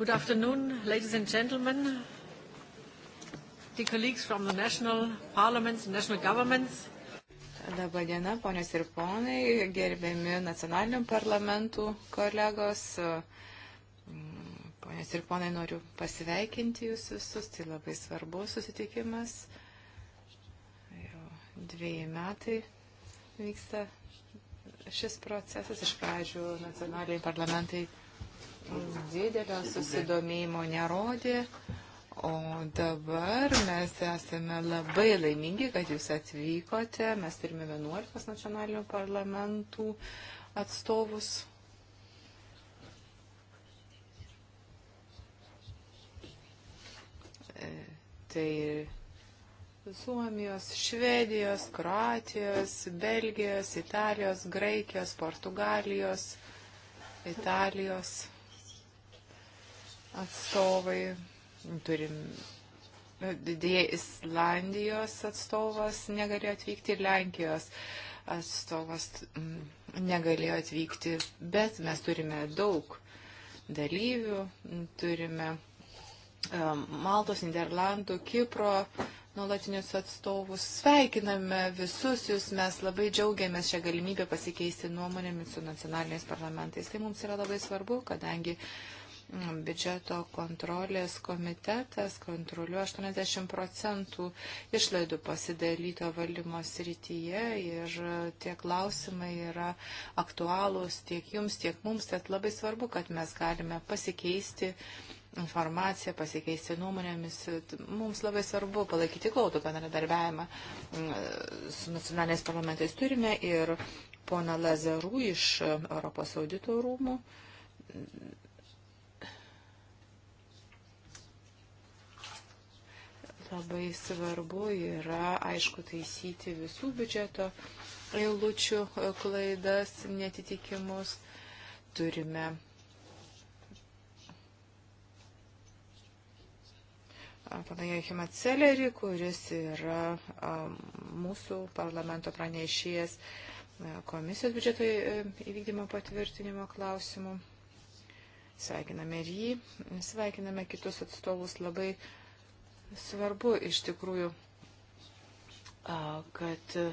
Good afternoon, ladies and gentlemen, dear colleagues from the national parliaments, national governments. Labą dieną, ponios ir ponai, gerbiami nacionalinių parlamentų kolegos. Ponios ir ponai, noriu pasveikinti jūs visus, tai labai svarbus susitikimas. Jau dviejai metai vyksta šis procesas, iš pradžių nacionaliniai parlamentai didelio susidomėjimo nerodė. O dabar mes esame labai laimingi, kad jūs atvykote. Mes turime 11 nacionalinių parlamentų atstovus. E, tai Suomijos, Švedijos, Kroatijos, Belgijos, Italijos, Graikijos, Portugalijos, Italijos atstovai, turim dėja Islandijos atstovas negalėjo atvykti ir Lenkijos atstovas mm, negalėjo atvykti, bet mes turime daug dalyvių, turime e, Maltos, Niderlandų, Kipro nuolatinius atstovus. Sveikiname visus jūs, mes labai džiaugiamės šią galimybę pasikeisti nuomonėmis su nacionaliniais parlamentais. Tai mums yra labai svarbu, kadangi uh, biudžeto kontrolės komitetas kontroliuoja 80 procentų išlaidų pasidalyto valdymo srityje ir tie klausimai yra aktualūs tiek jums, tiek mums, tad labai svarbu, kad mes galime pasikeisti informaciją, pasikeisti nuomonėmis. Mums labai svarbu palaikyti glaudų bendradarbiavimą mm, su nacionaliniais parlamentais turime ir pona Lazarų iš Europos audito rūmų Labai svarbu yra, aišku, taisyti visų biudžeto eilučių e, klaidas, netitikimus. Turime pana Johimą Celerį, kuris yra mūsų parlamento pranešėjas komisijos biudžeto e, įvykdymo patvirtinimo klausimų. Sveikiname ir jį, sveikiname kitus atstovus labai svarbu iš tikrųjų, kad e,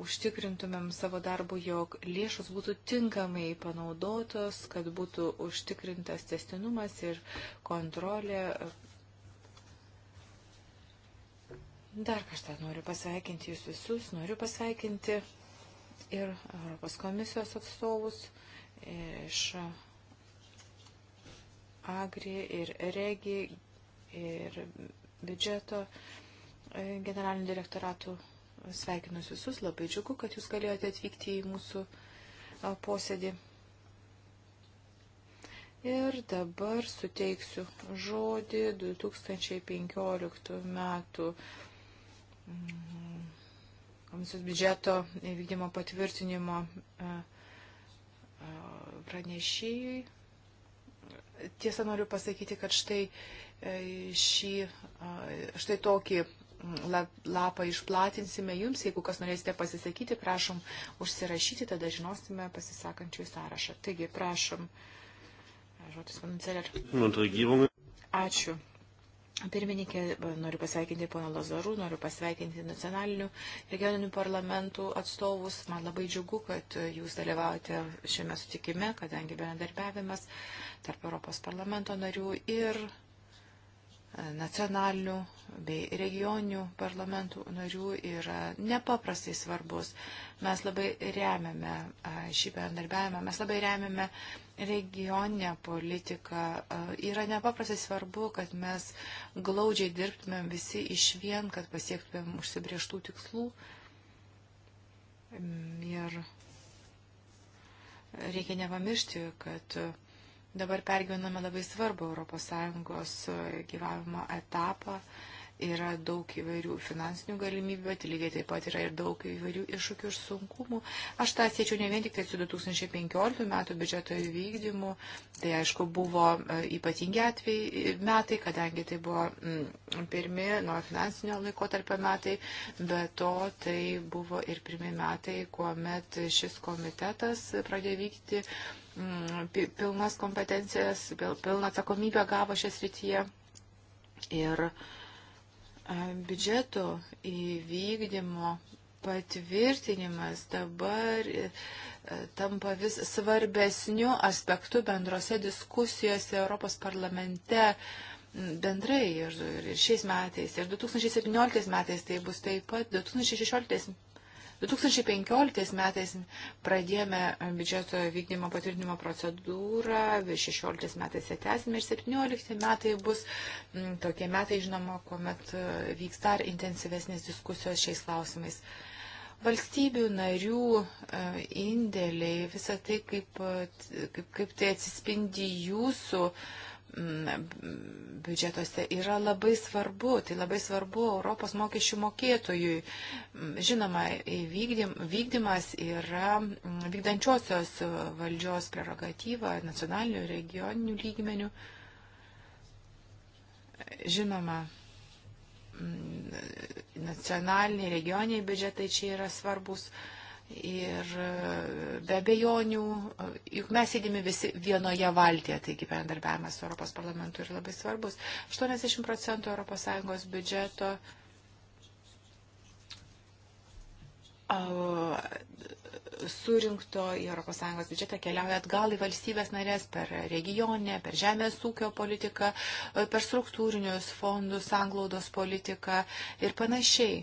užtikrintumėm savo darbu, jog lėšos būtų tinkamai panaudotos, kad būtų užtikrintas testinumas ir kontrolė. Dar kažką noriu pasveikinti jūs visus, noriu pasveikinti ir Europos komisijos atstovus iš Agri ir Regi ir biudžeto e, generalinių direktoratų. Sveikinu visus, labai džiugu, kad jūs galėjote atvykti į mūsų posėdį. Ir dabar suteiksiu žodį 2015 metų mm, komisijos biudžeto įvykdymo patvirtinimo pranešėjui. Tiesa, noriu pasakyti, kad štai E, šį, štai tokį lapą išplatinsime jums. Jeigu kas norėsite pasisakyti, prašom užsirašyti, tada žinosime pasisakančių sąrašą. Taigi, prašom. Žodis Vanceler. Ačiū. Pirmininkė, noriu pasveikinti poną Lazarų, noriu pasveikinti nacionalinių regioninių parlamentų atstovus. Man labai džiugu, kad jūs dalyvaujate šiame sutikime, kadangi bendradarbiavimas tarp Europos parlamento narių ir nacionalinių bei regioninių parlamentų narių yra nepaprastai svarbus. Mes labai remiame šį bendarbiavimą, mes labai remiame regioninę politiką. Yra nepaprastai svarbu, kad mes glaudžiai dirbtumėm visi iš vien, kad pasiektumėm užsibrieštų tikslų. Mm, ir reikia nepamiršti, kad Dabar pergyvename labai svarbu ES gyvavimo etapą yra daug įvairių finansinių galimybių, bet lygiai taip pat yra ir daug įvairių iššūkių ir sunkumų. Aš tą siečiau ne vien tik tai su 2015 metų biudžeto įvykdymu, tai aišku buvo e, ypatingi atvejai e, metai, kadangi tai buvo mm, pirmi nuo finansinio laiko tarp metai, bet to tai buvo ir pirmi metai, kuomet šis komitetas pradėjo vykti mm, pilnas kompetencijas, pilną atsakomybę gavo šią srityje. Ir uh, biudžeto įvykdymo patvirtinimas dabar e, e, tampa vis svarbesniu aspektu bendrose diskusijose Europos parlamente bendrai ir, ir šiais metais, ir 2017 metais tai bus taip pat, 2016 2015 metais pradėjome biudžeto vykdymo patvirtinimo procedūrą, 16 metais ją tęsime ir 17 metai bus mm, tokie metai, žinoma, kuomet e, vyks dar intensyvesnės diskusijos šiais klausimais. Valstybių narių e, indėliai, visą tai, kaip, e, kaip, kaip tai atsispindi jūsų uh, Mm, biudžetuose yra labai svarbu, tai labai svarbu Europos mokesčių mokėtojui. Mm, žinoma, vykdym, vykdymas yra mm, vykdančiosios valdžios prerogatyva nacionalinių ir regioninių lygmenių. Žinoma, nacionaliniai regioniniai biudžetai čia yra svarbus. Uh, ir e, be abejonių, e, juk mes sėdime visi vienoje valtyje, taigi bendarbiavimas su Europos parlamentu yra labai svarbus. 80 procentų ES biudžeto e, surinkto į ES biudžetą keliauja atgal į valstybės narės per regionę, per žemės ūkio politiką, e, per struktūrinius fondus, anglaudos politiką ir panašiai.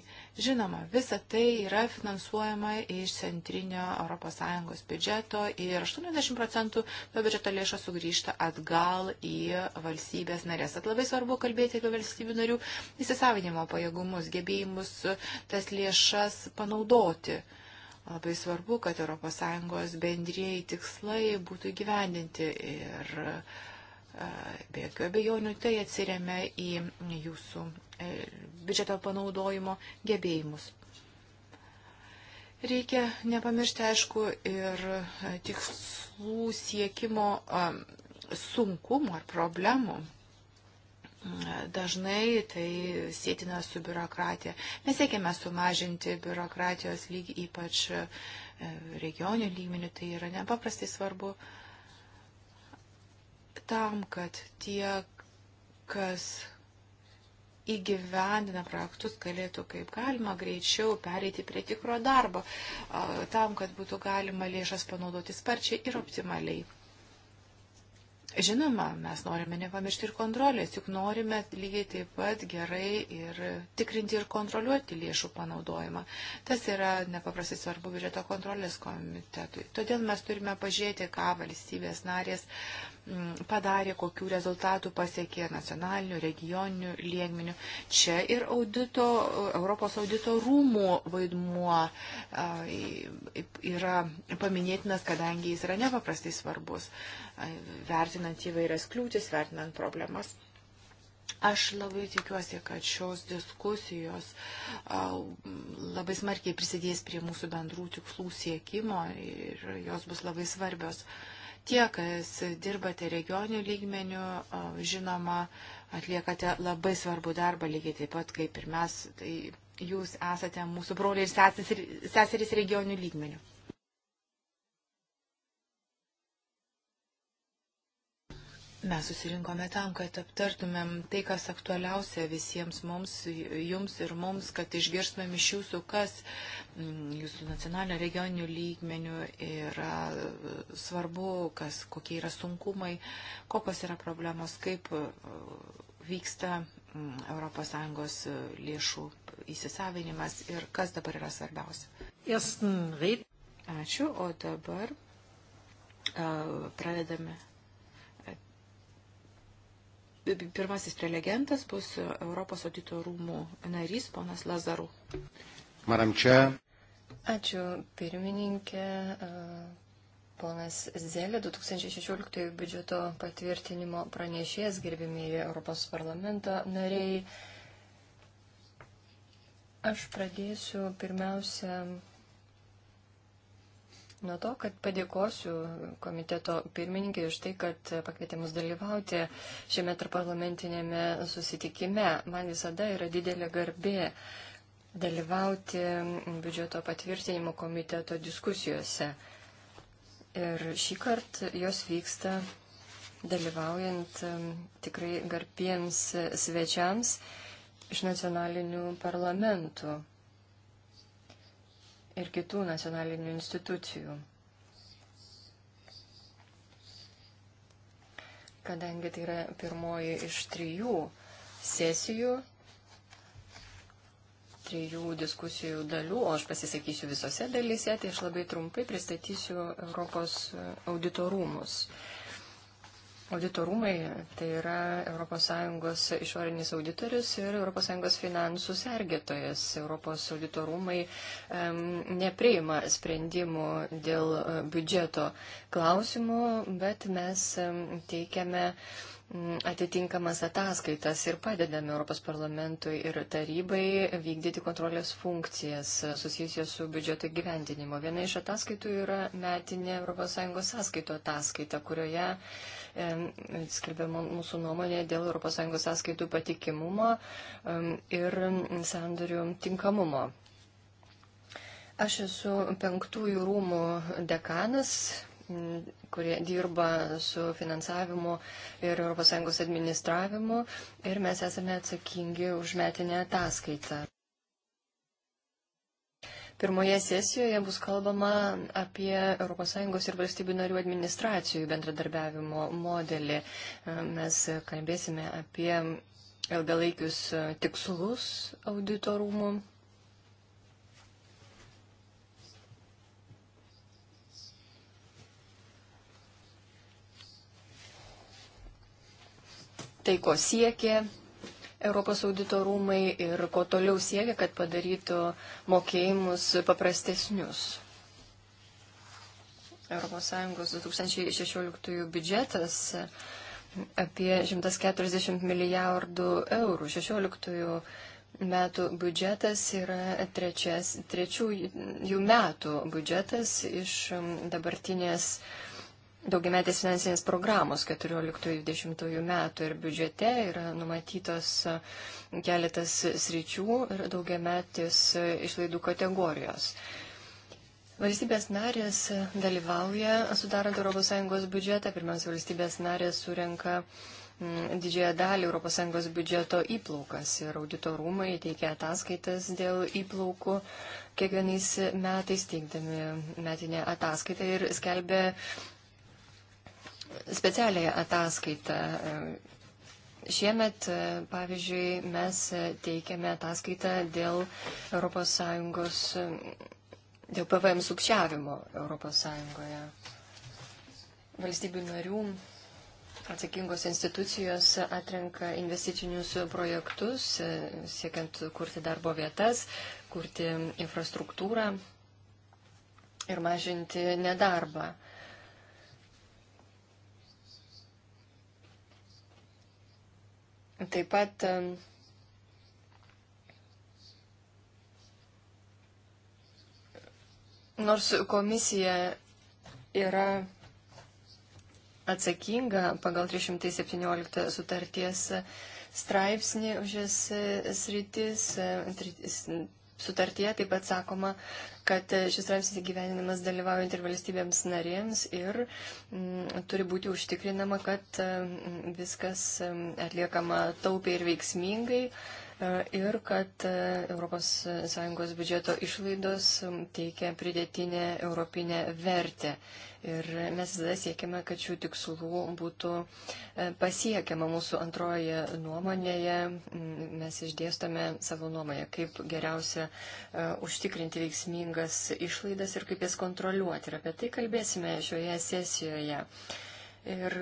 Žinoma, visa tai yra finansuojama iš centrinio ES biudžeto ir 80 procentų to biudžeto lėšo sugrįžta atgal į valstybės narės. Tad labai svarbu kalbėti apie valstybių narių įsisavinimo pajėgumus, gebėjimus tas lėšas panaudoti. Labai svarbu, kad ES bendrieji tikslai būtų gyvendinti ir e, be jokių abejonių tai atsiriame į jūsų e, biudžeto panaudojimo gebėjimus. Reikia nepamiršti, aišku, ir e, tikslų siekimo sunkumų ar problemų dažnai tai sėtina su biurokratija. Mes siekime sumažinti biurokratijos lygį, ypač e, regionių lygmenių, tai yra nepaprastai svarbu tam, kad tie, kas įgyvendina projektus, galėtų kaip galima greičiau pereiti prie tikro darbo, tam, kad būtų galima lėšas panaudoti sparčiai ir optimaliai. Žinoma, mes norime nepamiršti ir kontrolės, juk norime lygiai taip pat gerai ir tikrinti ir kontroliuoti lėšų panaudojimą. Tas yra nepaprastai svarbu biudžeto kontrolės komitetui. Todėl mes turime pažiūrėti, ką valstybės narės uh, Mm, padarė, kokių rezultatų pasiekė nacionalinių, regioninių lėgminių. Čia ir audito, Europos audito rūmų vaidmuo yra paminėtinas, kadangi jis yra nepaprastai svarbus, vertinant įvairias kliūtis, vertinant problemas. Aš labai tikiuosi, kad šios diskusijos labai smarkiai prisidės prie mūsų bendrų tikslų siekimo ir jos bus labai svarbios. Tie, kas dirbate regionių lygmenių, žinoma, atliekate labai svarbų darbą, lygiai taip pat kaip ir mes, tai jūs esate mūsų broliai ir seserys regionių lygmenių. Mes susirinkome tam, kad aptartumėm tai, kas aktualiausia visiems mums, jums ir mums, kad išgirstumėm iš jūsų, kas mm, jūsų nacionalinio regioninių lygmenių yra svarbu, kas, kokie yra sunkumai, kokios yra problemos, kaip mm, vyksta mm, ES lėšų įsisavinimas ir kas dabar yra svarbiausia. Ačiū, o dabar pradedame Pirmasis prelegentas bus Europos audito rūmų narys, ponas Lazaru. Maram čia. Ačiū, pirmininkė. Ponas Zelė, 2016 biudžeto patvirtinimo pranešėjas, gerbimieji Europos parlamento nariai. Aš pradėsiu pirmiausia nuo to, kad padėkosiu komiteto pirmininkai už tai, kad pakvietė mus dalyvauti šiame tarparlamentinėme susitikime. Man visada yra didelė garbė dalyvauti biudžeto patvirtinimo komiteto diskusijose. Ir šį kartą jos vyksta dalyvaujant um, tikrai garbiems svečiams iš nacionalinių parlamentų ir kitų nacionalinių institucijų. Kadangi tai yra pirmoji iš trijų sesijų, trijų diskusijų dalių, o aš pasisakysiu visose dalyse, tai aš labai trumpai pristatysiu Europos auditorumus. rūmus Auditorumai tai yra ES išorinis auditorius ir ES finansų sergėtojas. ES auditorumai um, nepriima sprendimų dėl e, biudžeto klausimų, bet mes um, teikiame atitinkamas ataskaitas ir padedame Europos parlamentui ir tarybai vykdyti kontrolės funkcijas susijusios su biudžeto gyventinimo. Viena iš ataskaitų yra metinė ES sąskaito ataskaita, kurioje skelbė mūsų nuomonė dėl ES sąskaitų patikimumo ir sandorių tinkamumo. Aš esu penktųjų rūmų dekanas kurie dirba su finansavimu ir ES administravimu ir mes esame atsakingi už metinę ataskaitą. Pirmoje sesijoje bus kalbama apie ES ir valstybių narių administracijų bendradarbiavimo modelį. E, mes kalbėsime apie ilgalaikius e, tikslus auditorumų. Tai ko siekia Europos audito rūmai ir ko toliau siekia, kad padarytų mokėjimus paprastesnius. ES 2016 biudžetas apie 140 milijardų eurų. 16 metų biudžetas yra trečias, trečiųjų metų biudžetas iš dabartinės daugiametės finansinės programos 14-20 metų ir biudžete yra numatytos e, keletas sričių ir daugiametės e, išlaidų kategorijos. Valstybės narės e, dalyvauja sudarant ES biudžetą. Pirmiausia, valstybės narės surenka didžiąją dalį ES biudžeto įplaukas ir auditorumai teikia ataskaitas dėl įplaukų kiekvienais metais teikdami metinę ataskaitą ir skelbia specialiąją ataskaitą. Šiemet, pavyzdžiui, mes teikiame ataskaitą dėl ES, dėl PVM sukčiavimo ES. Valstybių narių atsakingos institucijos atrenka investicinius projektus, siekiant kurti darbo vietas, kurti infrastruktūrą ir mažinti nedarbą. Taip pat nors komisija yra atsakinga pagal 317 sutarties straipsnį už jas sritis, Sutartyje taip pat sakoma, kad šis straipsnis įgyveninamas dalyvaujant ir valstybėms narėms ir m, mm, turi būti užtikrinama, kad m, mm, viskas mm, atliekama taupiai ir veiksmingai, m, E, ir kad ES biudžeto išlaidos teikia pridėtinę europinę vertę. Ir mes visada siekime, kad šių tikslų būtų e, pasiekiama mūsų antroje nuomonėje. Mes išdėstome savo nuomonę, kaip geriausia e, užtikrinti veiksmingas išlaidas ir kaip jas kontroliuoti. Ir apie tai kalbėsime šioje sesijoje. Ir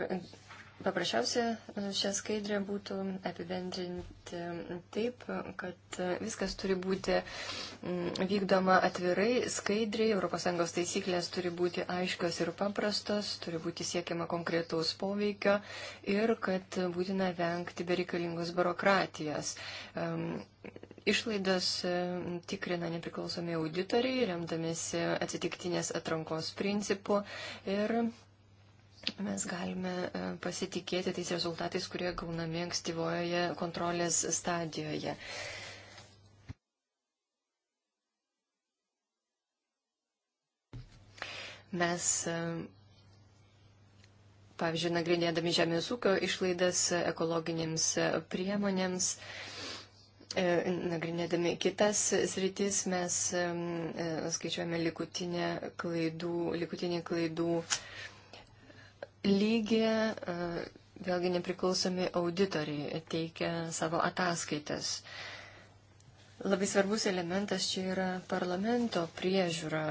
Paprasčiausia e, šią skaidrę būtų apibendrinti taip, kad e, viskas turi būti mm, vykdoma atvirai, skaidriai, ES taisyklės turi būti aiškios ir paprastos, turi būti siekiama konkretaus poveikio ir kad būtina vengti bereikalingos biurokratijos. Išlaidas e, tikrina nepriklausomi auditoriai, remdamėsi atsitiktinės atrankos principu ir mes galime e, pasitikėti tais rezultatais, kurie gaunami ankstyvojoje kontrolės stadijoje. Mes, e, pavyzdžiui, nagrinėdami žemės ūkio išlaidas ekologinėms priemonėms, e, nagrinėdami kitas sritis, mes skaičiuojame likutinę klaidų, likutinį klaidų lygį e, vėlgi nepriklausomi auditoriai e, teikia savo ataskaitas. Labai svarbus elementas čia yra parlamento priežiūra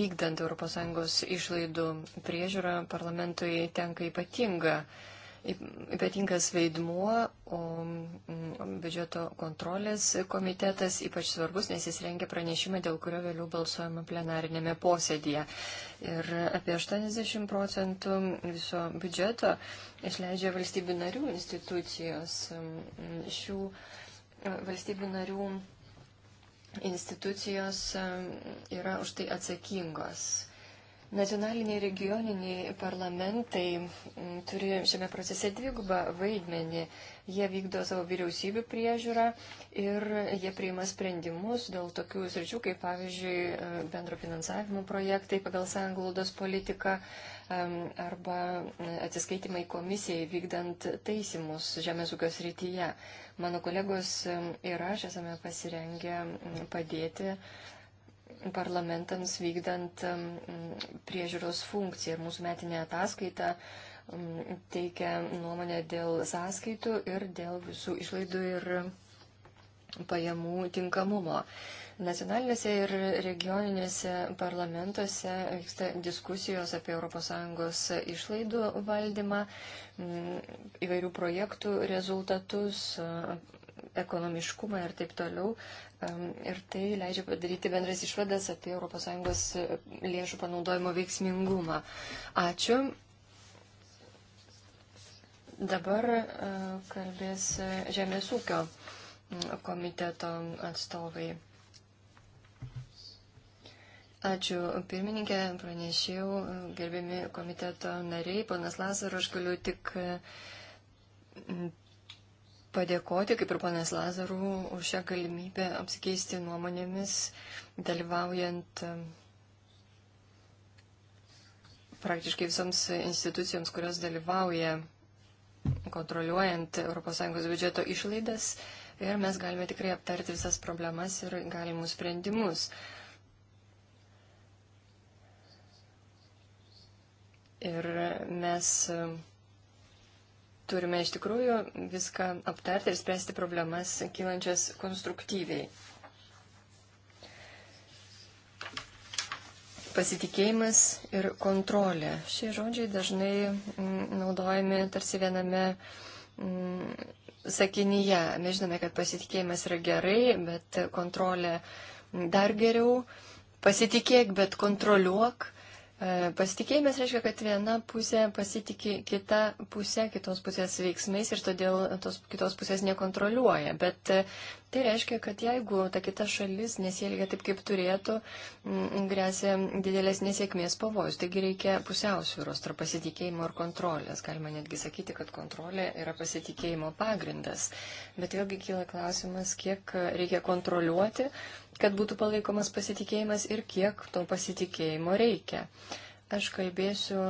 vykdant ES išlaidų priežiūrą parlamentui tenka ypatinga ypatingas vaidmuo, o mm, biudžeto kontrolės komitetas ypač svarbus, nes jis rengia pranešimą, dėl kurio vėliau balsuojama plenarinėme posėdėje. Ir apie 80 procentų viso biudžeto išleidžia valstybių narių institucijos. Mm, šių e, valstybių narių institucijos e, yra už tai atsakingos. Nacionaliniai regioniniai parlamentai mm, turi šiame procese dvigubą vaidmenį. Jie vykdo savo vyriausybių priežiūrą ir jie priima sprendimus dėl tokių sričių, kaip pavyzdžiui e, bendro finansavimo projektai pagal sąnglaudos politiką arba mm, atsiskaitimai komisijai vykdant taisimus žemės ūkio srityje. Mano kolegos ir aš esame pasirengę mm, padėti parlamentams vykdant priežiūros funkciją. Ir mūsų metinė ataskaita teikia nuomonę dėl sąskaitų ir dėl visų išlaidų ir pajamų tinkamumo. Nacionalinėse ir regioninėse parlamentuose vyksta diskusijos apie ES išlaidų valdymą, įvairių projektų rezultatus, ekonomiškumą ir taip toliau. Ir tai leidžia padaryti bendras išvadas apie ES lėšų panaudojimo veiksmingumą. Ačiū. Dabar e, kalbės Žemės ūkio komiteto atstovai. Ačiū pirmininkė, pranešėjau, gerbiami komiteto nariai, ponas Lasaras, aš galiu tik padėkoti, kaip ir ponas Lazarų, už šią galimybę apsikeisti nuomonėmis, dalyvaujant praktiškai visoms institucijoms, kurios dalyvauja kontroliuojant ES biudžeto išlaidas ir mes galime tikrai aptarti visas problemas ir galimus sprendimus. Ir mes turime iš tikrųjų viską aptarti ir spręsti problemas kylančias konstruktyviai. Pasitikėjimas ir kontrolė. Šie žodžiai dažnai mm, naudojami tarsi viename mm, sakinyje. Mes žinome, kad pasitikėjimas yra gerai, bet kontrolė dar geriau. Pasitikėk, bet kontroliuok. E, pasitikėjimas reiškia, kad viena pusė pasitikė kita pusė, kitos pusės veiksmais ir todėl tos kitos pusės nekontroliuoja. Bet Tai reiškia, kad jeigu ta kita šalis nesielgia taip, kaip turėtų, grėsia didelės nesėkmės pavojus. Taigi reikia pusiausvyros tarp pasitikėjimo ir kontrolės. Galima netgi sakyti, kad kontrolė yra pasitikėjimo pagrindas. Bet vėlgi kyla klausimas, kiek reikia kontroliuoti, kad būtų palaikomas pasitikėjimas ir kiek to pasitikėjimo reikia. Aš kalbėsiu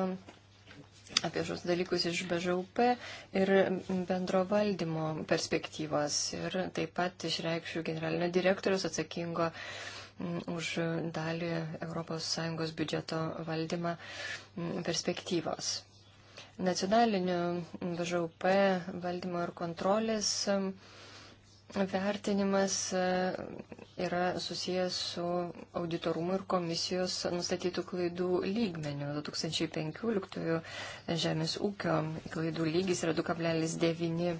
apie šios dalykus iš BŽUP ir bendro valdymo perspektyvos. Ir taip pat išreikščiau generalinio direktorius atsakingo už dalį ES biudžeto valdymą perspektyvos. Nacionalinių BŽUP valdymo ir kontrolės Vertinimas e, yra susijęs su auditorumo ir komisijos nustatytų klaidų lygmeniu. 2015 žemės ūkio klaidų lygis yra 2,9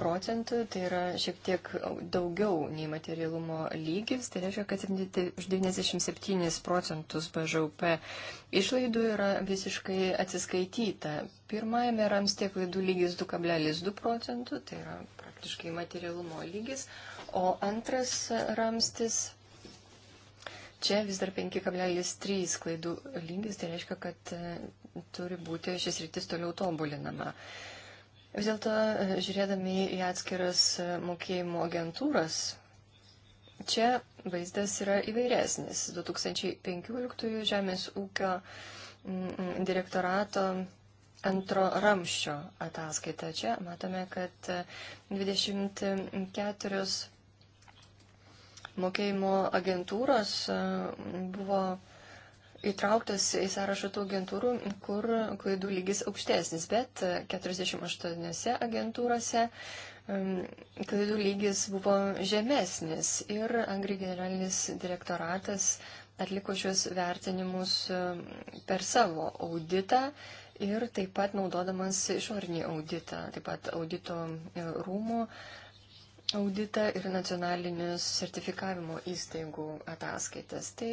procentų, tai yra šiek tiek daugiau nei materialumo lygis, tai reiškia, kad 97 procentus BŽUP išlaidų yra visiškai atsiskaityta. Pirmajame ramstie klaidų lygis 2,2 procentų, tai yra praktiškai materialumo lygis, o antras ramstis Čia vis dar 5,3 klaidų lygis, tai reiškia, kad e, turi būti šis rytis toliau tobulinama. Vis dėlto, e, žiūrėdami į atskiras e, mokėjimo agentūras, čia vaizdas yra įvairesnis. 2015 Žemės ūkio direktorato antro ramščio ataskaita. Čia matome, kad 24 e, mokėjimo agentūros buvo įtrauktas į sąrašą tų agentūrų, kur klaidų lygis aukštesnis, bet 48 agentūrose klaidų lygis buvo žemesnis ir Angri generalinis direktoratas atliko šios vertinimus per savo auditą ir taip pat naudodamas išorinį auditą, taip pat audito e, rūmų auditą ir nacionalinius sertifikavimo įstaigų ataskaitas. Tai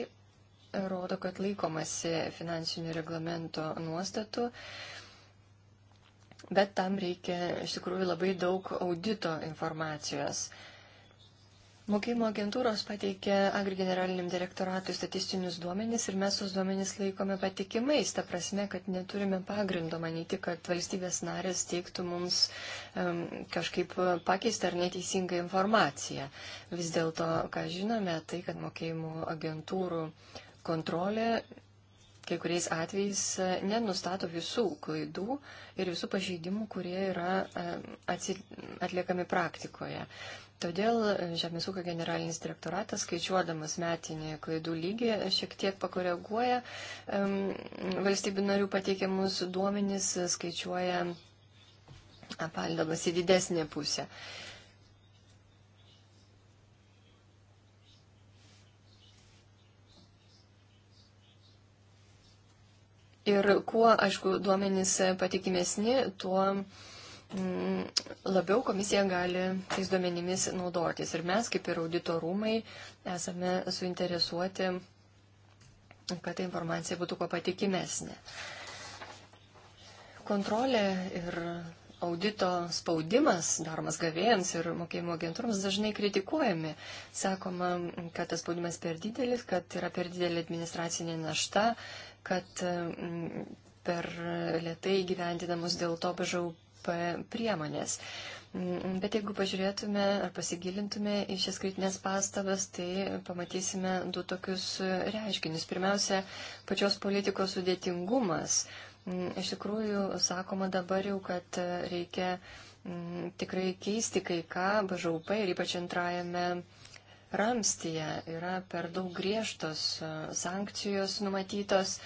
rodo, kad laikomasi finansinių reglamento nuostatų. Bet tam reikia iš tikrųjų labai daug audito informacijos. Mokėjimo agentūros pateikė Agri generaliniam direktoratui statistinius duomenys ir mes tos duomenys laikome patikimais, ta prasme, kad neturime pagrindo manyti, kad valstybės narės teiktų mums um, kažkaip pakeistą ar neteisingą informaciją. Vis dėlto, ką žinome, tai, kad mokėjimo agentūrų uh, kontrolė kai kuriais atvejais e, nenustato visų klaidų ir visų pažeidimų, kurie yra e, atliekami praktikoje. Todėl e, Žemės ūkio generalinis direktoratas, skaičiuodamas metinį klaidų lygį, šiek tiek pakoreguoja valstybių narių pateikiamus duomenis, skaičiuoja apaldamas į didesnį pusę. Ir kuo, aišku, duomenys patikimesni, tuo mm, labiau komisija gali tais duomenimis naudotis. Ir mes, kaip ir audito rūmai, esame suinteresuoti, kad ta informacija būtų kuo patikimesnė. Kontrolė ir audito spaudimas daromas gavėjams ir mokėjimo agentūrams dažnai kritikuojami. Sakoma, kad tas spaudimas per didelis, kad yra per didelė administracinė našta, kad mm, per lietai gyvendinamos dėl to BŽUP priemonės. Mm, bet jeigu pažiūrėtume ar pasigilintume į šias kritinės pastabas, tai pamatysime du tokius reiškinius. Pirmiausia, pačios politikos sudėtingumas. Mm, iš tikrųjų, sakoma dabar jau, kad reikia tikrai keisti kai ką, bažaupai ir ypač antrajame ramstyje yra per daug griežtos e, sankcijos numatytos,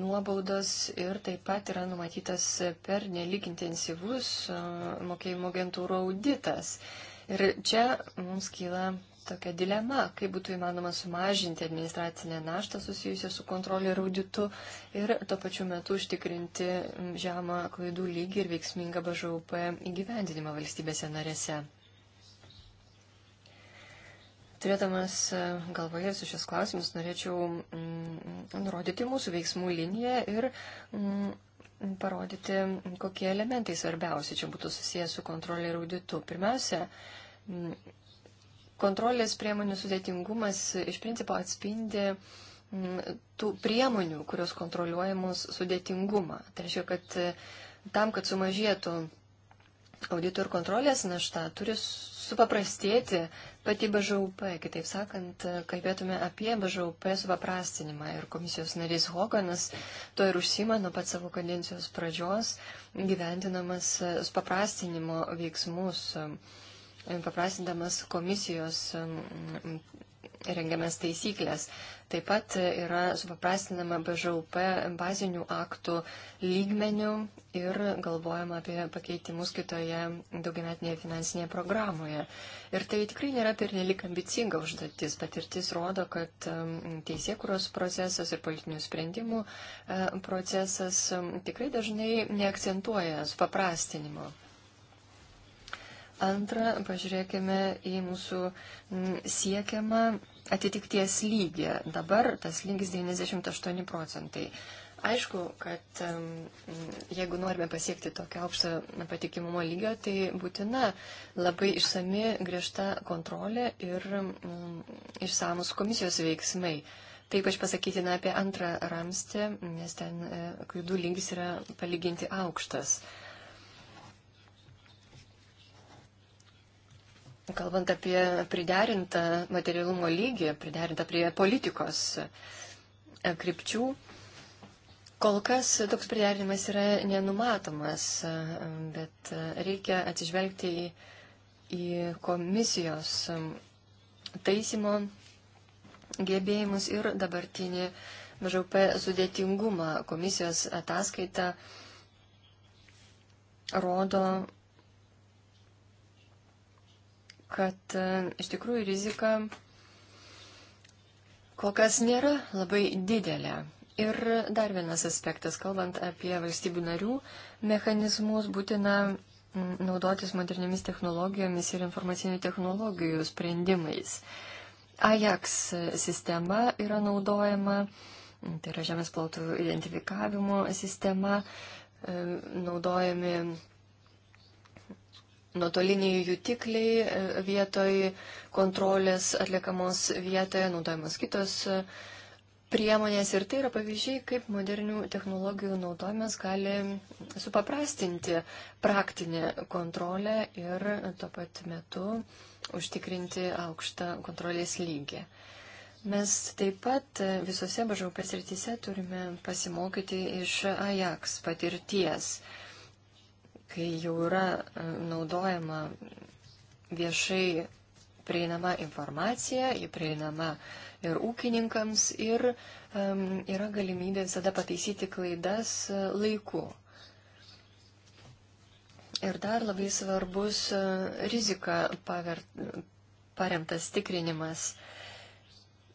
nuobaudos ir taip pat yra numatytas per nelik intensyvus e, mokėjimo agentūrų auditas. Ir čia mums kyla tokia dilema, kaip būtų įmanoma sumažinti administracinę naštą susijusią su kontrolė ir auditu ir tuo pačiu metu užtikrinti žemą klaidų lygį ir veiksmingą BŽUP įgyvendinimą valstybėse narėse. Turėdamas e, galvoje visus šios klausimus, norėčiau mm, nurodyti mūsų veiksmų liniją ir mm, parodyti, kokie elementai svarbiausi čia būtų susijęs su kontrolė ir auditu. Pirmiausia, mm, kontrolės priemonių sudėtingumas iš principo atspindi tų priemonių, kurios kontroliuojamos sudėtingumą. Tai reiškia, kad e, tam, kad sumažėtų audito ir kontrolės našta turi supaprastėti pati BŽUP. Kitaip sakant, kalbėtume apie BŽUP supaprastinimą. Ir komisijos narys Hoganas to ir užsima nuo pat savo kadencijos pradžios, gyventinamas supaprastinimo veiksmus, paprastindamas komisijos rengiamės taisyklės. Taip pat yra supaprastinama BŽUP bazinių aktų lygmenių ir galvojama apie pakeitimus kitoje daugiametinėje finansinėje programoje. Ir tai tikrai nėra pernelik ambicinga užduotis. Patirtis rodo, kad um, teisėkuros procesas ir politinių sprendimų e, procesas um, tikrai dažnai neakcentuoja supaprastinimo. Antra, pažiūrėkime į mūsų siekiamą atitikties lygį. Dabar tas lygis 98 procentai. Aišku, kad jeigu norime pasiekti tokio aukšto patikimumo lygio, tai būtina labai išsami griežta kontrolė ir išsamus komisijos veiksmai. Taip aš pasakytina apie antrą ramstį, nes ten e, klaidų lygis yra palyginti aukštas. Kalbant apie priderintą materialumo lygį, priderintą prie politikos e, krypčių, kol kas toks priderinimas yra nenumatomas, e, bet e, reikia atsižvelgti į, į komisijos taisymo gebėjimus ir dabartinį BŽP sudėtingumą. Komisijos ataskaita rodo, kad e, iš tikrųjų rizika kol kas nėra labai didelė. Ir dar vienas aspektas, kalbant apie valstybių narių mechanizmus, būtina naudotis moderniamis technologijomis ir informacinių technologijų sprendimais. Ajax sistema yra naudojama, tai yra žemės plotų identifikavimo sistema, e, naudojami nuotoliniai jutikliai e, vietoj kontrolės atliekamos vietoje, naudojamos kitos e, priemonės ir tai yra pavyzdžiai, kaip modernių technologijų naudojimas gali supaprastinti praktinę kontrolę ir tuo pat metu užtikrinti aukštą kontrolės lygį. Mes taip pat e, visose bažaupės rytise turime pasimokyti iš Ajax patirties kai jau yra e, naudojama viešai prieinama informacija, ji prieinama ir ūkininkams, ir um, yra galimybė visada pataisyti klaidas e, laiku. Ir dar labai svarbus e, rizika pavert, paremtas tikrinimas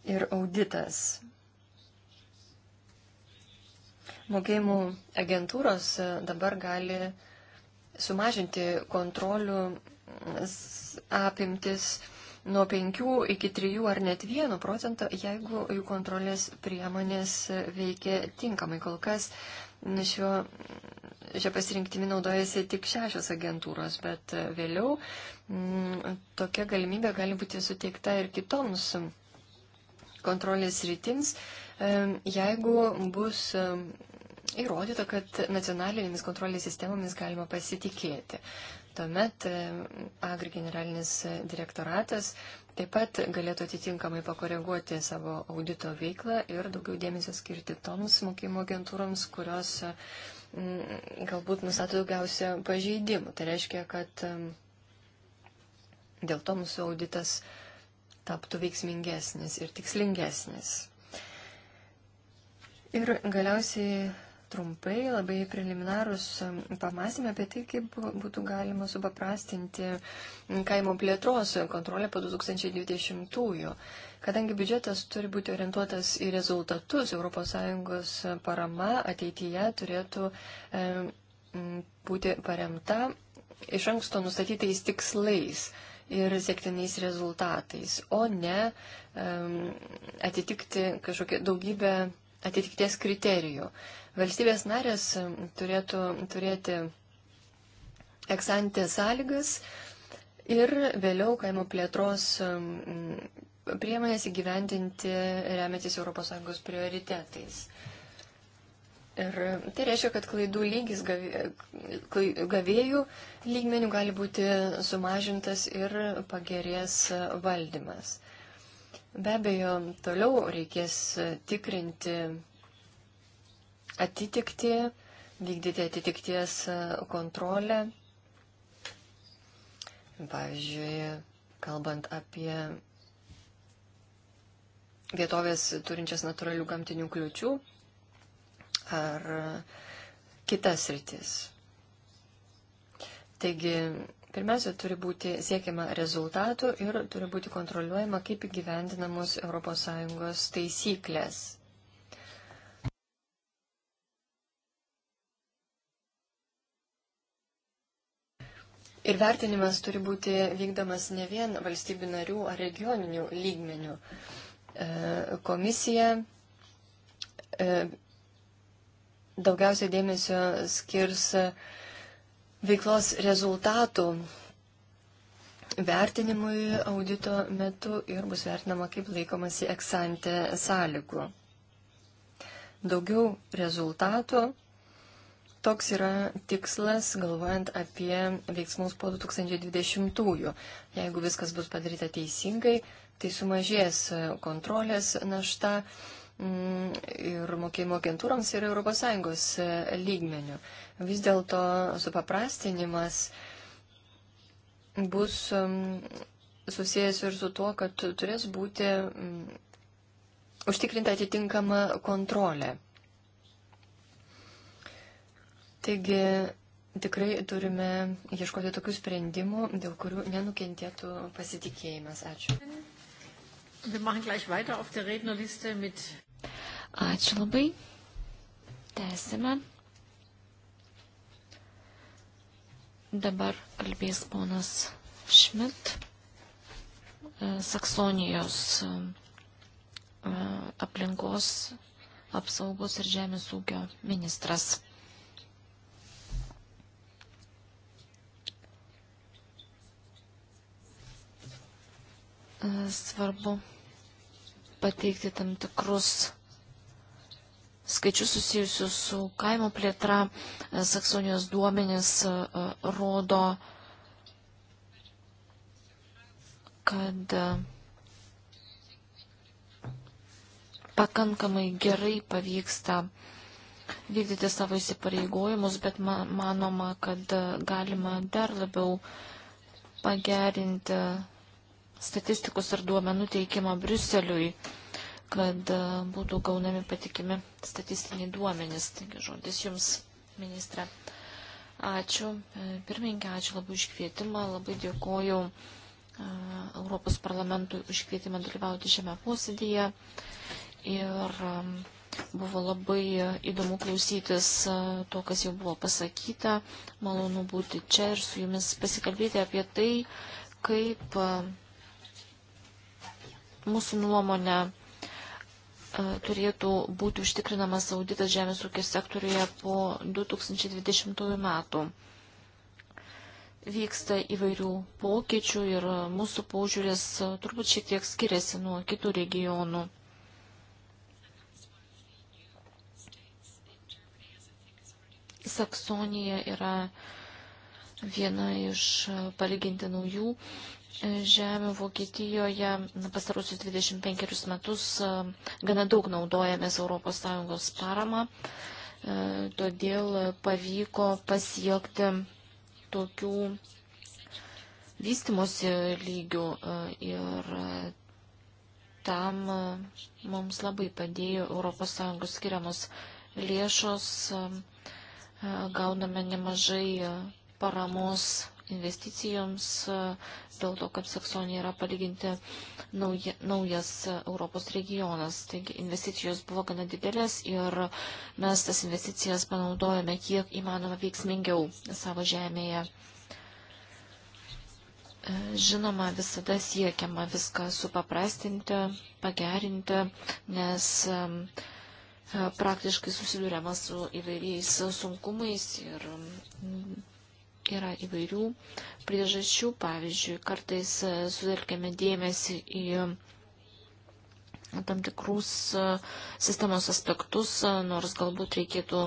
ir auditas. Mokėjimų agentūros dabar gali uh, sumažinti kontrolių apimtis nuo 5 iki 3 ar net 1 procento, jeigu jų kontrolės priemonės veikia tinkamai. Kol kas šio, šio pasirinktimi naudojasi tik šešios agentūros, bet vėliau m, mm, tokia galimybė gali būti suteikta ir kitoms kontrolės rytims, jeigu bus įrodyta, kad nacionalinėmis kontrolės sistemomis galima pasitikėti. Tuomet e, Agri generalinis direktoratas taip pat galėtų atitinkamai pakoreguoti savo audito veiklą ir daugiau dėmesio skirti toms mokymo agentūroms, kurios e, m, galbūt nustato daugiausia pažeidimų. Tai reiškia, kad m, e, dėl to mūsų auditas taptų veiksmingesnis ir tikslingesnis. Ir galiausiai trumpai labai preliminarus um, pamastymai apie tai, kaip būtų galima supaprastinti mm, kaimo plėtros kontrolę po 2020-ųjų. Kadangi biudžetas turi būti orientuotas į rezultatus, ES parama ateityje turėtų e, būti paremta iš anksto nustatytais tikslais ir sėktiniais rezultatais, o ne um, atitikti kažkokią daugybę atitikties kriterijų. Valstybės narės turėtų turėti eksantė sąlygas ir vėliau kaimo plėtros um, priemonės įgyvendinti remiantis ES prioritetais. Ir tai reiškia, kad klaidų lygis gavėjų lygmenių gali būti sumažintas ir pagerės valdymas. Be abejo, toliau reikės tikrinti atitikti, vykdyti atitikties e, kontrolę. Pavyzdžiui, kalbant apie vietovės turinčias natūralių gamtinių kliučių ar kitas rytis. Taigi, pirmiausia, turi būti siekiama rezultatų ir turi būti kontroliuojama, kaip įgyvendinamos ES taisyklės. Ir vertinimas turi būti vykdomas ne vien valstybių narių ar regioninių lygmenių. E, komisija e, daugiausiai dėmesio skirs veiklos rezultatų vertinimui audito metu ir bus vertinama, kaip laikomasi eksante sąlygų. Daugiau rezultatų Toks yra tikslas, galvojant apie veiksmus po 2020-ųjų. Jeigu viskas bus padaryta teisingai, tai sumažės kontrolės našta mm, ir mokėjimo agentūrams ir ES lygmenių. Vis dėlto supaprastinimas bus mm, susijęs ir su tuo, kad turės būti mm, užtikrinta atitinkama kontrolė. Taigi tikrai turime ieškoti tokių sprendimų, dėl kurių nenukentėtų pasitikėjimas. Ačiū. Ačiū labai. Tęsime. Dabar kalbės ponas Šmit, e, Saksonijos e, aplinkos apsaugos ir žemės ūkio ministras. E, svarbu pateikti tam tikrus skaičius susijusius su kaimo plėtra. E, Saksonijos duomenys e, rodo, kad pakankamai gerai pavyksta vykdyti savo įsipareigojimus, bet manoma, kad galima dar labiau pagerinti statistikos ir duomenų teikimą Bruseliui, kad e, būtų gaunami patikimi statistiniai duomenys. Taigi žodis Jums, ministrė. Ačiū. E, pirmininkė, ačiū labai už kvietimą. Labai dėkoju e, Europos parlamentui už kvietimą dalyvauti šiame posėdėje. Ir buvo labai įdomu klausytis to, kas jau buvo pasakyta. Malonu būti čia ir su jumis pasikalbėti apie tai, kaip Mūsų nuomonė e, turėtų būti užtikrinamas auditas žemės ūkio sektoriuje po 2020 metų. Vyksta įvairių pokyčių ir mūsų paužiūris e, turbūt šiek tiek skiriasi nuo kitų regionų. Saksonija yra viena iš e, palyginti naujų žemė Vokietijoje pastarusius 25 metus e, gana daug naudojamės ES parama, e, todėl pavyko pasiekti tokių vystimosi lygių e, ir tam mums labai padėjo ES skiriamos lėšos, gauname nemažai paramos investicijoms, e, dėl to, kad Saksonija yra palyginti nauja, naujas Europos regionas. Taigi investicijos buvo gana didelės ir mes tas investicijas panaudojame kiek įmanoma veiksmingiau savo žemėje. E, žinoma, visada siekiama viską supaprastinti, pagerinti, nes e, praktiškai susidūrėma su įvairiais sunkumais ir yra įvairių priežasčių. Pavyzdžiui, kartais e, sutelkėme dėmesį į tam tikrus e, sistemos aspektus, e, nors galbūt reikėtų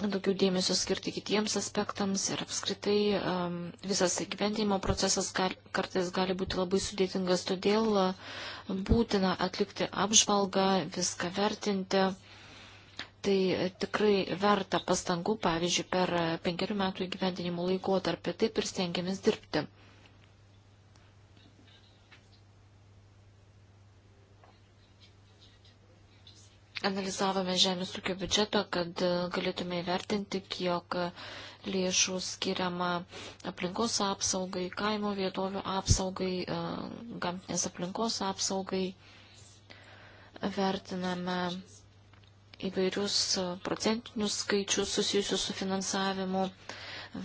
daugiau dėmesio skirti kitiems aspektams ir apskritai um, visas įgyvendinimo procesas gal, kartais gali būti labai sudėtingas, todėl būtina atlikti apžvalgą, viską vertinti Tai tikrai verta pastangų, pavyzdžiui, per penkerių metų įgyvendinimo laikotarpį taip ir stengiamės dirbti. Analizavome žemės ūkio biudžeto, kad galėtume įvertinti, kiek lėšų skiriama aplinkos apsaugai, kaimo vietovių apsaugai, gamtinės aplinkos apsaugai. Vertiname įvairius e, procentinius skaičius susijusius su finansavimu,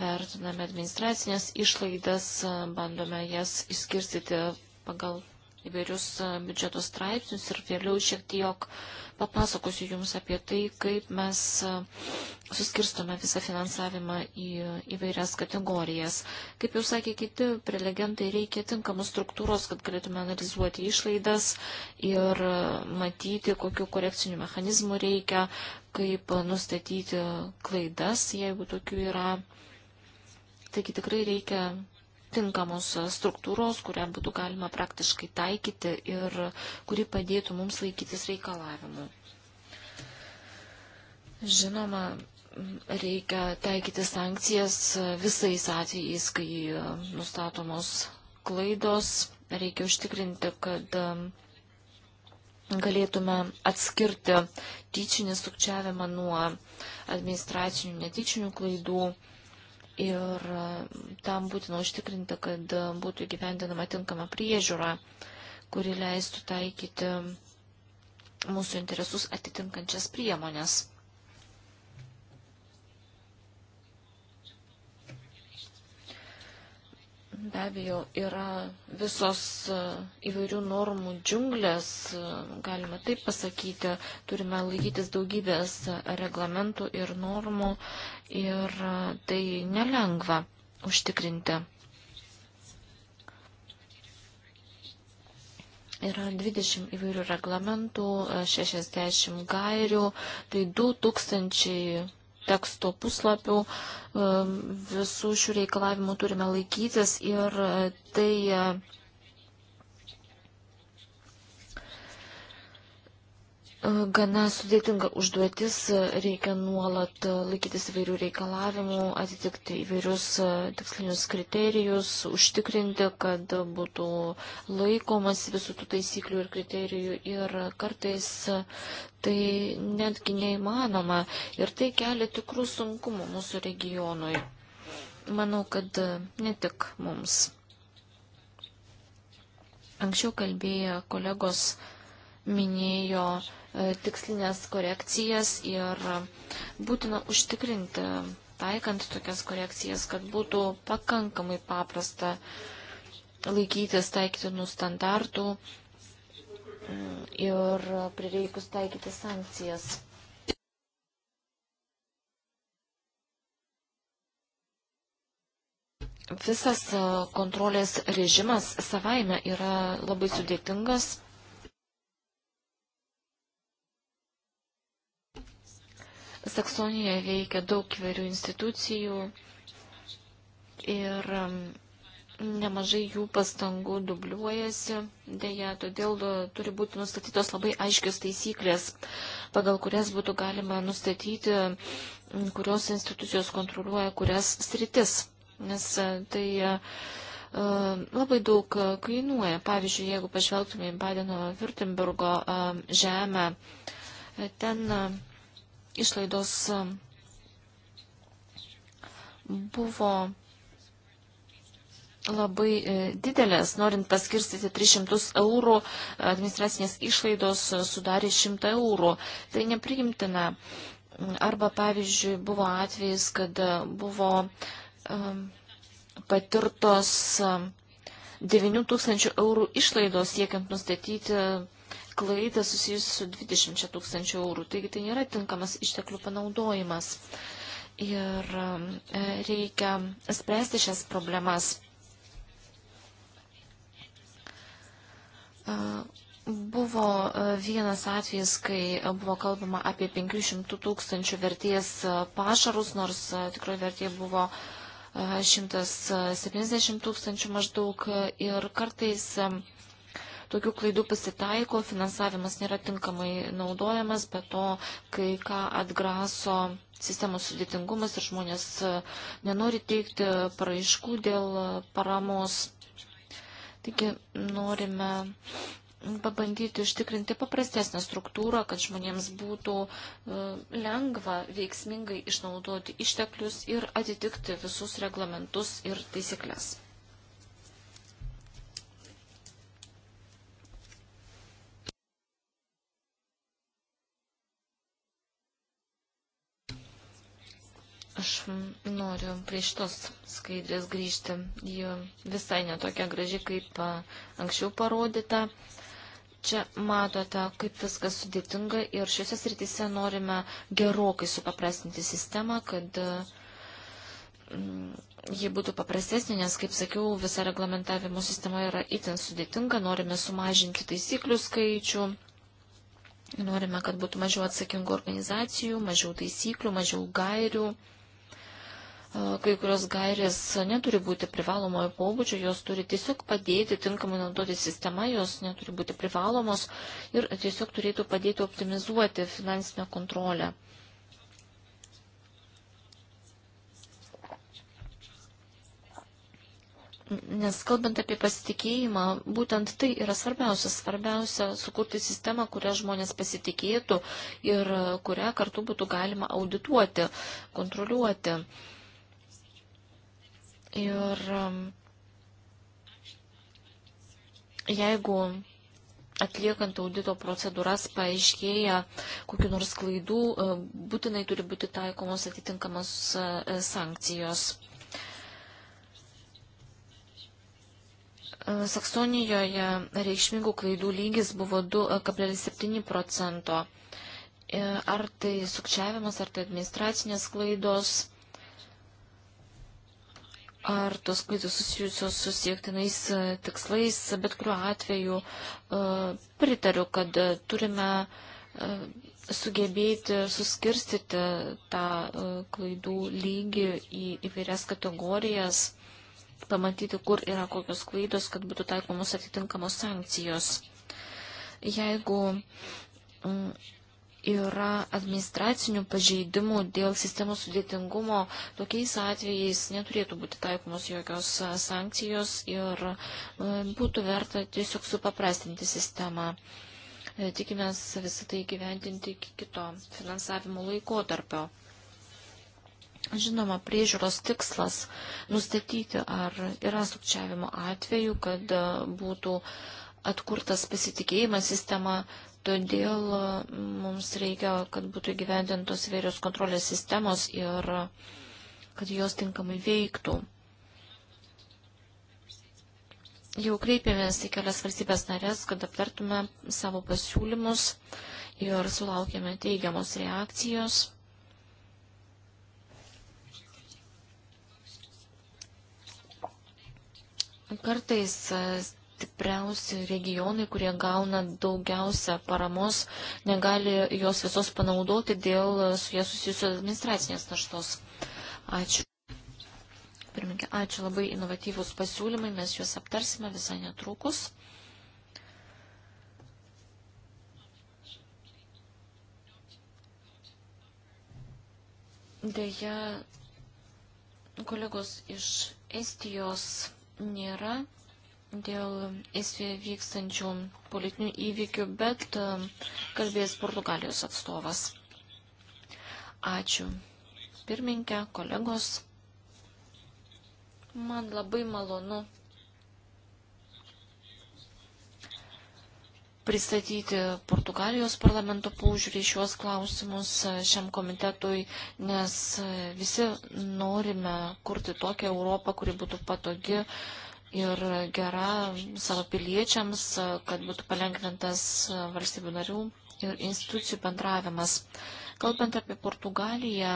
vertiname administracinės išlaidas, e, bandome jas išskirstyti pagal įvairius e, biudžeto straipsnius ir vėliau šiek tiek papasakosiu Jums apie tai, kaip mes e, suskirstome visą finansavimą į įvairias kategorijas. Kaip jau sakė kiti prelegentai, reikia tinkamos struktūros, kad galėtume analizuoti išlaidas ir e, matyti, kokiu korekciniu mechanizmu reikia, kaip nustatyti klaidas, jeigu tokių yra. Taigi tikrai reikia tinkamos struktūros, kurią būtų galima praktiškai taikyti ir kuri padėtų mums laikytis reikalavimų. Žinoma, reikia taikyti sankcijas visais atvejais, kai nustatomos klaidos. Reikia užtikrinti, kad um, galėtume atskirti tyčinį sukčiavimą nuo administracinių netyčinių klaidų ir e, tam būtina užtikrinti, kad būtų įgyvendinama tinkama priežiūra, kuri leistų taikyti mūsų interesus atitinkančias priemonės. Be abejo, yra visos e, įvairių normų džiunglės, e, galima taip pasakyti, turime laikytis daugybės reglamentų ir normų ir e, tai nelengva užtikrinti. Yra 20 įvairių reglamentų, 60 gairių, tai 2000 teksto puslapių. Um, visų šių reikalavimų turime laikytis ir e, tai e, gana sudėtinga užduotis, reikia nuolat laikytis įvairių reikalavimų, atitikti įvairius tikslinius kriterijus, užtikrinti, kad būtų laikomas visų tų taisyklių ir kriterijų ir kartais tai netgi neįmanoma ir tai kelia tikrų sunkumų mūsų regionui. Manau, kad ne tik mums. Anksčiau kalbėję kolegos minėjo, tikslinės korekcijas ir būtina užtikrinti, taikant tokias korekcijas, kad būtų pakankamai paprasta laikytis taikytinų standartų mm, ir prireikus taikyti sankcijas. Visas e, kontrolės režimas savaime yra labai sudėtingas Saksonijoje veikia daug įvairių institucijų ir um, nemažai jų pastangų dubliuojasi, dėja, todėl uh, turi būti nustatytos labai aiškios taisyklės, pagal kurias būtų galima nustatyti, mm, kurios institucijos kontroliuoja kurias sritis, nes uh, tai uh, labai daug kainuoja. Pavyzdžiui, jeigu pažvelgtume į Badeno-Württembergo žemę, ten išlaidos um, buvo labai e, didelės, norint paskirstyti 300 eurų, administracinės išlaidos e, sudarė 100 eurų. Tai neprimtina. Arba, pavyzdžiui, buvo atvejis, kad e, buvo um, patirtos 9000 um, eurų išlaidos siekiant nustatyti klaidą susijusią su 20 tūkstančių eurų, taigi tai nėra tinkamas išteklių panaudojimas. Ir e, reikia spręsti šias problemas. E, buvo e, vienas atvejis, kai buvo kalbama apie 500 tūkstančių verties pašarus, nors tikrai vertė buvo 170 tūkstančių maždaug ir kartais Tokių klaidų pasitaiko, finansavimas nėra tinkamai naudojamas, bet to kai ką atgraso sistemos sudėtingumas ir žmonės e, nenori teikti paraiškų dėl paramos. Taigi norime pabandyti užtikrinti paprastesnę struktūrą, kad žmonėms būtų e, lengva veiksmingai išnaudoti išteklius ir atitikti visus reglamentus ir taisyklės. Aš noriu prie šitos skaidrės grįžti. Ji visai netokia graži, kaip anksčiau parodyta. Čia matote, kaip viskas sudėtinga ir šiuose srityse norime gerokai supaprastinti sistemą, kad mm, ji būtų paprastesnė, nes, kaip sakiau, visa reglamentavimo sistema yra itin sudėtinga, norime sumažinti taisyklių skaičių, norime, kad būtų mažiau atsakingų organizacijų, mažiau taisyklių, mažiau gairių kai kurios gairės neturi būti privalomojo pobūdžio, jos turi tiesiog padėti tinkamai naudoti sistemą, jos neturi būti privalomos ir tiesiog turėtų padėti optimizuoti finansinę kontrolę. Nes kalbant apie pasitikėjimą, būtent tai yra svarbiausia. Svarbiausia sukurti sistemą, kurią žmonės pasitikėtų ir kurią kartu būtų galima audituoti, kontroliuoti. Uh, Ir um, jeigu atliekant audito procedūras paaiškėja kokiu nors klaidų, uh, būtinai turi būti taikomos atitinkamos uh, sankcijos. Uh, Saksonijoje reikšmingų klaidų lygis buvo 2,7 procento. Ar tai sukčiavimas, ar tai administracinės klaidos ar tos klaidos susijusios su siektinais e, tikslais, bet kuriuo atveju e, pritariu, kad e, turime sugebėti suskirstyti tą klaidų lygį į įvairias kategorijas, pamatyti, kur yra kokios klaidos, kad būtų taikomos atitinkamos sankcijos. Jeigu mm, yra administracinių pažeidimų dėl sistemos sudėtingumo, tokiais atvejais neturėtų būti taikomos jokios sankcijos ir būtų verta tiesiog supaprastinti sistemą. E, tikimės visą tai gyventinti iki kito finansavimo laikotarpio. Žinoma, priežiūros tikslas nustatyti, ar yra sukčiavimo atveju, kad būtų atkurtas pasitikėjimas sistema, Todėl e, mums reikia, kad būtų įgyvendintos įvairios kontrolės sistemos ir e, kad jos tinkamai veiktų. Jau kreipėmės į kelias valstybės narės, kad aptartume savo pasiūlymus ir sulaukėme teigiamos reakcijos. Kartais e, stipriausi regionai, kurie gauna daugiausia paramos, negali jos visos panaudoti dėl e, su jie susijusios administracinės naštos. Ačiū. Pirminkė, ačiū labai inovatyvus pasiūlymai, mes juos aptarsime visai netrukus. Deja, kolegos iš Estijos nėra dėl įsivykstančių politinių įvykių, bet um, kalbės Portugalijos atstovas. Ačiū. Pirminkė, kolegos, man labai malonu pristatyti Portugalijos parlamento paužiūrį šiuos klausimus e, šiam komitetui, nes e, visi norime kurti tokią Europą, kuri būtų patogi ir gera savo piliečiams, kad būtų palengvintas valstybių narių ir institucijų bendravimas. Kalbant apie Portugaliją,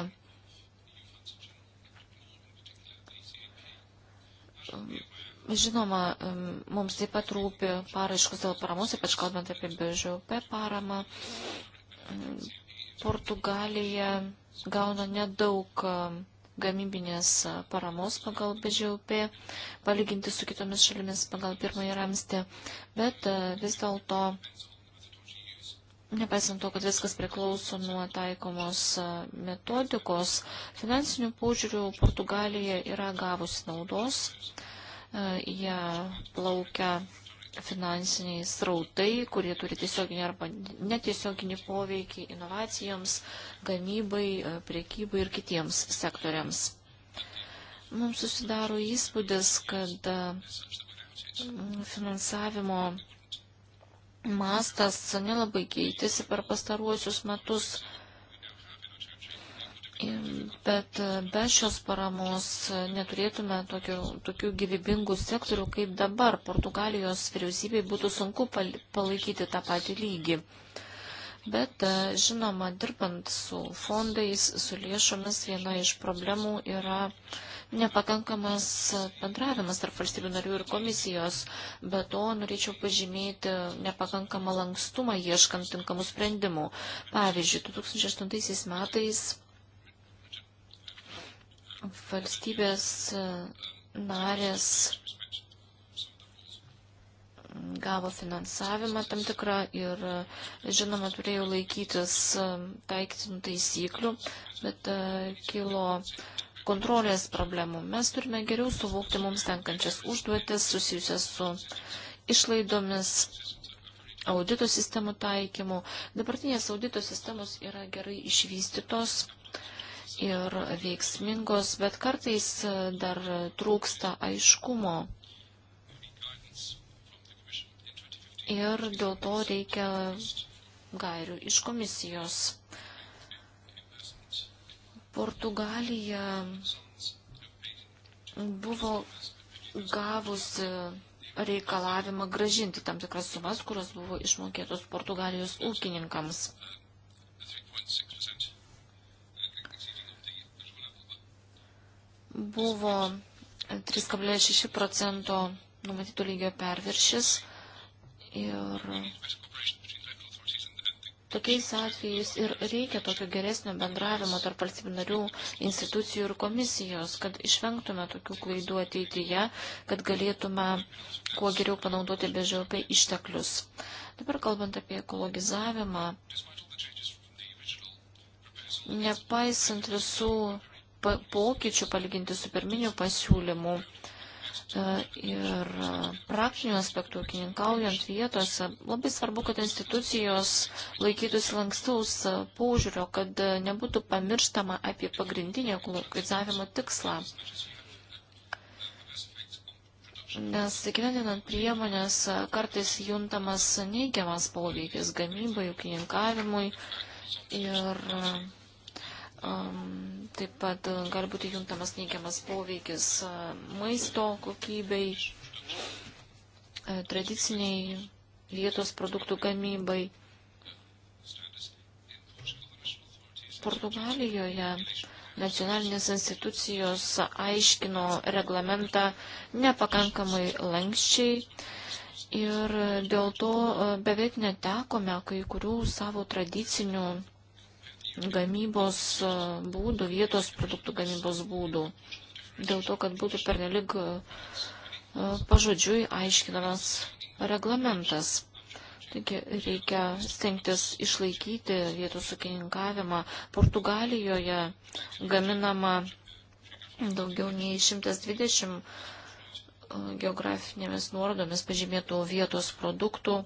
žinoma, mums taip pat rūpi paraiškus dėl paramos, ypač kalbant apie BŽUP paramą. Portugalija gauna nedaug gamybinės paramos pagal BŽUP, palyginti su kitomis šalimis pagal pirmąjį ramstį, bet vis dėlto, nepaisant to, kad viskas priklauso nuo taikomos metodikos, finansinių požiūrių Portugalija yra gavusi naudos, jie plaukia finansiniai srautai, kurie turi tiesioginį arba netiesioginį poveikį inovacijoms, gamybai, e, priekybai ir kitiems sektoriams. Mums susidaro įspūdis, kad e, finansavimo mastas nelabai keitėsi per pastaruosius metus. Bet e, be šios paramos e, neturėtume tokių, tokių gyvybingų sektorių kaip dabar. Portugalijos vyriausybei būtų sunku palaikyti tą patį lygį. Bet e, žinoma, dirbant su fondais, su lėšomis, viena iš problemų yra nepakankamas bendravimas tarp valstybių narių ir komisijos. Be to, norėčiau pažymėti nepakankamą lankstumą ieškant tinkamų sprendimų. Pavyzdžiui, 2008 metais Valstybės e, narės gavo finansavimą tam tikrą ir, e, žinoma, turėjo laikytis e, taikytinų taisyklių, bet kilo kontrolės problemų. Mes turime geriau suvokti mums tenkančias užduotis susijusias su išlaidomis, audito sistemų taikymu. Dabartinės audito sistemos yra gerai išvystytos ir veiksmingos, bet kartais dar trūksta aiškumo. Ir dėl to reikia gairių iš komisijos. Portugalija buvo gavusi reikalavimą gražinti tam tikras sumas, kurios buvo išmokėtos Portugalijos ūkininkams. buvo 3,6 procento numatytų lygio perviršis ir Tokiais atvejais ir reikia tokio geresnio bendravimo tarp valstybių narių institucijų ir komisijos, kad išvengtume tokių klaidų ateityje, kad galėtume kuo geriau panaudoti BŽOP išteklius. Dabar kalbant apie ekologizavimą, nepaisant visų pokyčių palyginti su pirminiu pasiūlymu. E, ir praktinių aspektų ūkininkaujant vietose labai svarbu, kad institucijos laikytųsi lankstaus paužiūrio, kad nebūtų pamirštama apie pagrindinį ekologizavimo tikslą. Nes įgyvendinant priemonės kartais juntamas neigiamas poveikis gamybai, ūkininkavimui ir Taip pat e, gali būti juntamas neigiamas poveikis e, maisto kokybei, e, tradiciniai vietos produktų gamybai. Portugalijoje nacionalinės institucijos aiškino reglamentą nepakankamai lankščiai ir dėl to beveik netekome kai kurių savo tradicinių gamybos e, būdų, vietos produktų gamybos būdų. Dėl to, kad būtų pernelik e, pažodžiui aiškinamas reglamentas. Taigi reikia stengtis išlaikyti vietos sukininkavimą. Portugalijoje gaminama daugiau nei 120 e, geografinėmis nuorodomis pažymėtų vietos produktų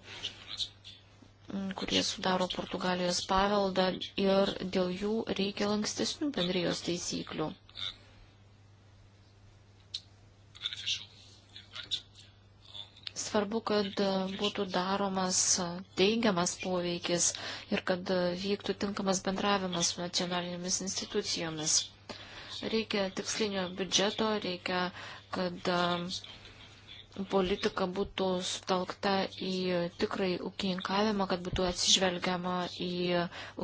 kurie sudaro Portugalijos paveldą ir dėl jų reikia lankstesnių bendrijos taisyklių. Svarbu, kad būtų daromas teigiamas poveikis ir kad vyktų tinkamas bendravimas su nacionalinėmis institucijomis. Reikia tikslinio biudžeto, reikia, kad politika būtų sutelkta į tikrai ūkininkavimą, kad būtų atsižvelgiama į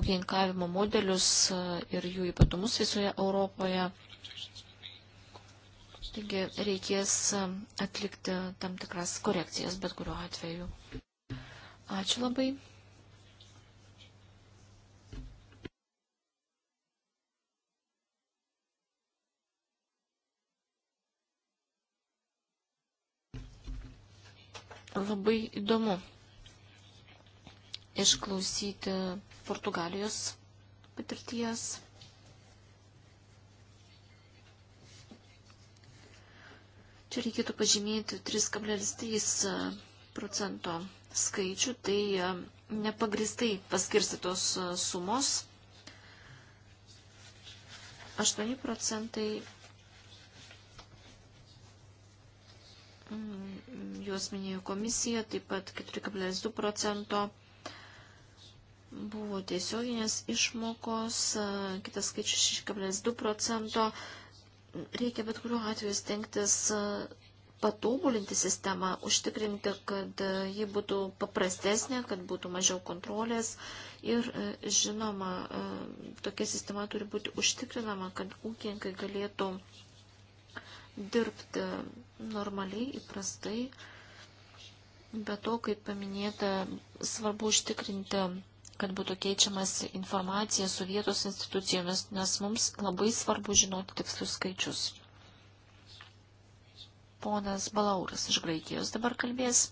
ūkininkavimo modelius ir jų ypatumus visoje Europoje. Taigi reikės atlikti tam tikras korekcijas bet kuriuo atveju. Ačiū labai. labai įdomu išklausyti Portugalijos patirties. Čia reikėtų pažymėti 3,3 e, procento skaičių, tai e, nepagristai paskirstytos e, sumos. 8 procentai mm, juos minėjo komisija, taip pat 4,2 procento buvo tiesioginės išmokos, kitas skaičius 6,2 procento. Reikia bet kuriuo atveju stengtis patobulinti sistemą, užtikrinti, kad ji būtų paprastesnė, kad būtų mažiau kontrolės ir, žinoma, tokia sistema turi būti užtikrinama, kad ūkininkai galėtų dirbti normaliai, įprastai. Be to, kaip paminėta, svarbu užtikrinti, kad būtų keičiamas informacija su vietos institucijomis, nes mums labai svarbu žinoti tikslius skaičius. Ponas Balauras iš Graikijos dabar kalbės.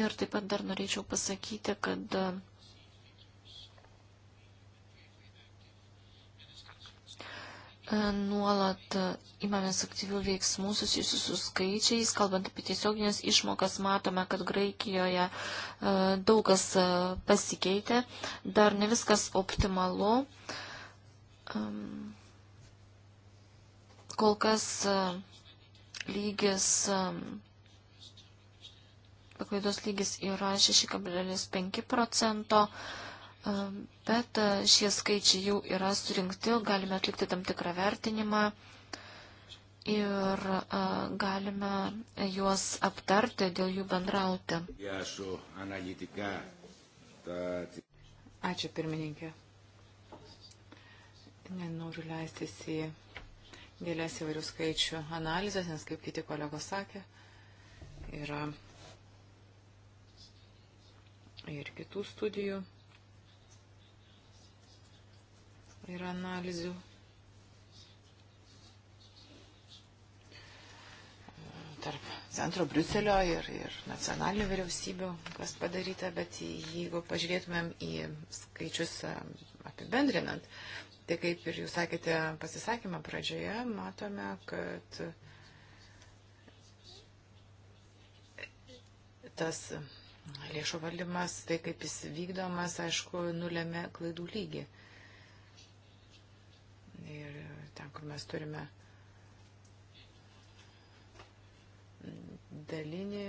Ir taip pat dar norėčiau pasakyti, kad E, nuolat imamės aktyvių veiksmų susijusių su skaičiais. Kalbant apie tiesioginės išmokas, matome, kad Graikijoje e, daug kas e, pasikeitė, dar ne viskas optimalu. Kol kas lygis, paklaidos lygis yra 6,5 procento. Bet šie skaičiai jau yra surinkti, galime atlikti tam tikrą vertinimą ir galime juos aptarti, dėl jų bendrauti. Ačiū pirmininkė. Nenoriu leistis į gėlės įvairių skaičių analizės, nes kaip kiti kolegos sakė, yra ir kitų studijų ir analizių. Tarp centro Briuselio ir, ir nacionalinių vyriausybių, kas padaryta, bet jeigu pažiūrėtumėm į skaičius apibendrinant, tai kaip ir jūs sakėte pasisakymą pradžioje, matome, kad tas lėšų valdymas, tai kaip jis vykdomas, aišku, nulėmė klaidų lygį. Ir ten, kur mes turime dalinį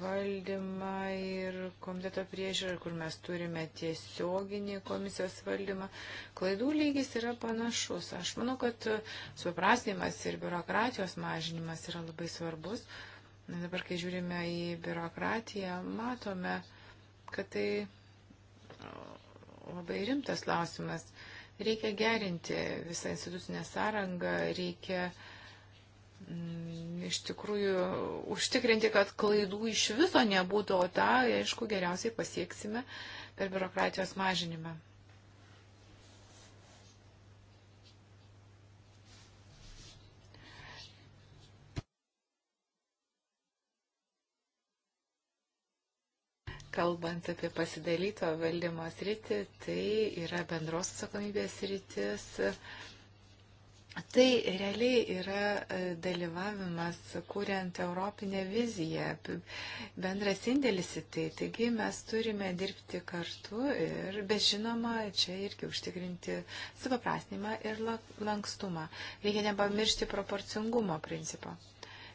valdymą ir komiteto priežiūrą, kur mes turime tiesioginį komisijos valdymą. Klaidų lygis yra panašus. Aš manau, kad suprasnimas ir biurokratijos mažinimas yra labai svarbus. Dabar, kai žiūrime į biurokratiją, matome, kad tai labai rimtas klausimas. Reikia gerinti visą institucinę sąrangą, reikia m, mm, iš tikrųjų užtikrinti, kad klaidų iš viso nebūtų, o tą, aišku, geriausiai pasieksime per biurokratijos mažinimą. Kalbant apie pasidalyto valdymo sritį, tai yra bendros atsakomybės sritis. Tai realiai yra e, dalyvavimas, kuriant Europinę viziją, bendras indėlis į tai. Taigi mes turime dirbti kartu ir, bet žinoma, čia irgi užtikrinti supaprastinimą ir lankstumą. Reikia nepamiršti proporcingumo principo.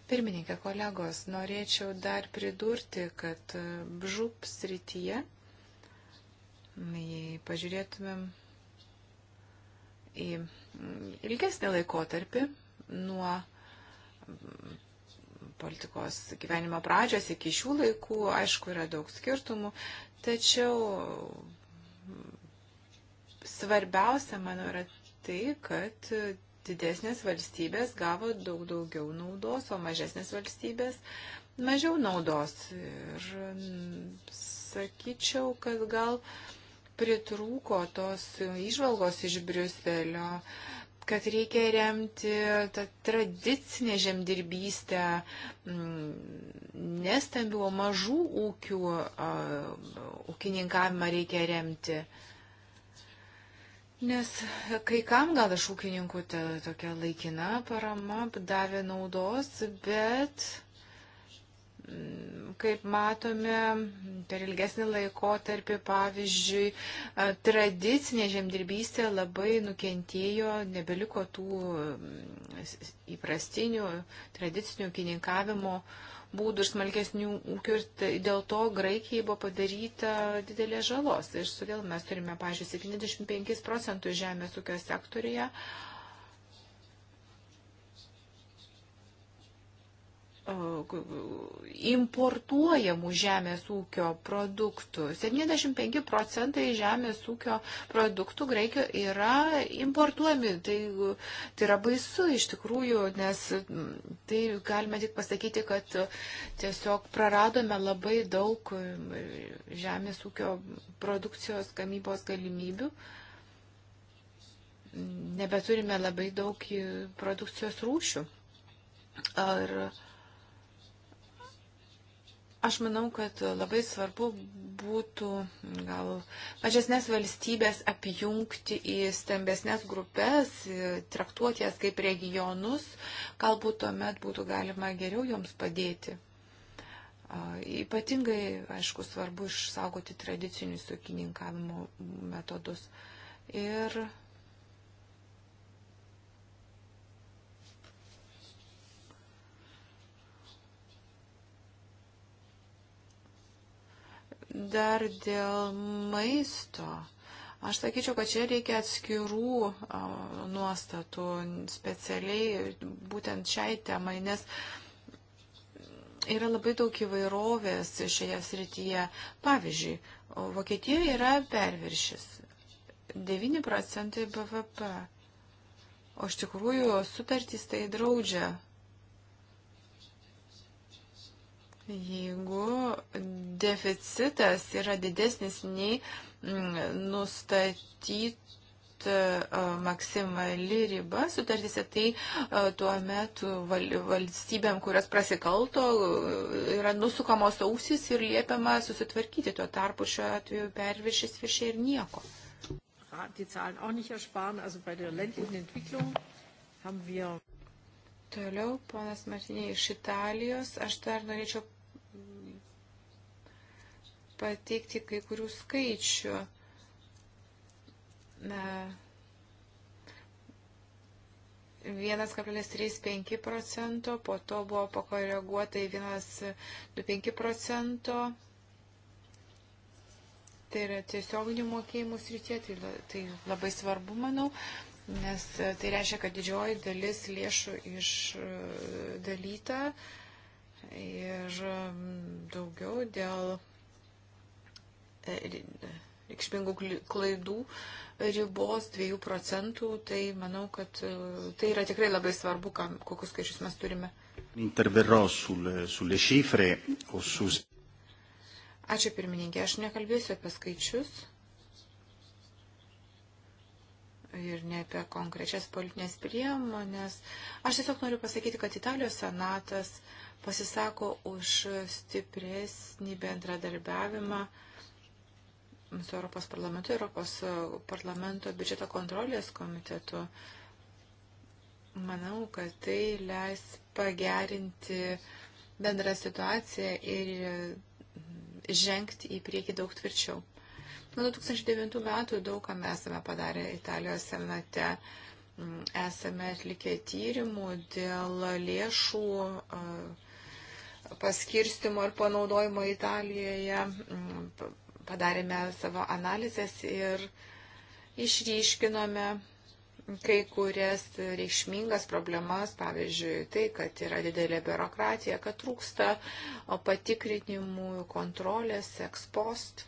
Pirmininkė, kolegos, norėčiau dar pridurti, kad bžūp e, srityje, jei pažiūrėtumėm į mm, ilgesnį laikotarpį nuo mm, politikos gyvenimo pradžios iki šių laikų, aišku, yra daug skirtumų, tačiau mm, svarbiausia, manau, yra tai, kad didesnės valstybės gavo daug daugiau naudos, o mažesnės valstybės mažiau naudos. Ir mm, sakyčiau, kad gal pritrūko tos išvalgos iš Briuselio, kad reikia remti tą tradicinę žemdirbystę, mm, nestambių, mažų ūkių ūkininkavimą reikia remti. Uh, Nes kai kam gal iš ūkininkų ta tokia laikina parama davė naudos, bet mm, kaip matome, per ilgesnį laikotarpį, pavyzdžiui, tradicinė žemdirbystė labai nukentėjo, nebeliko tų mm, įprastinių, tradicinių kininkavimo uh, būdų ir smalkesnių ūkių ir dėl to Graikijai buvo padaryta didelė žalos. Ir todėl mes turime, pažiūrėjau, 75 procentų žemės ūkio sektorija. Uh, importuojamų žemės ūkio produktų. 75 procentai žemės ūkio produktų graikio yra importuojami. Tai, tai yra baisu iš tikrųjų, nes tai galime tik pasakyti, kad tiesiog praradome labai daug žemės ūkio produkcijos gamybos galimybių nebeturime labai daug produkcijos rūšių. Ar Aš manau, kad labai svarbu būtų gal mažesnės valstybės apjungti į stambesnės grupės, traktuoti jas kaip regionus, galbūt tuomet būtų galima geriau joms padėti. Ypatingai, aišku, svarbu išsaugoti tradicinius ūkininkavimo metodus. Ir Dar dėl maisto. Aš sakyčiau, kad čia reikia atskirų nuostatų specialiai būtent šiai temai, nes yra labai daug įvairovės šioje srityje. Pavyzdžiui, Vokietijoje yra perviršis 9 procentai BVP, o iš tikrųjų sutartys tai draudžia Jeigu deficitas yra didesnis nei mm, nustatyta e, maksimali riba sutartyse, tai e, tuo metu valstybėm, kurios prasikalto, e, yra nusukamos ausis ir liepiama susitvarkyti. Tuo tarpu šiuo atveju perviršis viršė ir nieko. Die Zahlen auch nicht ersparen. Also bei der ländlichen Entwicklung haben wir Toliau, ponas Martinė iš Italijos, aš dar norėčiau pateikti kai kurių skaičių. Na, 1,35 procento, po to buvo pakoreguota į 1,25 procento. Tai yra tiesioginių mokėjimų srityje, tai, tai labai svarbu, manau, nes e, tai reiškia, kad didžioji dalis lėšų išdalyta ir daugiau dėl reikšmingų klaidų ribos 2 procentų, tai manau, kad e, tai yra tikrai labai svarbu, kam, kokius skaičius mes turime. Sulle, sulle šifre, sus... Ačiū pirmininkė, aš nekalbėsiu apie skaičius ir ne apie konkrečias politinės priemonės. Aš tiesiog noriu pasakyti, kad Italijos senatas pasisako už stipresnį bendradarbiavimą. Mm su Europos parlamentu, Europos e, parlamento biudžeto kontrolės komitetu. Manau, kad tai leis pagerinti bendrą situaciją ir e, žengti į priekį daug tvirčiau. Nuo 2009 metų daug ką mes esame padarę Italijos senate. Mm, esame atlikę tyrimų dėl lėšų e, paskirstimo ir panaudojimo Italijoje mm, padarėme savo analizės ir išryškinome kai kurias reikšmingas problemas, pavyzdžiui, tai, kad yra didelė biurokratija, kad trūksta patikrinimų kontrolės, ekspost,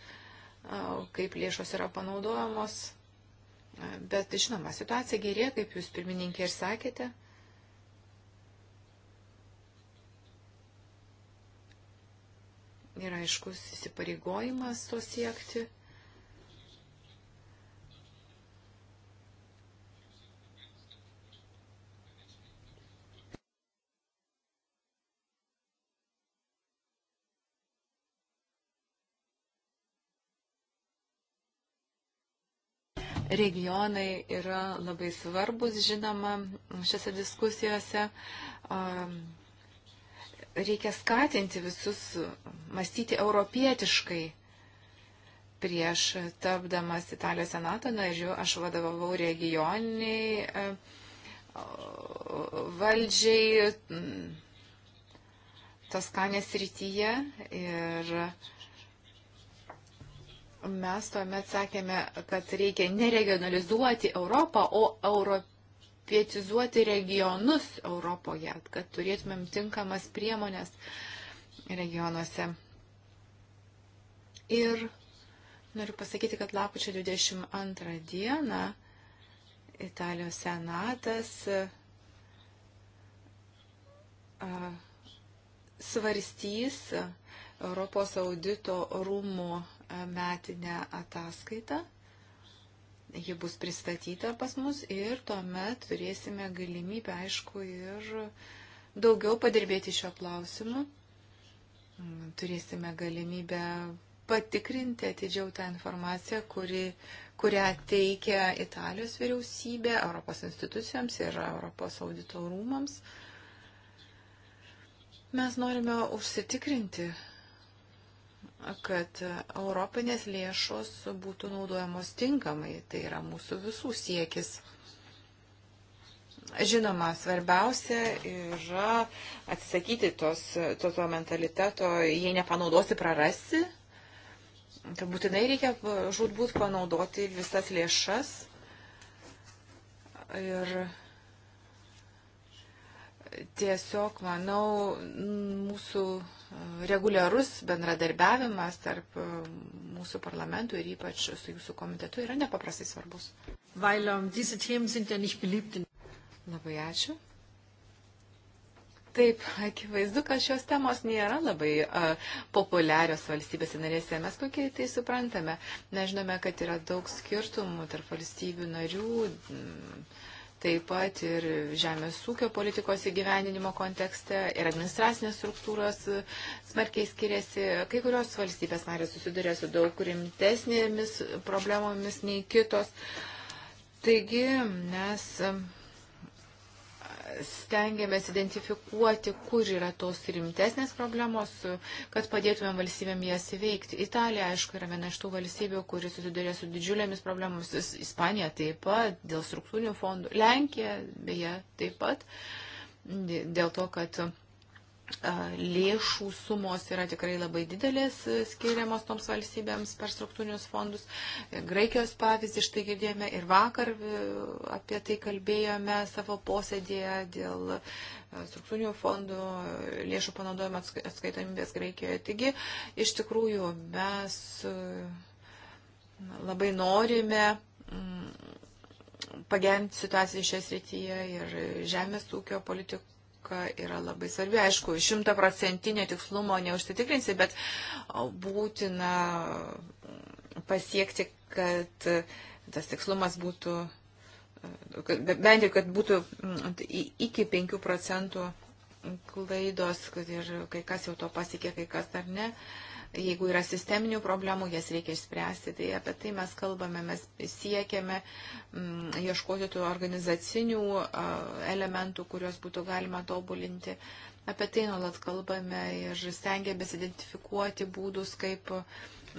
kaip lėšos yra panaudojamos. Bet, žinoma, situacija gerėja, kaip jūs pirmininkė ir sakėte. yra aiškus įsipareigojimas to siekti. regionai yra labai svarbus, žinoma, šiose diskusijose. Reikia skatinti visus mąstyti europietiškai. Prieš tapdamas Italijos senato nariu aš vadovavau regioniniai e, valdžiai mm, Toskanės rytyje ir mes tuomet sakėme, kad reikia neregionalizuoti Europą, o europietizuoti regionus Europoje, kad turėtumėm tinkamas priemonės uh, regionuose. Ir noriu pasakyti, kad lapučio 22 dieną Italijos senatas svarstys Europos audito rūmų metinę ataskaitą. Ji bus pristatyta pas mus ir tuomet turėsime galimybę, aišku, ir daugiau padirbėti šio klausimu. Mm, turėsime galimybę patikrinti atidžiau tą informaciją, kuri, kurią teikia Italijos vyriausybė, Europos institucijoms ir Europos audito rūmams. Mes norime užsitikrinti, kad europinės lėšos būtų naudojamos tinkamai. Tai yra mūsų visų siekis. Žinoma, svarbiausia yra atsisakyti tos, to, to mentaliteto, jei nepanaudosi, prarasi. Tai būtinai reikia žudbūt panaudoti visas lėšas. Ir tiesiog, manau, mūsų reguliarus bendradarbiavimas tarp mūsų parlamentų ir ypač su jūsų komitetu yra nepaprastai svarbus. Weil, um, diese Themen sind ja nicht beliebt in Labai ačiū. Taip, akivaizdu, kad šios temos nėra labai a, populiarios valstybės narėse. Mes puikiai tai suprantame. Mes žinome, kad yra daug skirtumų tarp valstybių narių, taip pat ir žemės ūkio politikos įgyveninimo kontekste ir administracinės struktūros e, smarkiai skiriasi. Kai kurios valstybės narės susiduria su daug rimtesnėmis problemomis nei kitos. Taigi mes. A, stengiamės identifikuoti, kur yra tos rimtesnės problemos, kad padėtumėm valstybėm jas įveikti. Italija, aišku, yra viena iš tų valstybių, kuri susidurė su didžiulėmis problemomis. Ispanija taip pat, dėl struktūrinių fondų. Lenkija, beje, taip pat, dėl to, kad lėšų sumos yra tikrai labai didelės e, skiriamos toms valstybėms per struktūrinius fondus. E, Graikijos pavyzdį štai girdėjome ir vakar e, apie tai kalbėjome savo posėdėje dėl struktūrinių fondų lėšų panaudojimo atskaitomybės Graikijoje. Taigi, iš tikrųjų, mes labai norime mm, pagerinti situaciją šią srityje ir žemės ūkio politikų įtaka yra labai svarbi. Aišku, šimtaprocentinio tikslumo neužsitikrinsi, bet būtina pasiekti, kad tas tikslumas būtų, bent jau, kad būtų iki 5 procentų klaidos ir kai kas jau to pasiekė, kai kas dar ne. Uh, Jeigu yra sisteminių problemų, jas reikia išspręsti. Tai apie tai mes kalbame, mes siekiame m, mm, ieškoti tų organizacinių a, elementų, kuriuos būtų galima tobulinti. Apie tai nuolat kalbame ir stengiamės identifikuoti būdus, kaip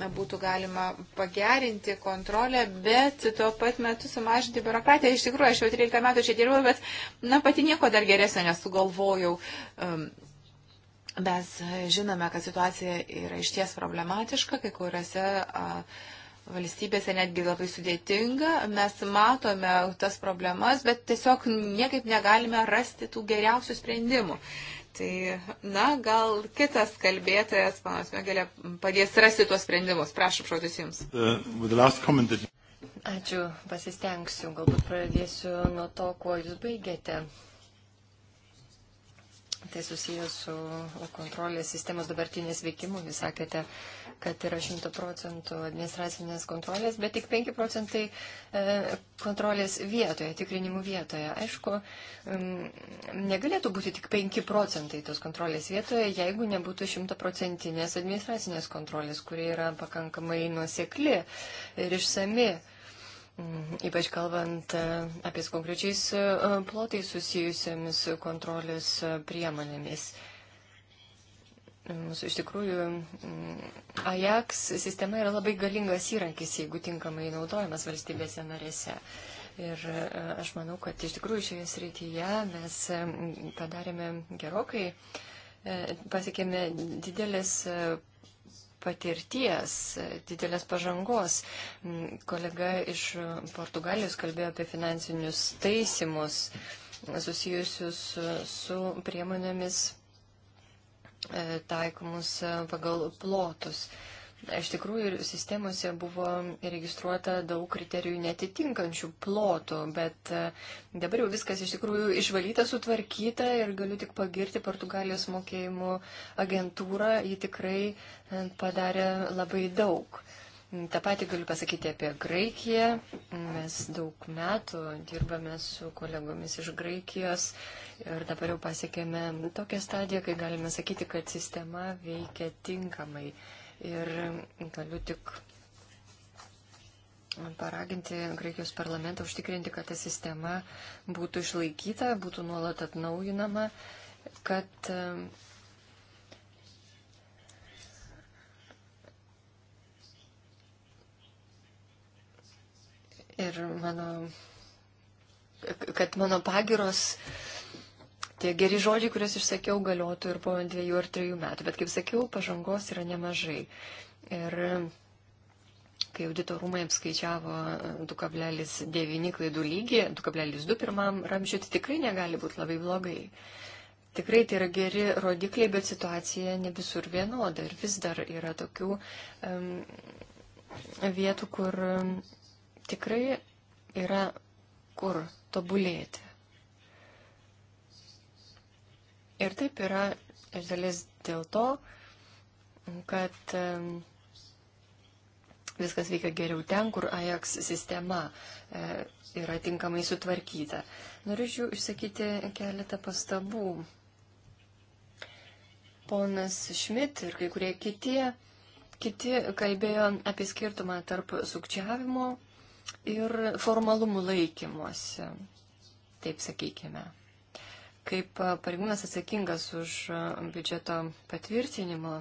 na, būtų galima pagerinti kontrolę, bet tuo pat metu sumažinti biurokratiją. Iš tikrųjų, aš jau 13 metų čia dirbu, bet na, pati nieko dar geresnio nesugalvojau. Um, Mes žinome, kad situacija yra išties problematiška, kai kuriuose valstybėse netgi labai sudėtinga. Mes matome tas problemas, bet tiesiog niekaip negalime rasti tų geriausių sprendimų. Tai, na, gal kitas kalbėtojas, panas Megelė, padės rasti tuos sprendimus. Prašom, šodis Jums. Uh, Ačiū, pasistengsiu. Galbūt pradėsiu nuo to, kuo jūs baigėte. Tai susijęs su kontrolės sistemos dabartinės veikimu. Jūs sakėte, kad yra 100 procentų administracinės kontrolės, bet tik 5 procentai e, kontrolės vietoje, tikrinimų vietoje. Aišku, negalėtų būti tik 5 procentai tos kontrolės vietoje, jeigu nebūtų 100 procentinės administracinės kontrolės, kuri yra pakankamai nuosekli ir išsami. Mhm. Ypač kalbant e, apie konkrečiais e, plotais susijusiamis kontrolės e, priemonėmis. Mūsų iš tikrųjų mm, Ajax sistema yra labai galingas įrankis, jeigu tinkamai naudojamas valstybėse narėse. Ir aš manau, kad iš tikrųjų šioje srityje mes mm, padarėme gerokai, pasiekėme didelės patirties, didelės pažangos. Mm, kolega iš Portugalijos kalbėjo apie finansinius taisimus susijusius su priemonėmis e, taikomus e, pagal plotus. E, Iš tikrųjų, sistemose buvo registruota daug kriterijų netitinkančių plotų, bet e, dabar jau viskas iš tikrųjų išvalyta, sutvarkyta ir galiu tik pagirti Portugalijos mokėjimų agentūrą, ji tikrai e, padarė labai daug. Ta pati galiu pasakyti apie Graikiją. Mes daug metų dirbame su kolegomis iš Graikijos ir dabar jau pasiekėme tokią stadiją, kai galime sakyti, kad sistema veikia tinkamai. Ir galiu tik paraginti Graikijos parlamentą užtikrinti, kad ta sistema būtų išlaikyta, būtų nuolat atnaujinama, kad e, ir mano, kad mano pagiros tie geri žodžiai, kuriuos išsakiau, galiotų ir po dviejų ar trijų metų. Bet, kaip sakiau, pažangos yra nemažai. Ir kai auditorumai apskaičiavo 2,9 klaidų lygį, 2,2 pirmam ramžiui, tai tikrai negali būti labai blogai. Tikrai tai yra geri rodikliai, bet situacija ne visur vienoda ir vis dar yra tokių um, vietų, kur um, tikrai yra kur tobulėti. Ir taip yra iš dalis dėl to, kad viskas veikia geriau ten, kur AJAX sistema e, yra tinkamai sutvarkyta. Norėčiau išsakyti keletą pastabų. Ponas Šmit ir kai kurie kiti, kiti kalbėjo apie skirtumą tarp sukčiavimo ir formalumų laikymuose, taip sakykime kaip e, pareigūnas atsakingas už e, biudžeto patvirtinimą,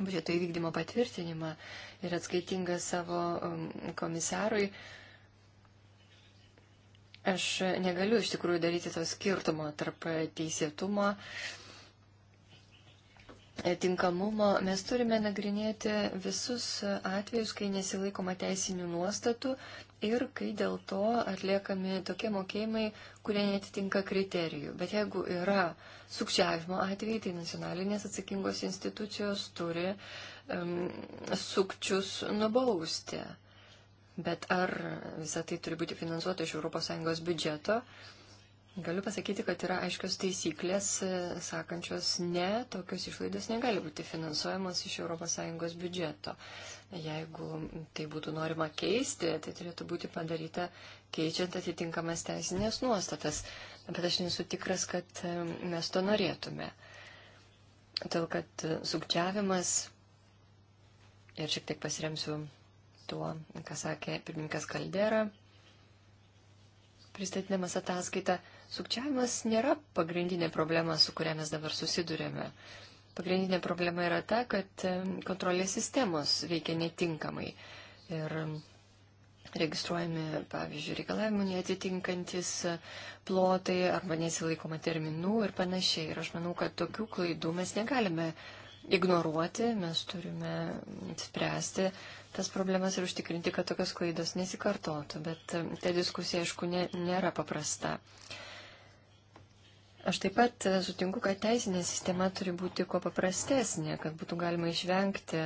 biudžeto įvykdymo patvirtinimą ir atskaitingas savo e, komisarui, aš negaliu iš tikrųjų daryti to skirtumo tarp teisėtumo tinkamumo mes turime nagrinėti visus atvejus, kai nesilaikoma teisinių nuostatų ir kai dėl to atliekami tokie mokėjimai, kurie netitinka kriterijų. Bet jeigu yra sukčiavimo atvejai, tai nacionalinės atsakingos institucijos turi um, sukčius nubausti. Bet ar visą tai turi būti finansuota iš ES biudžeto, Galiu pasakyti, kad yra aiškios taisyklės, e, sakančios ne, tokios išlaidos negali būti finansuojamos iš ES biudžeto. Jeigu tai būtų norima keisti, tai turėtų būti padaryta keičiant atitinkamas teisinės nuostatas. Bet aš nesu tikras, kad e, mes to norėtume. Todėl, kad e, sukčiavimas ir šiek tiek pasiremsiu tuo, ką sakė pirmininkas Kaldera, pristatydamas ataskaitą Sukčiavimas nėra pagrindinė problema, su kuria mes dabar susidurėme. Pagrindinė problema yra ta, kad kontrolės sistemos veikia netinkamai. Ir registruojami, pavyzdžiui, reikalavimų neatitinkantis e, plotai arba nesilaikoma terminų ir panašiai. Ir aš manau, kad tokių klaidų mes negalime ignoruoti, mes turime spręsti tas problemas ir užtikrinti, kad tokios klaidos nesikartotų. Bet ta diskusija, aišku, nė, nėra paprasta. Uh, Aš taip pat e, sutinku, kad teisinė sistema turi būti kuo paprastesnė, kad būtų galima išvengti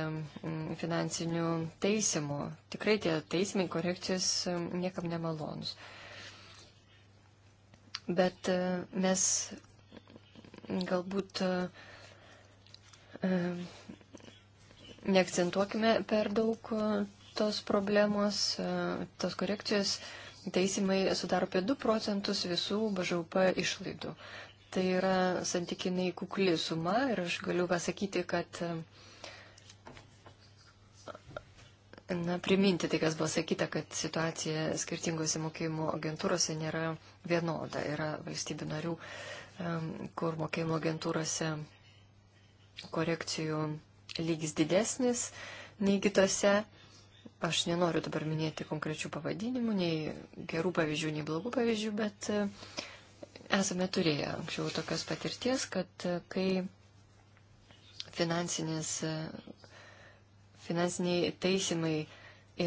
finansinių teisimų. Tikrai tie teismai korekcijos e, niekam nemalonus. Bet e, mes galbūt neakcentuokime per daug tos problemos, tos korekcijos. Teisimai sudaro apie 2 procentus visų BŽP išlaidų. Tai yra santykinai kukli suma ir aš galiu pasakyti, kad Na, priminti tai, kas buvo sakyta, kad situacija skirtingose mokėjimo agentūrose nėra vienoda. Yra valstybių narių, kur mokėjimo agentūrose korekcijų lygis didesnis nei kitose. Aš nenoriu dabar minėti konkrečių pavadinimų, nei gerų pavyzdžių, nei blogų pavyzdžių, bet Esame turėję anksčiau tokios patirties, kad kai finansiniai taisimai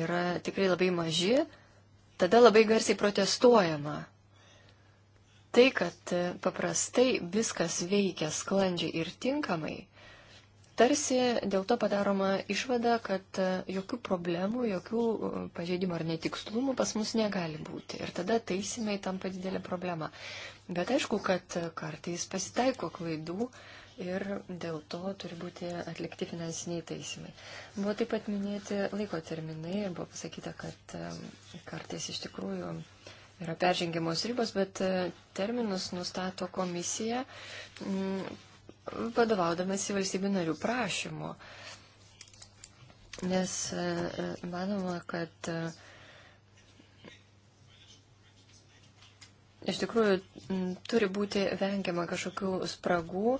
yra tikrai labai maži, tada labai garsiai protestuojama. Tai, kad paprastai viskas veikia sklandžiai ir tinkamai, tarsi dėl to padaroma išvada, kad jokių problemų, jokių uh, pažeidimų ar netikslumų pas mus negali būti. Ir tada taisimai tampa didelė problema. Bet aišku, kad kartais pasitaiko klaidų ir dėl to turi būti atlikti finansiniai taisymai. Buvo taip pat minėti laiko terminai ir buvo pasakyta, kad kartais iš tikrųjų yra peržengiamos ribos, bet e, terminus nustato komisija vadovaudamas į valstybių narių prašymu. Nes e, e, manoma, kad iš tikrųjų turi būti vengiama kažkokių spragų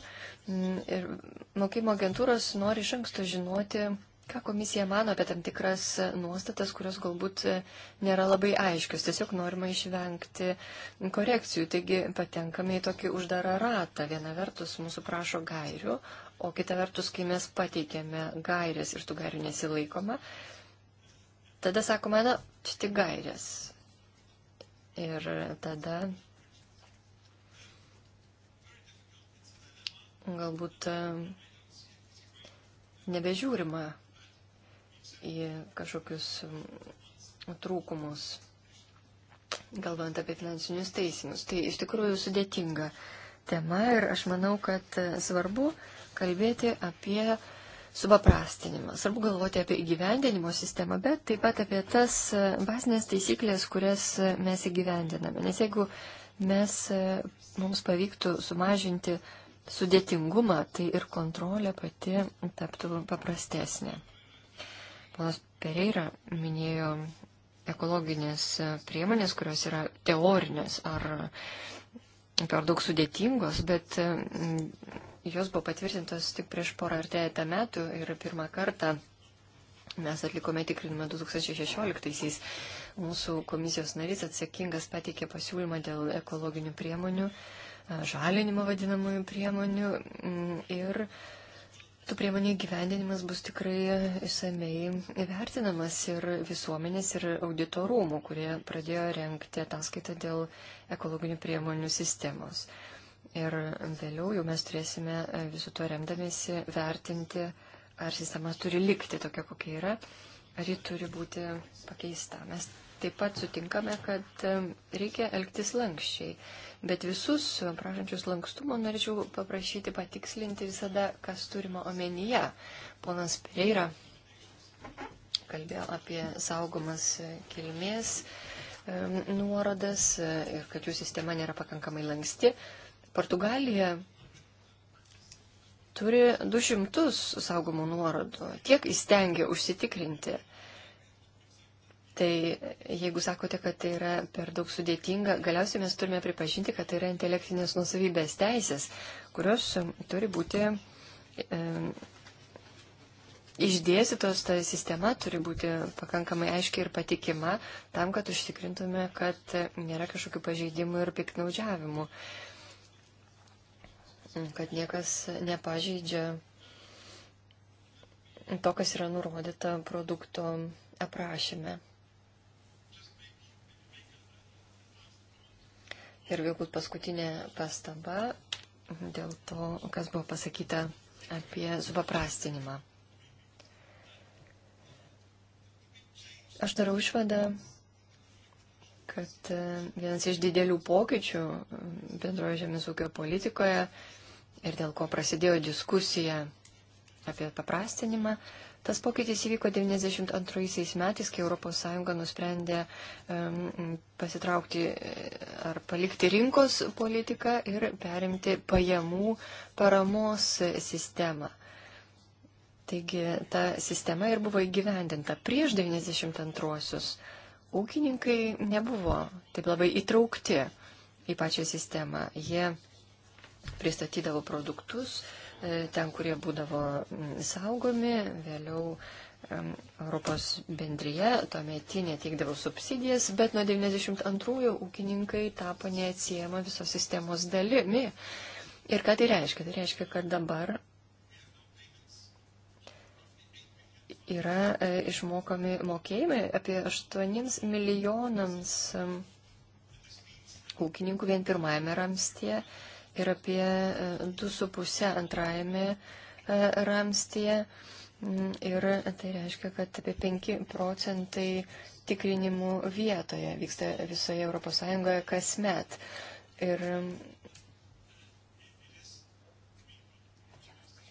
ir mokymo agentūros nori iš anksto žinoti, ką komisija mano apie tam tikras nuostatas, kurios galbūt nėra labai aiškios, tiesiog norima išvengti korekcijų. Taigi patenkame į tokį uždarą ratą. Viena vertus mūsų prašo gairių, o kita vertus, kai mes pateikėme gairės ir tų gairių nesilaikoma, tada sakoma, na, štai gairės Ir tada galbūt e, nebežiūrima į kažkokius trūkumus, galvant apie finansinius teisinius. Tai iš tikrųjų sudėtinga tema ir aš manau, kad svarbu kalbėti apie supaprastinimas. Svarbu galvoti apie įgyvendinimo sistemą, bet taip pat apie tas bazinės taisyklės, kurias mes įgyvendiname. Nes jeigu mes, mums pavyktų sumažinti sudėtingumą, tai ir kontrolė pati taptų paprastesnė. Ponas Pereira minėjo ekologinės priemonės, kurios yra teorinės ar per daug sudėtingos, bet jos buvo patvirtintos tik prieš porą ar trejata metų ir pirmą kartą mes atlikome tikrinimą 2016-aisiais. Mūsų komisijos narys atsakingas pateikė pasiūlymą dėl ekologinių priemonių, žalinimo vadinamųjų priemonių mm, ir tų priemonių gyvendinimas bus tikrai išsamei vertinamas ir visuomenės, ir auditorumų, kurie pradėjo renkti ataskaitą dėl ekologinių priemonių sistemos ir vėliau jau mes turėsime e, visų to remdamėsi vertinti, ar sistema turi likti tokia, kokia yra, ar ji turi būti pakeista. Mes taip pat sutinkame, kad e, reikia elgtis lankščiai, bet visus prašančius lankstumo norėčiau paprašyti patikslinti visada, kas turima omenyje. Ponas Pereira kalbėjo apie saugomas kilmės e, nuorodas ir kad jų sistema nėra pakankamai lanksti. Portugalija turi 200 saugomų nuorodų, tiek įstengia užsitikrinti. Tai jeigu sakote, kad tai yra per daug sudėtinga, galiausiai mes turime pripažinti, kad tai yra intelektinės nusavybės teisės, kurios um, turi būti e, išdėstytos, ta sistema turi būti pakankamai aiškiai ir patikima tam, kad užtikrintume, kad nėra kažkokių pažeidimų ir piknaudžiavimų. E, kad niekas nepažeidžia to, kas yra nurodyta produkto aprašyme. Ir galbūt paskutinė pastaba dėl to, kas buvo pasakyta apie supaprastinimą. Aš darau išvadą, kad e, vienas iš didelių pokyčių e, bendrojo žemės ūkio politikoje ir dėl ko prasidėjo diskusija apie paprastinimą. Tas pokytis įvyko 1992 metais, kai ES nusprendė um, pasitraukti e, ar palikti rinkos politiką ir perimti pajamų paramos sistemą. Taigi ta sistema ir buvo įgyvendinta prieš 92-osius. Ūkininkai nebuvo taip labai įtraukti į pačią sistemą. Jie pristatydavo produktus e, ten, kurie būdavo saugomi, vėliau Europos bendryje tuometinė teikdavo subsidijas, bet nuo 92-ųjų ūkininkai tapo neatsiejama visos sistemos dalimi. Ir ką tai reiškia? Tai reiškia, kad dabar yra e, išmokami mokėjimai apie 8 milijonams ūkininkų vien pirmajame ramstie ir apie 2,5 e, antrajame e, ramstyje. Mm, ir tai reiškia, kad apie 5 procentai tikrinimų vietoje vyksta visoje ES kasmet. Ir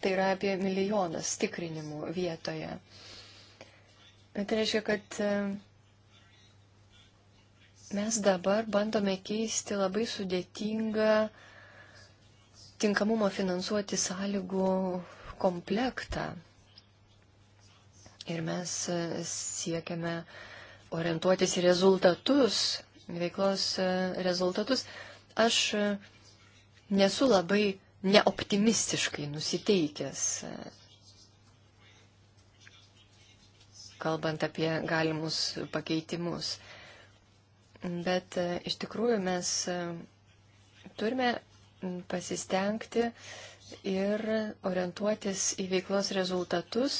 tai yra apie milijonas tikrinimų vietoje. Tai reiškia, kad e, mes dabar bandome keisti labai sudėtingą uh, tinkamumo finansuoti sąlygų komplektą. Ir mes e, siekiame orientuotis į rezultatus, veiklos e, rezultatus. Aš e, nesu labai neoptimistiškai nusiteikęs, kalbant apie galimus pakeitimus. Bet iš tikrųjų mes turime pasistengti ir orientuotis į veiklos rezultatus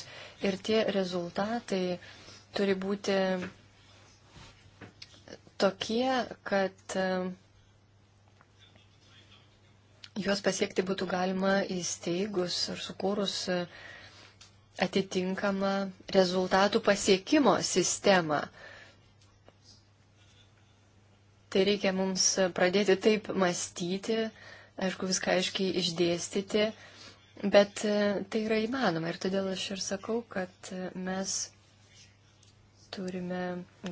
ir tie rezultatai turi būti tokie, kad e, juos pasiekti būtų galima įsteigus ar sukūrus e, atitinkamą rezultatų pasiekimo sistemą. Tai reikia mums pradėti taip mąstyti, aišku, viską aiškiai išdėstyti, bet e, tai yra įmanoma ir todėl aš ir sakau, kad e, mes turime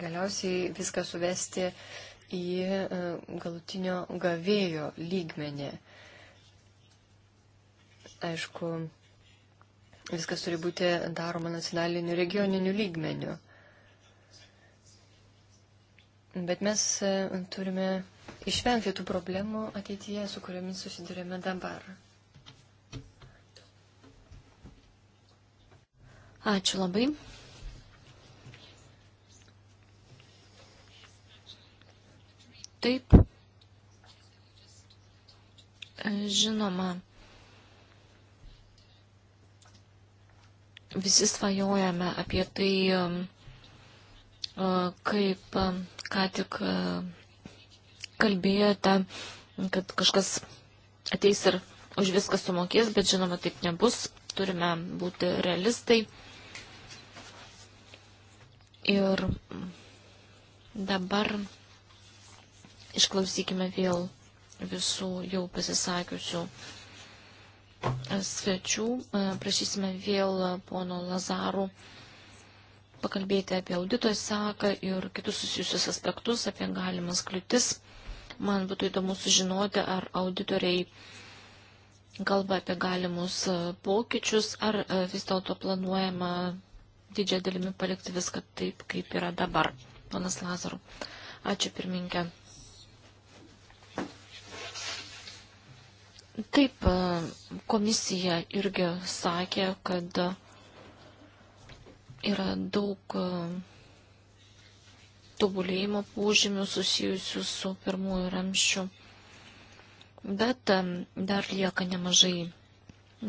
galiausiai viską suvesti į e, galutinio gavėjo lygmenį. Aišku, viskas turi būti daroma nacionaliniu regioniniu lygmeniu. Bet mes turime išvengti tų problemų ateityje, su kuriomis susidurėme dabar. Ačiū labai. Taip, žinoma, visi svajojame apie tai, um, uh, kaip um, ką tik uh, kalbėjote, kad kažkas ateis ir už viską sumokės, bet žinoma, taip nebus. Turime būti realistai. Ir dabar išklausykime vėl visų jau pasisakiusių svečių. Prašysime vėl pono Lazarų pakalbėti apie audito seką ir kitus susijusius aspektus, apie galimas kliūtis. Man būtų įdomu sužinoti, ar auditoriai kalba apie galimus e, pokyčius, ar e, vis dėlto planuojama didžiąją dalimi palikti viską taip, kaip yra dabar. Panas Lazaru. Ačiū pirminkė. Taip, e, komisija irgi sakė, kad yra daug tobulėjimo požymių susijusių su pirmųjų ramščių. Bet dar lieka nemažai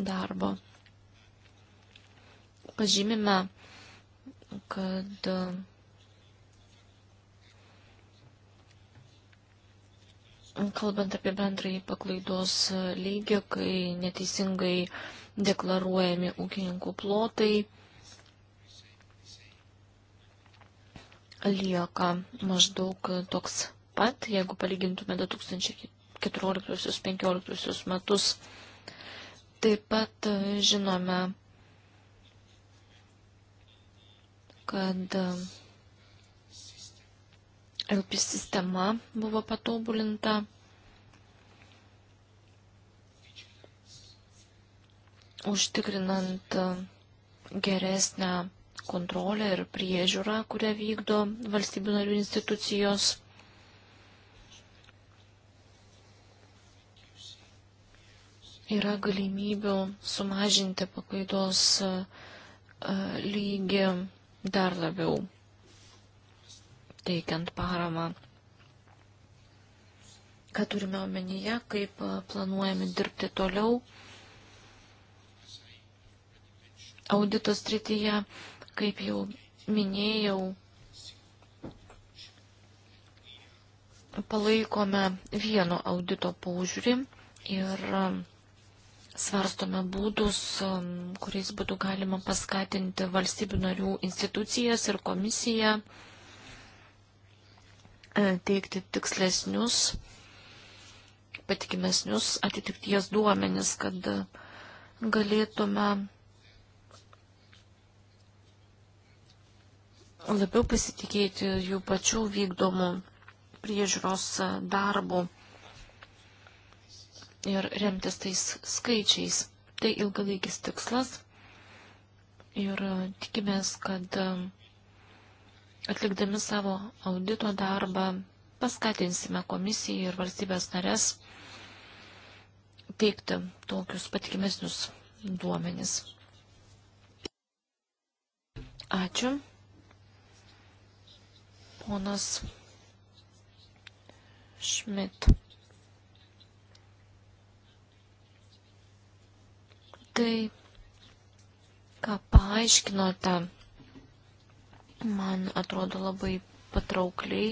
darbo. Pažymime, kad kalbant apie bendrąjį paklaidos lygį, kai neteisingai deklaruojami ūkininkų plotai, lieka maždaug toks pat, jeigu palygintume 2014-2015 metus. Taip pat e, žinome, kad e, LP sistema buvo patobulinta. užtikrinant e, geresnę kontrolę ir priežiūrą, kurią vykdo valstybių narių institucijos. Yra galimybių sumažinti paklaidos e, lygį dar labiau, teikiant paramą. Ką turime omenyje, kaip e, planuojame dirbti toliau audito srityje Kaip jau minėjau, palaikome vieno audito paužiūrį ir um, svarstome būdus, um, kuriais būtų galima paskatinti valstybių narių institucijas ir komisiją e, teikti tikslesnius, patikimesnius atitikties duomenis, kad e, galėtume labiau pasitikėti jų pačių vykdomų priežiūros e, darbų ir remtis tais skaičiais. Tai ilgalaikis tikslas ir e, tikimės, kad e, atlikdami savo audito darbą paskatinsime komisiją ir valstybės narės teikti tokius patikimesnius duomenis. Ačiū. Ponas Šmit. Tai, ką paaiškinote, man atrodo labai patraukliai.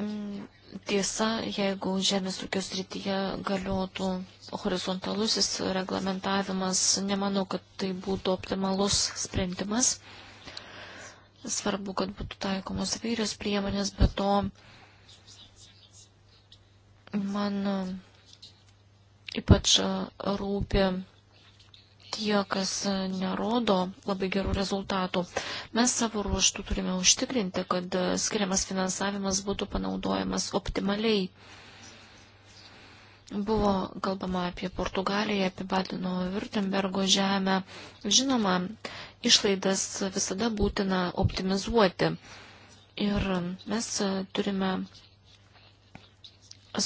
Mm Tiesa, jeigu žemės ūkio srityje galiotų horizontalusis reglamentavimas, nemanau, kad tai būtų optimalus sprendimas. Svarbu, kad būtų taikomos įvairios priemonės, bet to man ypač rūpi tie, kas nerodo labai gerų rezultatų. Mes savo ruoštų turime užtikrinti, kad skiriamas finansavimas būtų panaudojamas optimaliai. Buvo kalbama apie Portugaliją, apie Badino Virtembergo žemę. Žinoma, išlaidas visada būtina optimizuoti. Ir mes turime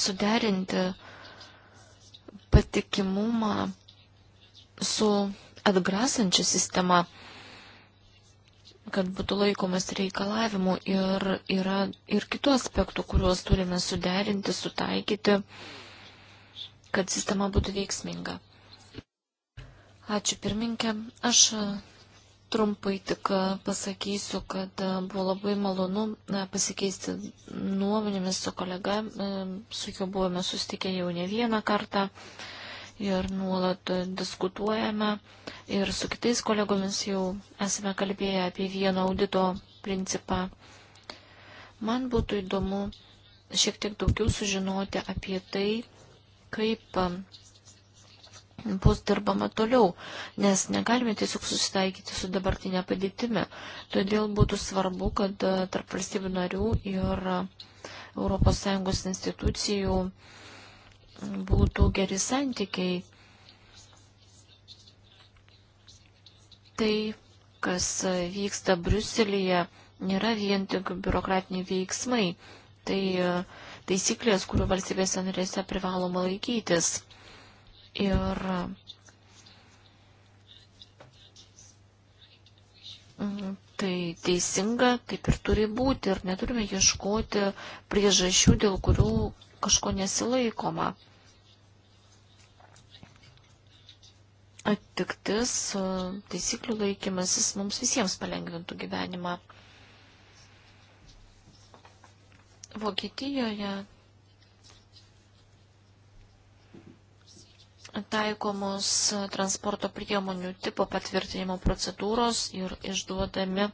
suderinti patikimumą su atgrasančia sistema, kad būtų laikomas reikalavimų ir yra ir kitų aspektų, kuriuos turime suderinti, sutaikyti, kad sistema būtų veiksminga. Ačiū pirminkė. Aš e, trumpai tik e, pasakysiu, kad e, buvo labai malonu pasikeisti nuomonėmis su kolega, su juo buvome sustikę jau ne vieną kartą ir nuolat diskutuojame ir su kitais kolegomis jau esame kalbėję apie vieno audito principą. Man būtų įdomu šiek tiek daugiau sužinoti apie tai, kaip um, bus dirbama toliau, nes negalime tiesiog susitaikyti su dabartinė padėtimi. Todėl būtų svarbu, kad uh, tarp valstybių narių ir uh, ES institucijų uh, būtų geri santykiai. Tai, kas vyksta Bruselėje, nėra vien tik biurokratiniai veiksmai. Tai e, taisyklės, kurių valstybėse narėse privaloma laikytis. Ir mm, tai teisinga, taip ir turi būti. Ir neturime ieškoti priežasčių, dėl kurių kažko nesilaikoma. Atiktis, e, taisyklių laikymasis mums visiems palengvintų gyvenimą. Vokietijoje taikomos transporto priemonių tipo patvirtinimo procedūros ir išduodami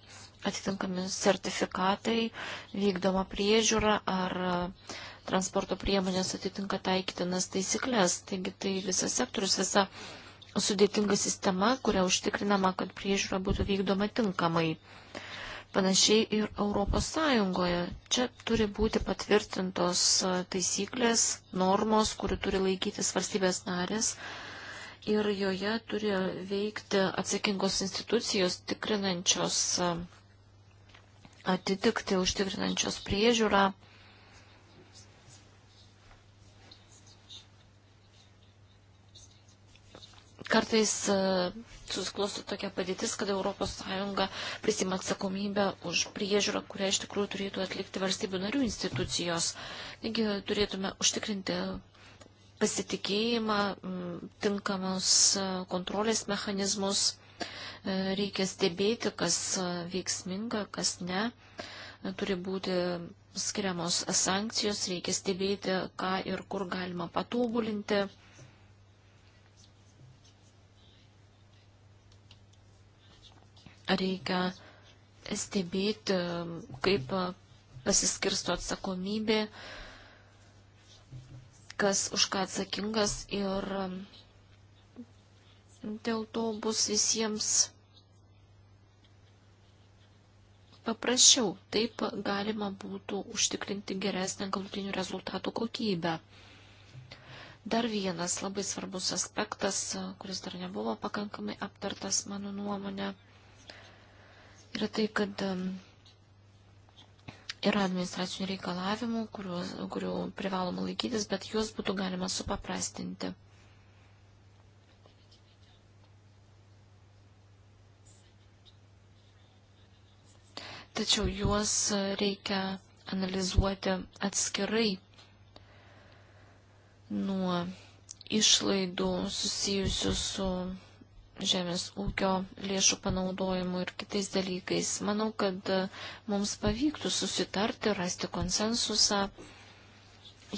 atitinkami sertifikatai, vykdoma priežiūra ar uh, transporto priemonės atitinka taikytinas taisyklės. Taigi tai visas sektorius, visa sudėtinga sistema, kuria užtikrinama, kad priežiūra būtų vykdoma tinkamai. Panašiai ir Europos Sąjungoje. Čia turi būti patvirtintos taisyklės, normos, kurių turi laikytis valstybės narės ir joje turi veikti atsakingos institucijos tikrinančios atitikti, užtikrinančios priežiūrą Kartais e, susiklosto tokia padėtis, kad ES prisima atsakomybę už priežiūrą, kurią iš tikrųjų turėtų atlikti valstybių narių institucijos. Taigi turėtume užtikrinti pasitikėjimą, tinkamus e, kontrolės mechanizmus, e, reikia stebėti, kas veiksminga, kas ne, turi būti skiriamos sankcijos, reikia stebėti, ką ir kur galima patobulinti Reikia stebėti, kaip pasiskirsto atsakomybė, kas už ką atsakingas ir dėl to bus visiems paprasčiau. Taip galima būtų užtikrinti geresnę galutinių rezultatų kokybę. Dar vienas labai svarbus aspektas, kuris dar nebuvo pakankamai aptartas mano nuomonė yra tai, kad yra administracinių reikalavimų, kuriuos, kurių privaloma laikytis, bet juos būtų galima supaprastinti. Tačiau juos reikia analizuoti atskirai nuo išlaidų susijusių su žemės ūkio lėšų panaudojimu ir kitais dalykais. Manau, kad e, mums pavyktų susitarti, rasti konsensusą,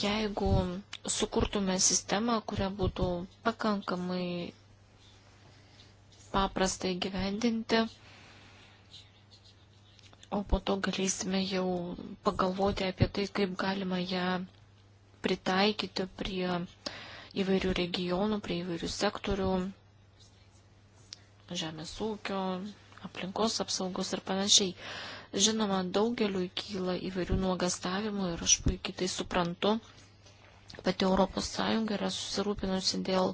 jeigu sukurtume sistemą, kuria būtų pakankamai paprastai gyvendinti, o po to galėsime jau pagalvoti apie tai, kaip galima ją pritaikyti prie įvairių regionų, prie įvairių sektorių, žemės ūkio, aplinkos apsaugos ir panašiai. Žinoma, daugeliu kyla įvairių nuogastavimų ir aš puikiai tai suprantu. Pati Europos Sąjunga yra susirūpinusi dėl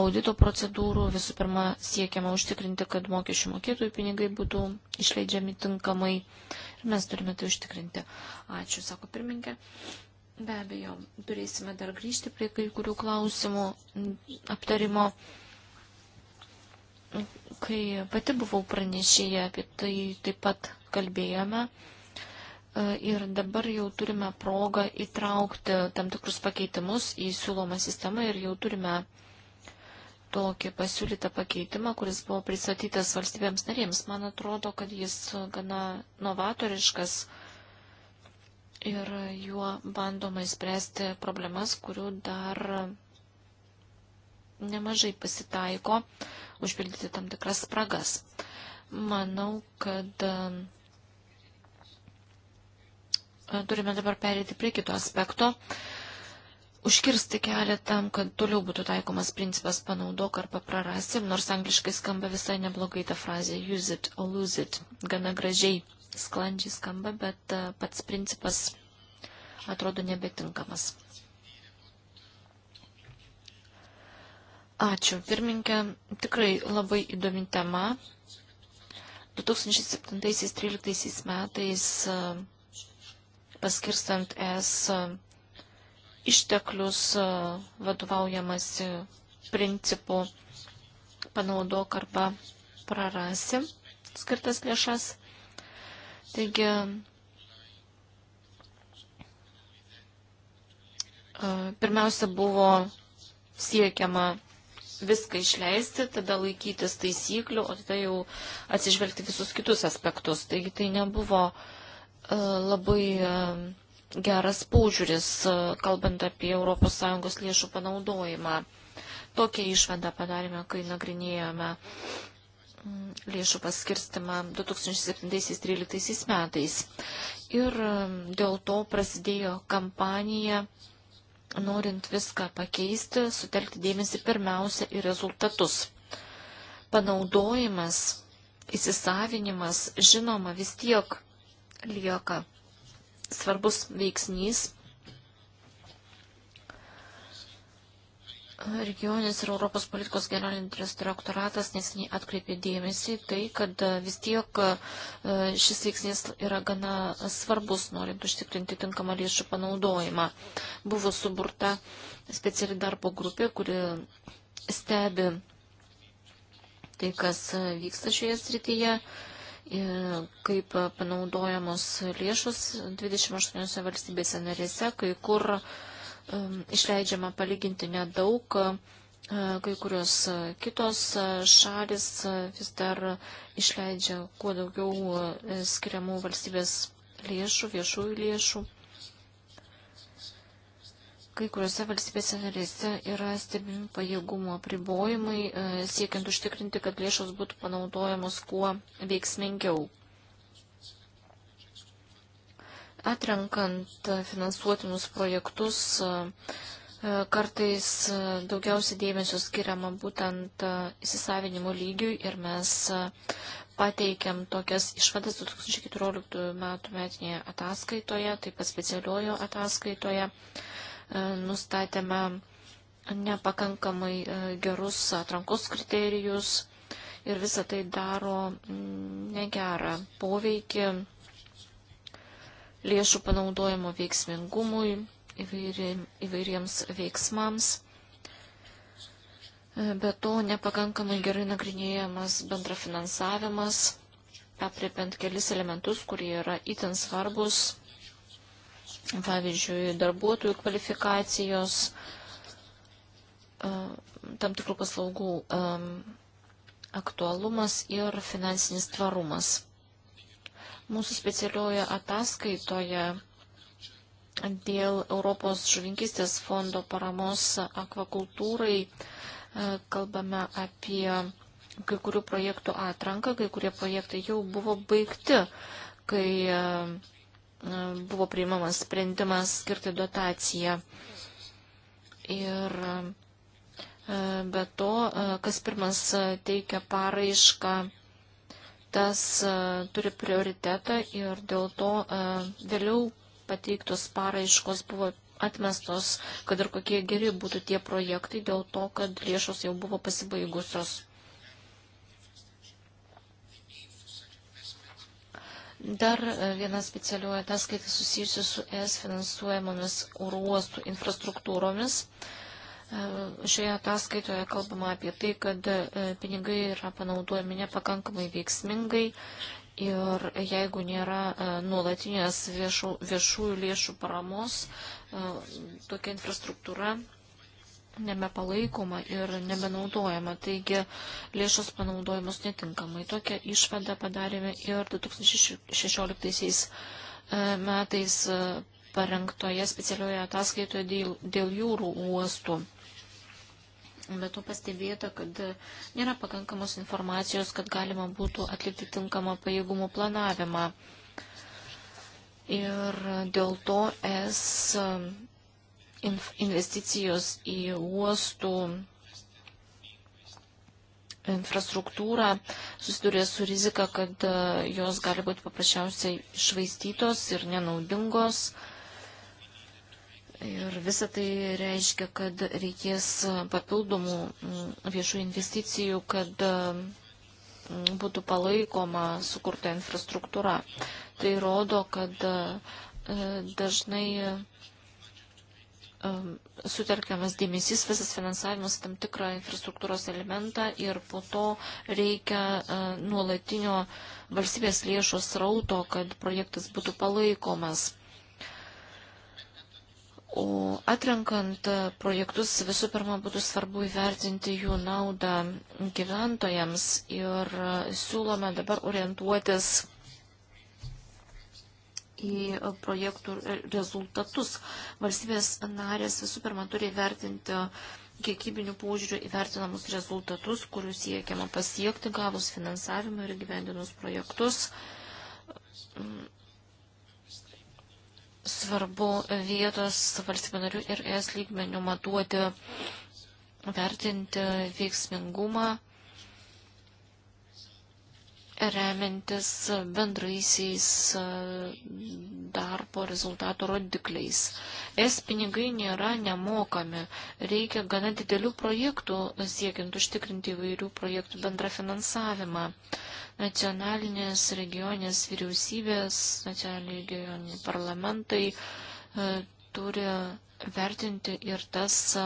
audito procedūrų. Visų pirma, siekiama užtikrinti, kad mokesčių mokėtojų pinigai būtų išleidžiami tinkamai. Ir mes turime tai užtikrinti. Ačiū, sako pirmininkė. Be abejo, turėsime dar grįžti prie kai kurių klausimų aptarimo. Kai pati buvau pranešėję apie tai, taip pat kalbėjome. E, ir dabar jau turime progą įtraukti tam tikrus pakeitimus į siūlomą sistemą ir jau turime tokį pasiūlytą pakeitimą, kuris buvo pristatytas valstybėms narėms. Man atrodo, kad jis gana novatoriškas ir juo bandoma įspręsti problemas, kurių dar nemažai pasitaiko užpildyti tam tikras spragas. Manau, kad e, turime dabar perėti prie kito aspekto. Užkirsti kelią tam, kad toliau būtų taikomas principas panaudok arba prarasi, nors angliškai skamba visai neblogai ta frazė use it or lose it. Gana gražiai, sklandžiai skamba, bet e, pats principas atrodo nebetinkamas. Ačiū, pirmininkė. Tikrai labai įdomi tema. 2007-2013 metais e, paskirstant es e, išteklius e, vadovaujamasi principu panaudok arba prarasi skirtas lėšas. Taigi pirmiausia buvo siekiama viską išleisti, tada laikytis taisyklių, o tada jau atsižvelgti visus kitus aspektus. Taigi tai nebuvo e, labai e, geras paužiūris, e, kalbant apie ES lėšų panaudojimą. Tokią išvadą padarėme, kai nagrinėjome mm, lėšų paskirstimą 2007-2013 metais. Ir dėl to prasidėjo kampanija norint viską pakeisti, sutelkti dėmesį pirmiausia į rezultatus. Panaudojimas, įsisavinimas, žinoma, vis tiek lieka svarbus veiksnys Regioninis ir Europos politikos generalinis direktoratas nesiniai atkreipė dėmesį tai, kad e, vis tiek e, šis veiksnys yra gana svarbus, norint užtikrinti tinkamą lėšų panaudojimą. Buvo suburta speciali darbo grupė, kuri stebi tai, kas vyksta šioje srityje e, kaip panaudojamos lėšos 28 valstybėse narėse, kai kur uh, Um, išleidžiama palyginti nedaug, uh, kai kurios uh, kitos uh, šalis vis dar išleidžia kuo daugiau skiriamų valstybės lėšų, viešųjų lėšų. Kai kuriuose valstybėse narėse yra stebimi pajėgumo apribojimai, siekiant užtikrinti, kad lėšos būtų panaudojamos kuo veiksmingiau. Atrenkant e, finansuotinus projektus, e, e, kartais daugiausiai dėmesio skiriama būtent įsisavinimo lygiui ir mes pateikėm tokias išvadas 2014 metų metinėje ataskaitoje, taip pat specialiojo ataskaitoje nustatėme nepakankamai gerus atrankos kriterijus ir visą tai daro mm, negerą poveikį lėšų panaudojimo veiksmingumui, įvairi, įvairiems veiksmams. E, be to nepakankamai gerai nagrinėjamas bendrafinansavimas, apriepiant kelis elementus, kurie yra itin svarbus, pavyzdžiui, darbuotojų kvalifikacijos, e, tam tikrų paslaugų aktualumas ir finansinis tvarumas. Mūsų specialioje ataskaitoje dėl Europos žuvinkistės fondo paramos akvakultūrai e, kalbame apie kai kurių projektų atranką, kai kurie projektai jau buvo baigti, kai e, e, buvo priimamas sprendimas skirti dotaciją. Ir be to, kas pirmas teikia paraišką tas e, turi prioritetą ir dėl to e, vėliau pateiktos paraiškos buvo atmestos, kad ir kokie geri būtų tie projektai, dėl to, kad lėšos jau buvo pasibaigusios. Dar e, viena specialioja ataskaita susijusi su ES finansuojamomis uruostų infrastruktūromis. Uh, Šioje ataskaitoje kalbama apie tai, kad e, pinigai yra panaudojami nepakankamai veiksmingai ir jeigu nėra e, nuolatinės viešų, viešųjų lėšų paramos, e, tokia infrastruktūra nebepalaikoma ir nebenaudojama, taigi lėšos panaudojamos netinkamai. Tokią išvadą padarėme ir 2016 metais parengtoje specialioje ataskaitoje dėl, dėl jūrų uostų. Bet to pastebėta, kad nėra pakankamos informacijos, kad galima būtų atlikti tinkamą pajėgumų planavimą. Ir dėl to es um, investicijos į uostų infrastruktūrą susidurė su rizika, kad uh, jos gali būti paprasčiausiai išvaistytos ir nenaudingos. Ir visa tai reiškia, kad reikės papildomų mm, viešų investicijų, kad mm, būtų palaikoma sukurta infrastruktūra. Tai rodo, kad e, dažnai e, sutelkiamas dėmesys, visas finansavimas tam tikrą infrastruktūros elementą ir po to reikia e, nuolatinio valstybės lėšos rauto, kad projektas būtų palaikomas. O atrenkant projektus visų pirma būtų svarbu įvertinti jų naudą gyventojams ir siūlome dabar orientuotis į projektų rezultatus. Valstybės narės visų pirma turi įvertinti kiekybinių požiūrių įvertinamus rezultatus, kurių siekiama pasiekti, gavus finansavimą ir gyvendinus projektus svarbu vietos valstybių narių ir es lygmenių matuoti, vertinti veiksmingumą, remiantis bendraisiais e, darbo rezultato rodikliais. Es pinigai nėra nemokami, reikia gana didelių projektų siekiant užtikrinti įvairių projektų bendrafinansavimą. finansavimą nacionalinės regioninės vyriausybės, nacionaliniai regioniniai parlamentai e, turi vertinti ir tas e,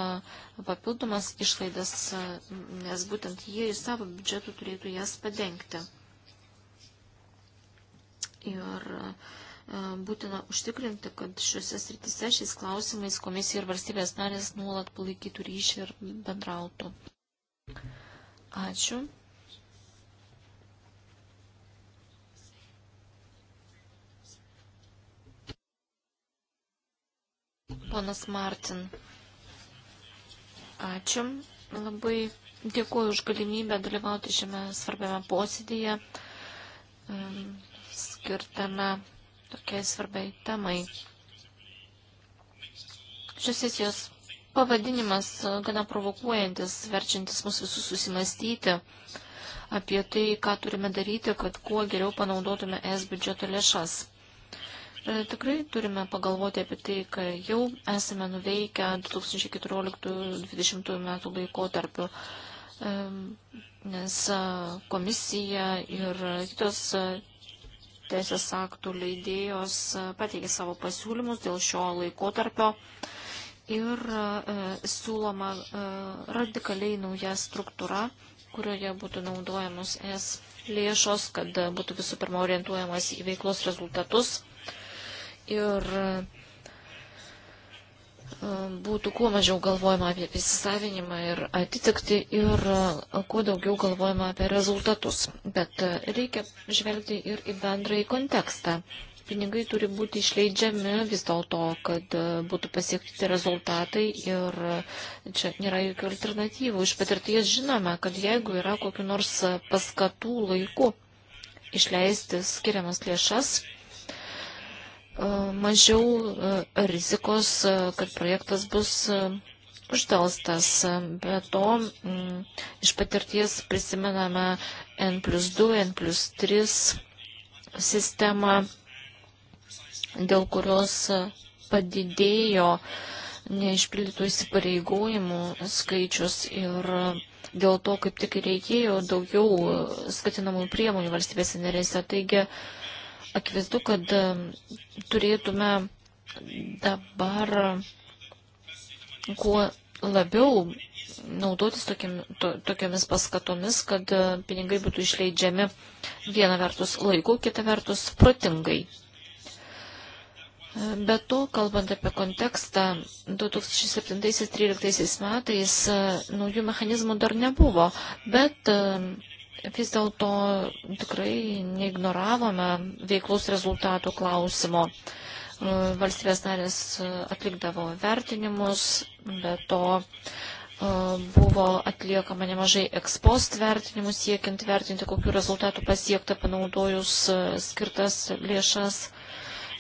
papildomas išlaidas, e, nes būtent jie iš savo biudžetų turėtų jas padengti. Ir būtina užtikrinti, kad šiuose srityse šiais klausimais komisija ir valstybės narės nuolat palaikytų ryšį ir bendrautų. Ačiū. Ponas Martin. Ačiū. Labai dėkuoju už galimybę dalyvauti šiame svarbiame posėdėje, skirtame tokiai svarbiai temai. Šios sesijos pavadinimas gana provokuojantis, verčiantis mus visus susimastyti apie tai, ką turime daryti, kad kuo geriau panaudotume es biudžeto lėšas. E, tikrai turime pagalvoti apie tai, ką jau esame nuveikę 2014-2020 metų laikotarpiu, e, nes e, komisija ir kitos teisės aktų leidėjos pateikė savo pasiūlymus dėl šio laikotarpio ir e, siūloma e, radikaliai nauja struktūra, kurioje būtų naudojamos es lėšos, kad būtų visų pirma orientuojamas į veiklos rezultatus, ir e, būtų kuo mažiau galvojama apie įsisavinimą ir atitikti ir e, kuo daugiau galvojama apie rezultatus. Bet e, reikia žvelgti ir į bendrąjį kontekstą. Pinigai turi būti išleidžiami vis dėlto, kad būtų pasiekti rezultatai ir čia nėra jokių alternatyvų. Iš patirties žinome, kad jeigu yra kokiu nors paskatų laiku išleisti skiriamas lėšas, E, mažiau e, rizikos, e, kad projektas bus uždelstas. Be to, iš patirties prisimename N plus 2, N plus 3 sistemą, dėl kurios padidėjo neišpildytų įsipareigojimų skaičius ir dėl to kaip tik reikėjo daugiau skatinamų priemonių valstybėse narėse. Taigi, uh, akivaizdu, kad e, turėtume dabar kuo labiau naudotis tokiam, to, tokiamis paskatomis, kad e, pinigai būtų išleidžiami viena vertus laiku, kita vertus protingai. Be to, kalbant apie kontekstą, 2007-2013 metais e, naujų mechanizmų dar nebuvo, bet vis dėlto tikrai neignoravome veiklos rezultatų klausimo. E, valstybės narės atlikdavo vertinimus, bet to e, buvo atliekama nemažai ekspost vertinimų, siekiant vertinti, kokiu rezultatu pasiekta panaudojus e, skirtas lėšas.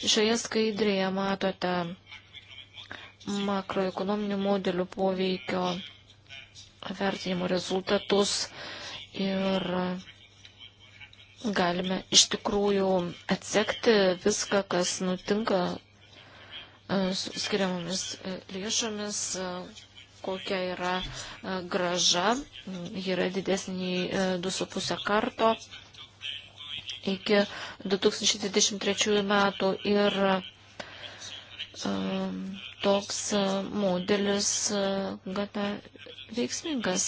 Šioje skaidrėje matote makroekonominių modelių poveikio vertinimo rezultatus. Uh, ir galime iš tikrųjų atsekti viską, kas nutinka e, su skiriamomis e, lėšomis, e, kokia yra graža. Ji yra didesnė nei 2,5 karto iki 2023 metų ir toks modelis gana veiksmingas.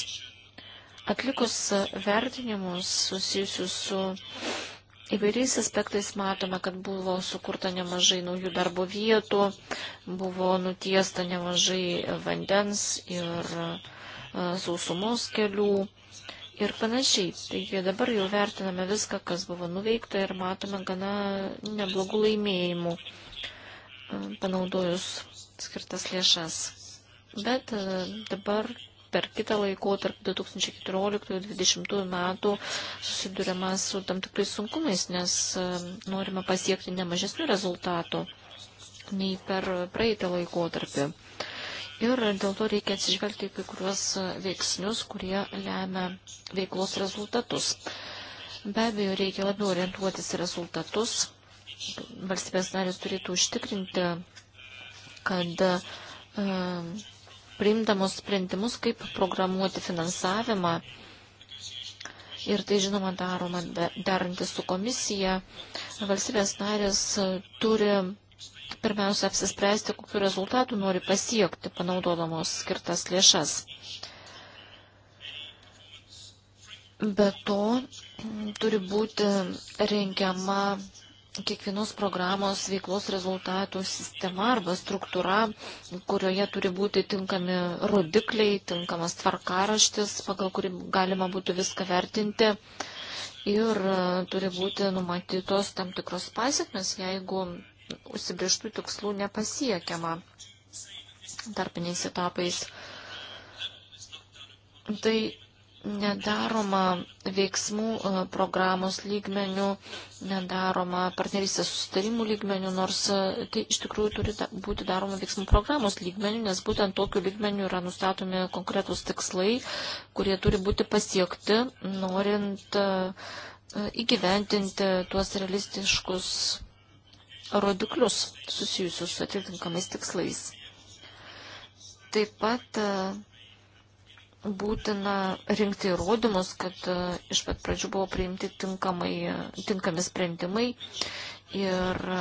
Atlikus vertinimus susijusius su įvairiais aspektais matome, kad buvo sukurta nemažai naujų darbo vietų, buvo nutiesta nemažai vandens ir e, sausumos kelių ir panašiai. Taigi dabar jau vertiname viską, kas buvo nuveikta ir matome gana neblogų laimėjimų e, panaudojus skirtas lėšas. Bet e, dabar per kitą laikotarpį 2014-2020 metų susidurima su tam tikrais sunkumais, nes e, norime pasiekti ne mažesnių rezultatų nei per praeitą laikotarpį. Ir dėl to reikia atsižvelgti į kai kuriuos veiksnius, kurie lemia veiklos rezultatus. Be abejo, reikia labiau orientuotis į rezultatus. Valstybės narės turėtų užtikrinti, kad e, priimdamos sprendimus, kaip programuoti finansavimą. Ir tai, žinoma, daroma derantis su komisija. Valstybės narės e, turi pirmiausia apsispręsti, kokiu rezultatu nori pasiekti, panaudodamos skirtas lėšas. Be to, turi būti rengiama kiekvienos programos veiklos rezultatų sistema arba struktūra, kurioje turi būti tinkami rodikliai, tinkamas tvarkaraštis, pagal kurį galima būtų viską vertinti. Ir e, turi būti numatytos tam tikros pasiekmes, jeigu užsibrieštų tikslų nepasiekiama tarpiniais etapais. Tai nedaroma veiksmų e, programos lygmenių, nedaroma partnerystės sustarimų lygmenių, nors e, tai iš tikrųjų turi būti daroma veiksmų programos lygmenių, nes būtent tokiu lygmeniu yra nustatomi konkretus tikslai, kurie turi būti pasiekti, norint e, įgyventinti tuos realistiškus rodiklius susijusius su atitinkamais tikslais. Taip pat uh, būtina rinkti įrodymus, kad e, iš pat pradžių buvo priimti tinkamai, tinkami sprendimai ir e,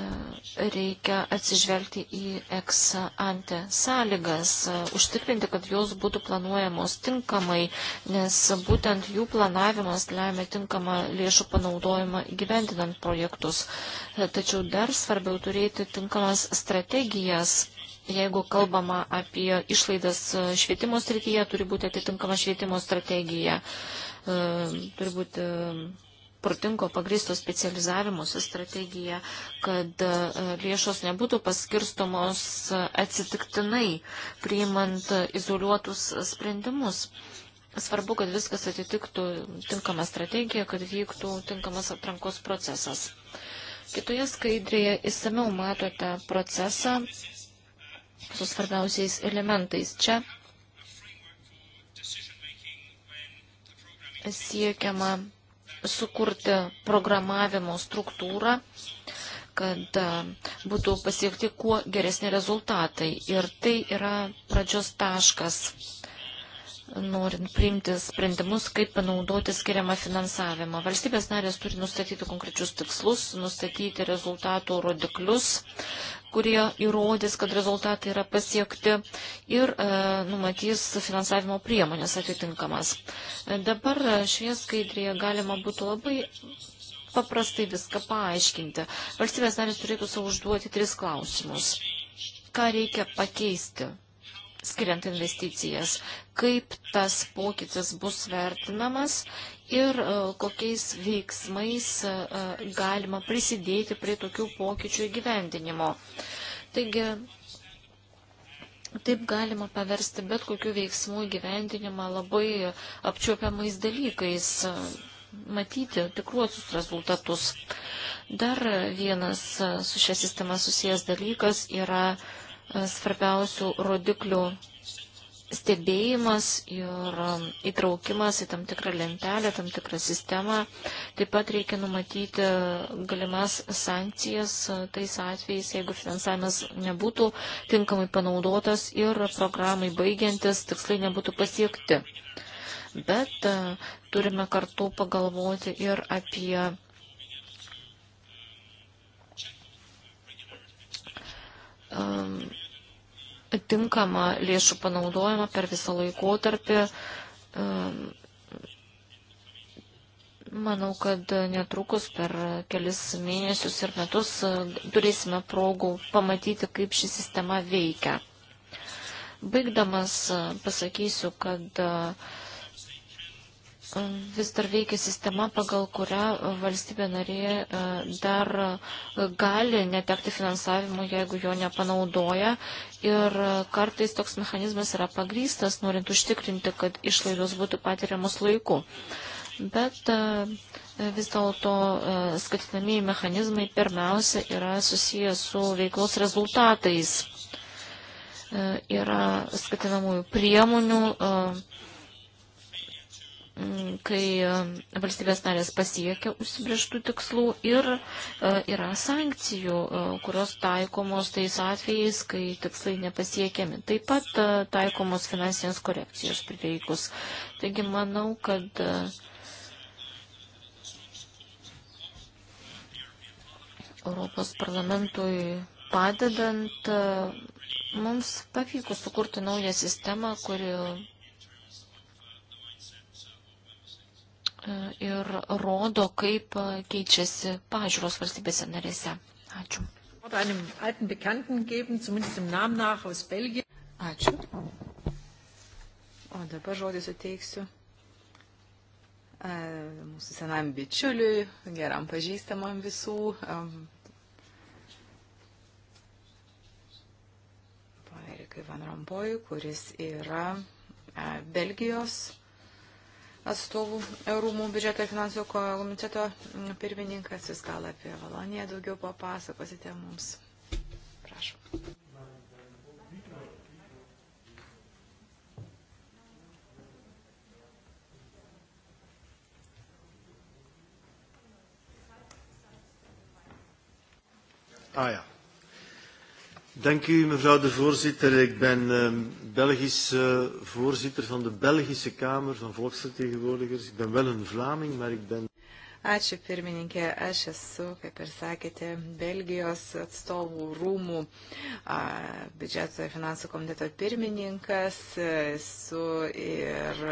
e, reikia atsižvelgti į ex ante sąlygas, užtikrinti, kad jos būtų planuojamos tinkamai, nes būtent jų planavimas lemia tinkamą lėšų panaudojimą gyventinant projektus. Tačiau dar svarbiau turėti tinkamas strategijas Jeigu kalbama apie išlaidas e, švietimo srityje, turi būti atitinkama švietimo strategija, e, turi būti e, protingo pagristo specializavimuose strategija, kad lėšos nebūtų paskirstomos atsitiktinai, priimant izoliuotus sprendimus. Svarbu, kad viskas atitiktų tinkamą strategiją, kad vyktų tinkamas atrankos procesas. Kitoje skaidrėje įsameu matote procesą, su svarbiausiais elementais. Čia siekiama sukurti programavimo struktūrą, kad e, būtų pasiekti kuo geresni rezultatai. Ir tai yra pradžios taškas, norint priimti sprendimus, kaip panaudoti skiriamą finansavimą. Valstybės narės turi nustatyti konkrečius tikslus, nustatyti rezultatų rodiklius, kurie įrodys, kad rezultatai yra pasiekti ir e, numatys finansavimo priemonės atitinkamas. E, dabar e, šioje skaidrėje galima būtų labai paprastai viską paaiškinti. Valstybės narės turėtų savo užduoti tris klausimus. Ką reikia pakeisti? skiriant investicijas, kaip tas pokytis bus vertinamas ir e, kokiais veiksmais e, e, galima prisidėti prie tokių pokyčių įgyvendinimo. Taigi, taip galima paversti bet kokių veiksmų įgyvendinimą labai apčiuopiamais dalykais, matyti tikruosius rezultatus. Dar vienas su šia sistema susijęs dalykas yra svarbiausių rodiklių stebėjimas ir um, įtraukimas į tam tikrą lentelę, tam tikrą sistemą. Taip pat reikia numatyti galimas sankcijas tais atvejais, jeigu finansavimas nebūtų tinkamai panaudotas ir programai baigiantis tikslai nebūtų pasiekti. Bet turime kartu pagalvoti ir apie um, tinkamą lėšų panaudojimą per visą laikotarpį. Ehm, manau, kad netrukus per kelis mėnesius ir metus e, turėsime progų pamatyti, kaip ši sistema veikia. Baigdamas e, pasakysiu, kad uh, vis dar veikia sistema, pagal kurią valstybė narė e, dar gali netekti finansavimo, jeigu jo nepanaudoja. Ir e, kartais toks mechanizmas yra pagrystas, norint užtikrinti, kad išlaidos būtų patiriamos laiku. Bet e, vis dėlto skatinamieji mechanizmai pirmiausia yra susijęs su veiklos rezultatais. Yra skatinamųjų priemonių, kai e, valstybės narės pasiekia užsibrieštų tikslų ir e, yra sankcijų, e, kurios taikomos tais atvejais, kai tikslai nepasiekiami. Taip pat taikomos finansinės korekcijos prireikus. Taigi manau, kad Europos parlamentui padedant mums pavyko sukurti naują sistemą, kuri ir rodo, kaip e, keičiasi pažiūros valstybėse narėse. Ačiū. Ačiū. O dabar žodį suteiksiu e, mūsų senam bičiuliui, geram pažįstamam visų. E, Erikai Van Rampoj, kuris yra Belgijos atstovų rūmų biudžeto ir finansų komiteto pirmininkas Viskal apie Valoniją daugiau papasakosite mums. Prašom. Ah ja. Dank u mevrouw de voorzitter. Ik ben um, Belgische eh, voorzitter van de Belgische Kamer van Volksvertegenwoordigers. Ik ben wel een Vlaming, maar ik ben. Ačiū pirmininkė, aš esu, kaip ir sakėte, Belgijos atstovų rūmų a, biudžeto ir finansų komiteto pirmininkas, esu ir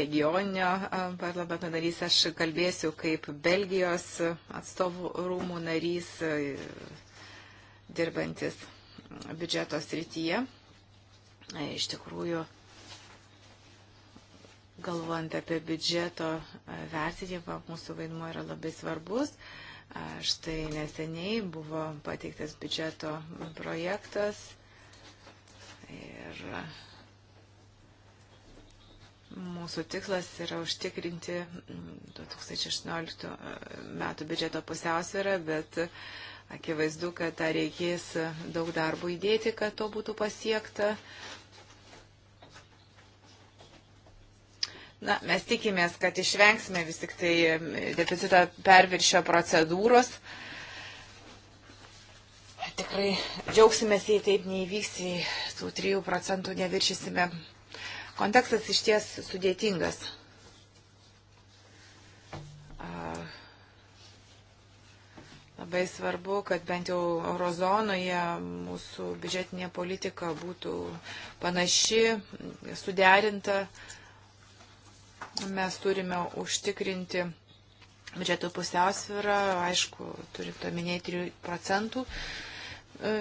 regioninio parlamento narys, aš kalbėsiu kaip Belgijos atstovų rūmų narys e, dirbantis biudžeto srityje. Iš tikrųjų, galvojant apie biudžeto vertinimą, mūsų vaidmo yra labai svarbus. Štai neseniai buvo pateiktas biudžeto projektas ir mūsų tikslas yra užtikrinti 2018 mm, metų biudžeto pusiausvyrą, bet akivaizdu, kad tą reikės daug darbo įdėti, kad to būtų pasiekta. Na, mes tikimės, kad išvengsime vis tik tai deficito perviršio procedūros. Tikrai džiaugsimės, jei taip neįvyks, jei tų 3 procentų neviršysime. Kontekstas iš ties sudėtingas. Labai svarbu, kad bent jau eurozonoje mūsų biudžetinė politika būtų panaši, suderinta. Uh, mes turime užtikrinti biudžeto pusiausvyrą, aišku, turint omenyje 3 procentų e,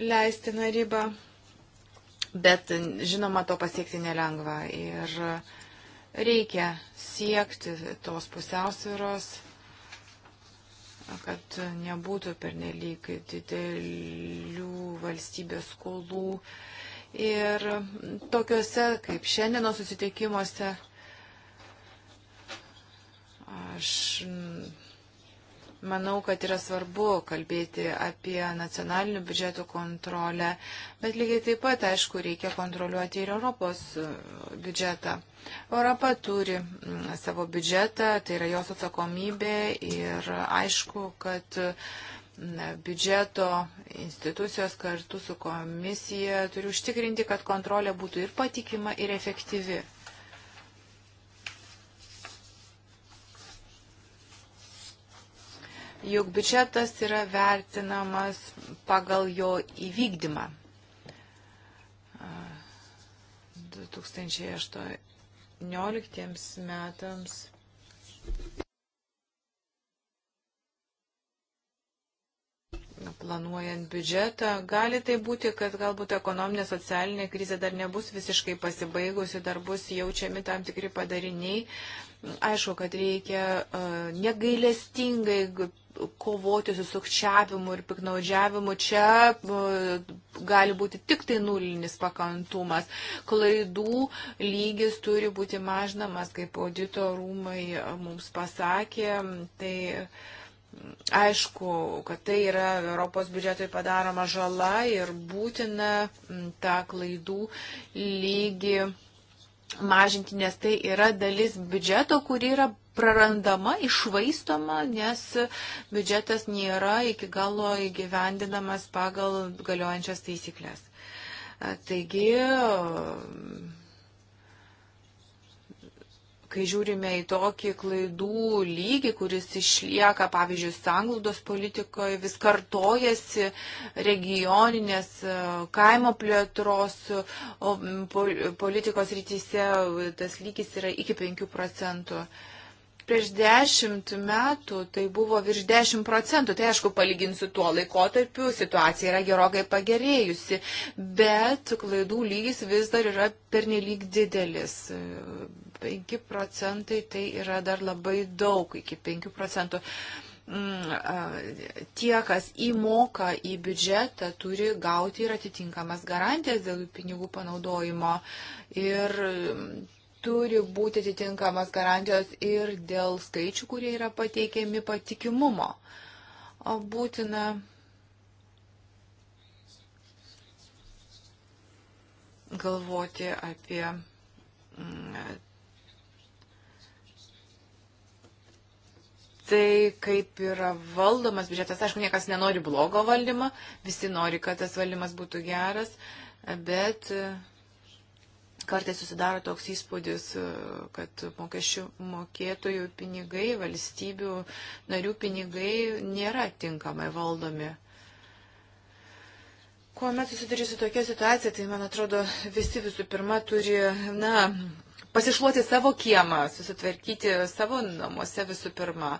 leistiną ribą, bet žinoma, to pasiekti nelengva ir reikia siekti tos pusiausvyros kad nebūtų pernelyg didelių valstybės skolų. Ir tokiuose kaip šiandienos susitikimuose Aš manau, kad yra svarbu kalbėti apie nacionalinių biudžetų kontrolę, bet lygiai taip pat, aišku, reikia kontroliuoti ir Europos e, biudžetą. Europa turi mm, savo biudžetą, tai yra jos atsakomybė ir aišku, kad mm, biudžeto institucijos kartu su komisija turi užtikrinti, kad kontrolė būtų ir patikima, ir efektyvi. juk biudžetas yra vertinamas pagal jo įvykdymą. 2018 metams. planuojant biudžetą. Gali tai būti, kad galbūt ekonominė socialinė krizė dar nebus visiškai pasibaigusi, dar bus jaučiami tam tikri padariniai. Aišku, kad reikia e, negailestingai kovoti su sukčiavimu ir piknaudžiavimu, čia e, gali būti tik tai nulinis pakantumas. Klaidų lygis turi būti mažinamas, kaip audito rūmai mums pasakė. Tai, Aišku, kad tai yra Europos biudžetui padaroma žala ir būtina tą klaidų lygį mažinti, nes tai yra dalis biudžeto, kuri yra prarandama, išvaistoma, nes biudžetas nėra iki galo įgyvendinamas pagal galiojančias taisyklės. Taigi, kai žiūrime į tokį klaidų lygį, kuris išlieka, pavyzdžiui, sanglaudos politikoje, vis kartojasi regioninės kaimo plėtros politikos rytise, tas lygis yra iki 5 procentų. Prieš dešimt metų tai buvo virš dešimt procentų. Tai aišku, palyginsiu tuo laikotarpiu, situacija yra gerokai pagerėjusi, bet klaidų lygis vis dar yra pernelyg didelis. 5 procentai tai yra dar labai daug, iki 5 procentų mm, tie, kas įmoka į biudžetą, turi gauti ir atitinkamas garantijas dėl pinigų panaudojimo. Ir turi būti atitinkamas garantijos ir dėl skaičių, kurie yra pateikiami patikimumo. Būtina galvoti apie mm, tai, kaip yra valdomas biudžetas. Aišku, niekas nenori blogo valdymo, visi nori, kad tas valdymas būtų geras, bet kartais susidaro toks įspūdis, e, kad mokesčių mokėtojų pinigai, valstybių narių pinigai nėra tinkamai valdomi. Kuomet susiduri su tokia situacija, tai man atrodo, visi visų pirma turi, na, pasišluoti savo kiemą, susitvarkyti savo namuose visų pirma.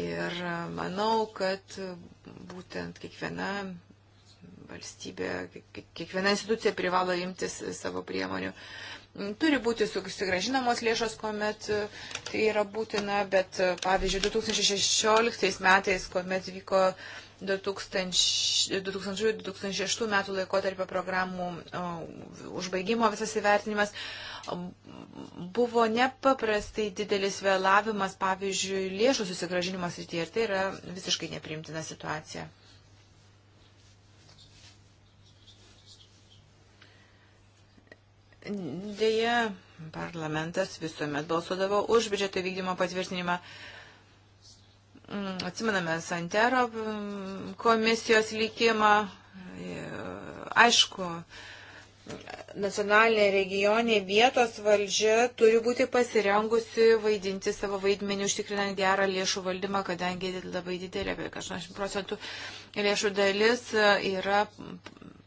Ir e, manau, kad būtent kiekviena valstybė, kiekviena institucija privalo imtis savo priemonių. Turi būti susigražinamos lėšos, kuomet e, tai yra būtina, bet e, pavyzdžiui, 2016 metais, kuomet vyko 2000-2006 metų laikotarpio programų užbaigimo visas įvertinimas buvo nepaprastai didelis vėlavimas, pavyzdžiui, lėšų susigražinimas rytyje ir tai yra visiškai neprimtina situacija. Deja, parlamentas visuomet balsuodavo už biudžeto vykdymo patvirtinimą. Mm, atsimename Santero mm, komisijos likimą. E, aišku, nacionalinė regionė vietos valdžia turi būti pasirengusi vaidinti savo vaidmenį, užtikrinant gerą lėšų valdymą, kadangi labai didelė, apie 80 procentų lėšų dalis yra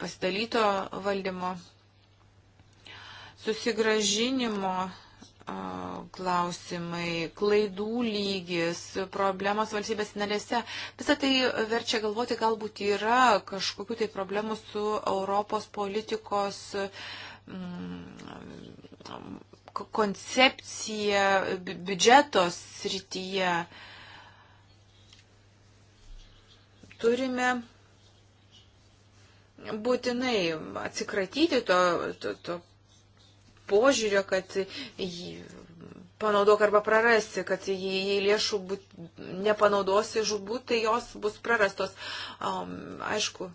pasidalyto valdymo susigražinimo klausimai, klaidų lygis, problemos valstybės narėse. Visą tai verčia galvoti, galbūt yra kažkokių tai problemų su Europos politikos mm, koncepcija biudžetos srityje. Turime būtinai atsikratyti to, to, to požiūrio, kad jį panaudok arba prarasi, kad jei lėšų būt, nepanaudosi žudbūt, tai jos bus prarastos. Um, aišku,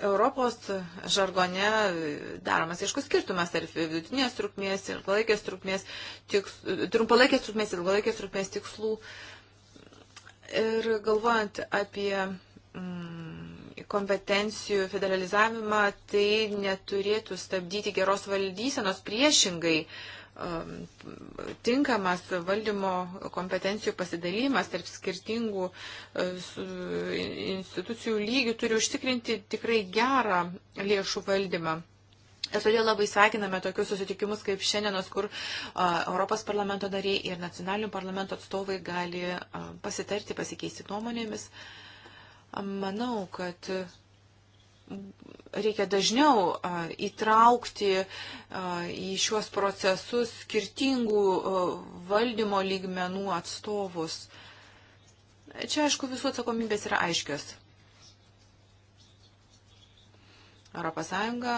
Europos žargone daromas aiškus skirtumas tarp vidutinės trukmės, ilgalaikės trukmės, tiks, trumpalaikės trukmės, ilgalaikės trukmės tikslų. Ir galvojant apie mm, kompetencijų federalizavimą, tai neturėtų stabdyti geros valdysenos priešingai. Um, tinkamas valdymo kompetencijų pasidalymas tarp skirtingų uh, institucijų lygių turi užtikrinti tikrai gerą lėšų valdymą. Ir todėl labai sveikiname tokius susitikimus kaip šiandienos, kur a, Europos parlamento nariai ir nacionalinių parlamento atstovai gali a, pasitarti, pasikeisti nuomonėmis. A, Manau, kad reikia dažniau įtraukti į šiuos procesus skirtingų valdymo lygmenų atstovus. Čia, aišku, visų atsakomybės yra aiškios. Europos Sąjunga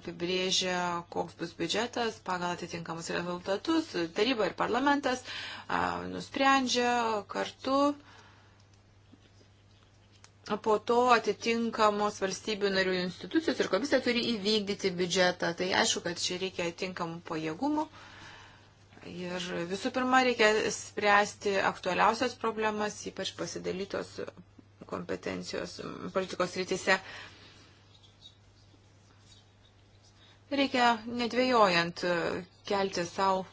apibrėžia, koks bus biudžetas pagal atitinkamus rezultatus. Taryba ir parlamentas nusprendžia kartu po to atitinkamos valstybių narių institucijos ir komisija turi įvykdyti biudžetą. Tai aišku, kad čia reikia atitinkamų pajėgumų. Ir visų pirma, reikia spręsti aktualiausias problemas, ypač pasidalytos kompetencijos politikos rytise. Reikia nedvėjojant kelti savo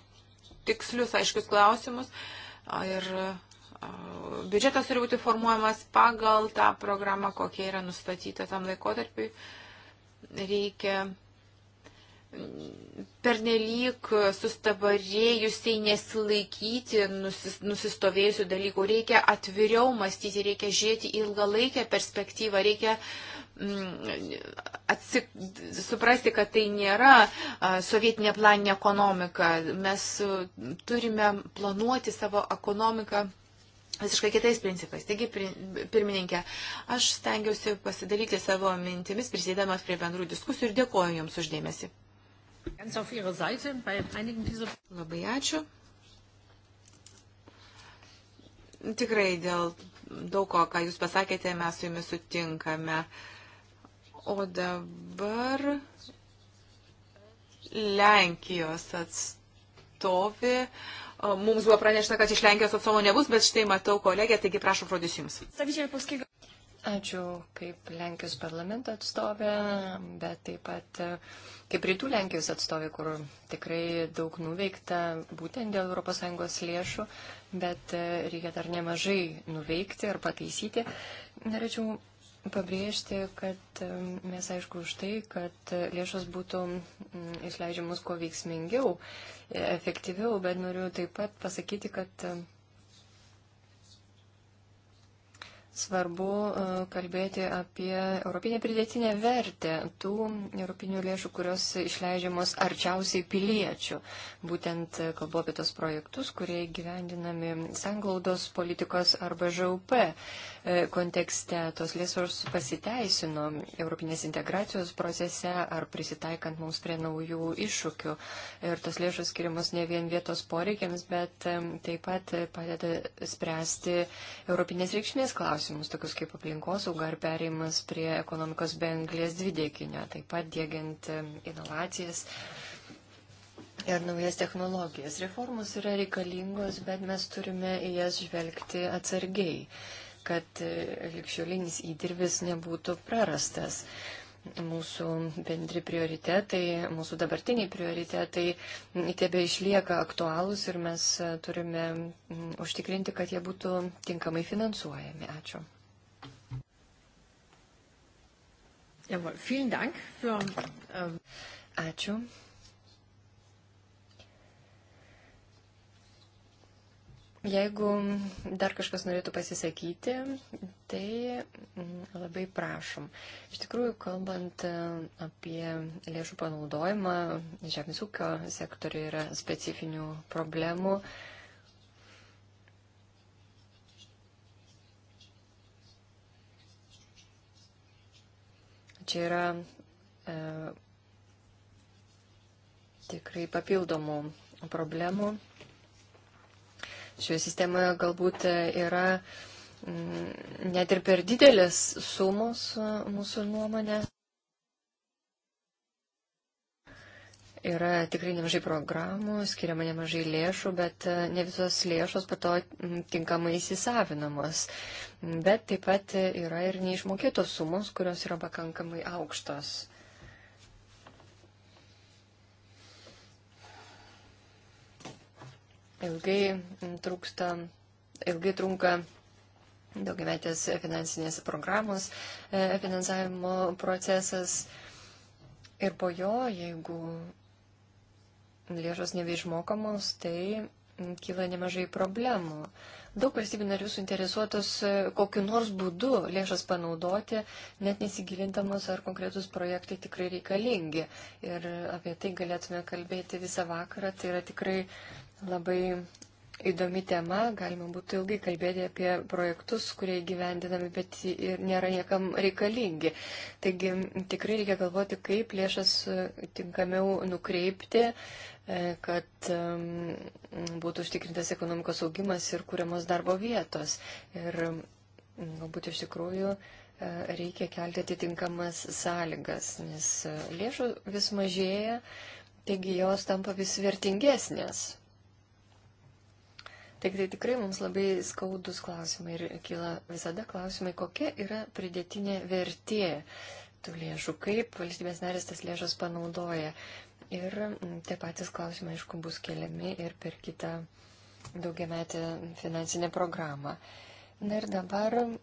tikslius, aiškius klausimus. Ir biudžetas turi būti formuojamas pagal tą programą, kokia yra nustatyta tam laikotarpiui. Reikia pernelyg sustabarėjusiai nesilaikyti nusis, nusistovėjusių dalykų. Reikia atviriau mąstyti, reikia žiūrėti ilgalaikę perspektyvą, reikia mm, atsik, suprasti, kad tai nėra a, sovietinė planinė ekonomika. Mes a, turime planuoti savo ekonomiką visiškai kitais principais. Taigi, pirmininkė, aš stengiuosi pasidalyti savo mintimis, prisėdamas prie bendrų diskusijų ir dėkoju Jums uždėmesi. Labai ačiū. Tikrai dėl daug ko, ką Jūs pasakėte, mes su Jumis sutinkame. O dabar Lenkijos atstovė Mums buvo pranešta, kad iš Lenkijos atstovo nebus, bet štai matau kolegę, taigi prašau žodis Jums. Ačiū kaip Lenkijos parlamento atstovė, bet taip pat e, kaip rytų Lenkijos atstovė, kur tikrai daug nuveikta būtent dėl ES lėšų, bet e, reikia dar nemažai nuveikti ir pataisyti. Norėčiau pabrėžti, kad mes aišku už tai, kad lėšos būtų išleidžiamos kuo veiksmingiau, e, efektyviau, bet noriu taip pat pasakyti, kad svarbu e, kalbėti apie europinę pridėtinę vertę tų europinių lėšų, kurios išleidžiamos arčiausiai piliečių. Būtent e, kalbu apie tos projektus, kurie gyvendinami sanglaudos politikos arba ŽUP e, kontekste. Tos lėšos pasiteisino europinės integracijos procese ar prisitaikant mums prie naujų iššūkių. Ir tos lėšos skiriamos ne vien vietos poreikiams, bet taip pat padeda spręsti europinės reikšmės klausimus klausimus, tokius kaip aplinkosauga ar perėjimas prie ekonomikos be anglės dvideginio, taip pat dėgiant e, inovacijas ir naujas technologijas. Reformos yra reikalingos, bet mes turime į jas žvelgti atsargiai, kad e, likščiolinis įdirbis nebūtų prarastas mūsų bendri prioritetai, mūsų dabartiniai prioritetai tebe išlieka aktualūs ir mes e, turime užtikrinti, kad jie būtų tinkamai finansuojami. Ačiū. Ähm, Ačiū Jeigu dar kažkas norėtų pasisakyti, tai mm, labai prašom. Iš tikrųjų, kalbant e, apie lėšų panaudojimą, žemės ūkio sektoriuje yra specifinių problemų. Čia yra e, tikrai papildomų problemų šioje sistemoje galbūt e, yra mm, net ir per didelės sumos e, mūsų nuomonė. Yra tikrai nemažai programų, skiriama nemažai lėšų, bet e, ne visos lėšos po to mm, tinkamai įsisavinamos. Bet taip pat yra ir neišmokėtos sumos, kurios yra pakankamai aukštos. ilgai, trūksta, ilgai trunka daugiametės finansinės programos e, finansavimo procesas. Ir po jo, jeigu lėšos nebeišmokamos, tai kyla nemažai problemų. Daug valstybių narių suinteresuotos e, kokiu nors būdu lėšas panaudoti, net nesigilintamos, ar konkretus projektai tikrai reikalingi. Ir apie tai galėtume kalbėti visą vakarą. Tai yra tikrai Labai įdomi tema, galima būtų ilgai kalbėti apie projektus, kurie gyvendinami, bet ir nėra niekam reikalingi. Taigi tikrai reikia galvoti, kaip lėšas tinkamiau nukreipti, e, kad būtų užtikrintas ekonomikos augimas ir kūriamos darbo vietos. Ir galbūt iš tikrųjų e, reikia kelti atitinkamas sąlygas, nes e, lėšų vis mažėja, taigi jos tampa vis vertingesnės. Tik tai tikrai mums labai skaudus klausimai ir kyla visada klausimai, kokia yra pridėtinė vertė tų lėšų, kaip valstybės narės tas lėšas panaudoja. Ir mm, tie patys klausimai, aišku, bus keliami ir per kitą daugiametę finansinę programą. Na ir dabar mm,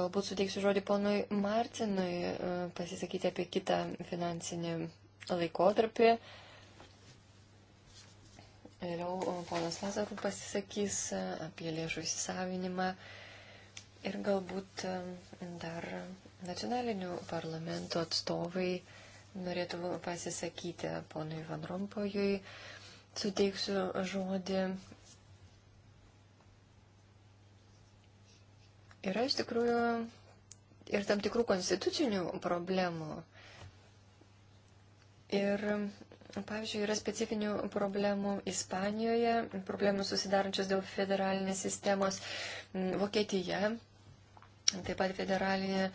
galbūt suteiksiu žodį ponui Martinui e, pasisakyti apie kitą finansinį laikotarpį. Uh, Vėliau ponas Lazarų pasisakys e, apie lėšų įsisavinimą ir galbūt e, dar nacionalinių parlamentų atstovai norėtų pasisakyti ponui Van Rompojui. Suteiksiu žodį. Yra iš tikrųjų ir tam tikrų konstitucinių problemų. Ir Pavyzdžiui, yra specifinių problemų Ispanijoje, problemų susidarančios dėl federalinės sistemos Vokietija. Taip pat federalinė e,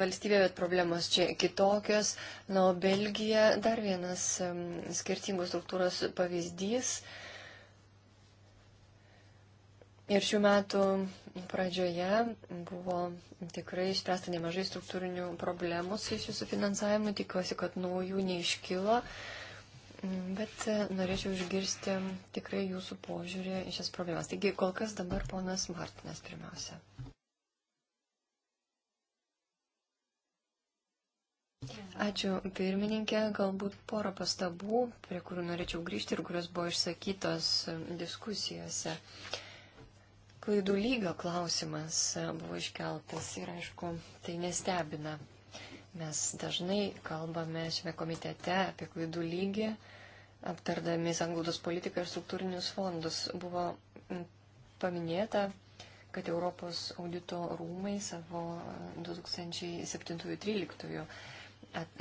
valstybė, bet problemos čia kitokios. Na, o Belgija dar vienas skirtingos struktūros pavyzdys. Ir šių metų pradžioje buvo tikrai išspręsta nemažai struktūrinių problemų susijusių su finansavimu. Tikiuosi, kad naujų neiškilo. Uh, Bet e, norėčiau išgirsti tikrai jūsų požiūrį į šias problemas. Taigi, kol kas dabar ponas Martinas pirmiausia. Ačiū pirmininkė, galbūt porą pastabų, prie kurių norėčiau grįžti ir kurios buvo išsakytos e, diskusijose. Klaidų lygio klausimas e, buvo iškeltas ir aišku, tai nestebina. Mes dažnai kalbame šiame komitete apie klaidų lygį, aptardami sanglaudos politiką ir struktūrinius fondus. Buvo paminėta, kad Europos audito rūmai savo 2007-2013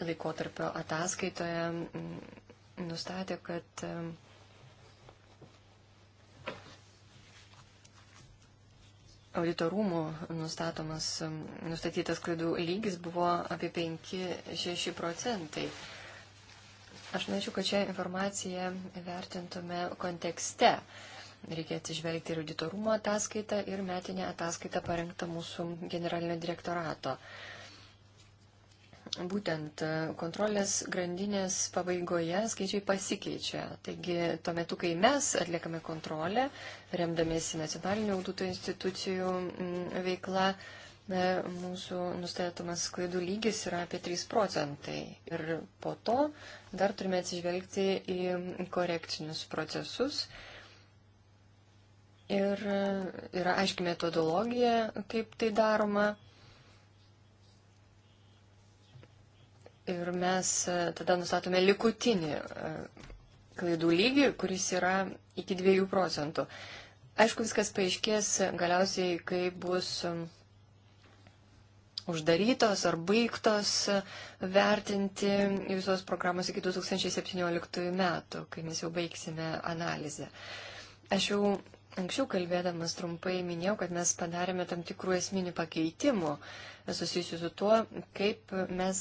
laikotarpio ataskaitoje nustatė, kad auditorumų nustatomas, nustatytas klaidų lygis buvo apie 5-6 procentai. Aš norėčiau, kad šią informaciją vertintume kontekste. Reikia atsižvelgti ir auditorumo ataskaitą, ir metinę ataskaitą parengtą mūsų generalinio direktorato. Uh, Būtent e, kontrolės grandinės pabaigoje skaičiai pasikeičia. Taigi tuo metu, kai mes atliekame kontrolę, remdamėsi nacionalinių audito institucijų mm, veikla, e, mūsų nustatomas klaidų lygis yra apie 3 procentai. Ir po to dar turime atsižvelgti į korekcinius procesus. Ir e, yra aiški metodologija, kaip tai daroma. Ir mes e, tada nustatome likutinį e, klaidų lygį, kuris yra iki 2 procentų. Aišku, viskas paaiškės galiausiai, kai bus e, uždarytos ar baigtos vertinti visos programos iki 2017 metų, kai mes jau baigsime analizę. Aš jau Anksčiau kalbėdamas trumpai minėjau, kad mes padarėme tam tikrų esminių pakeitimų susijusių su tuo, kaip mes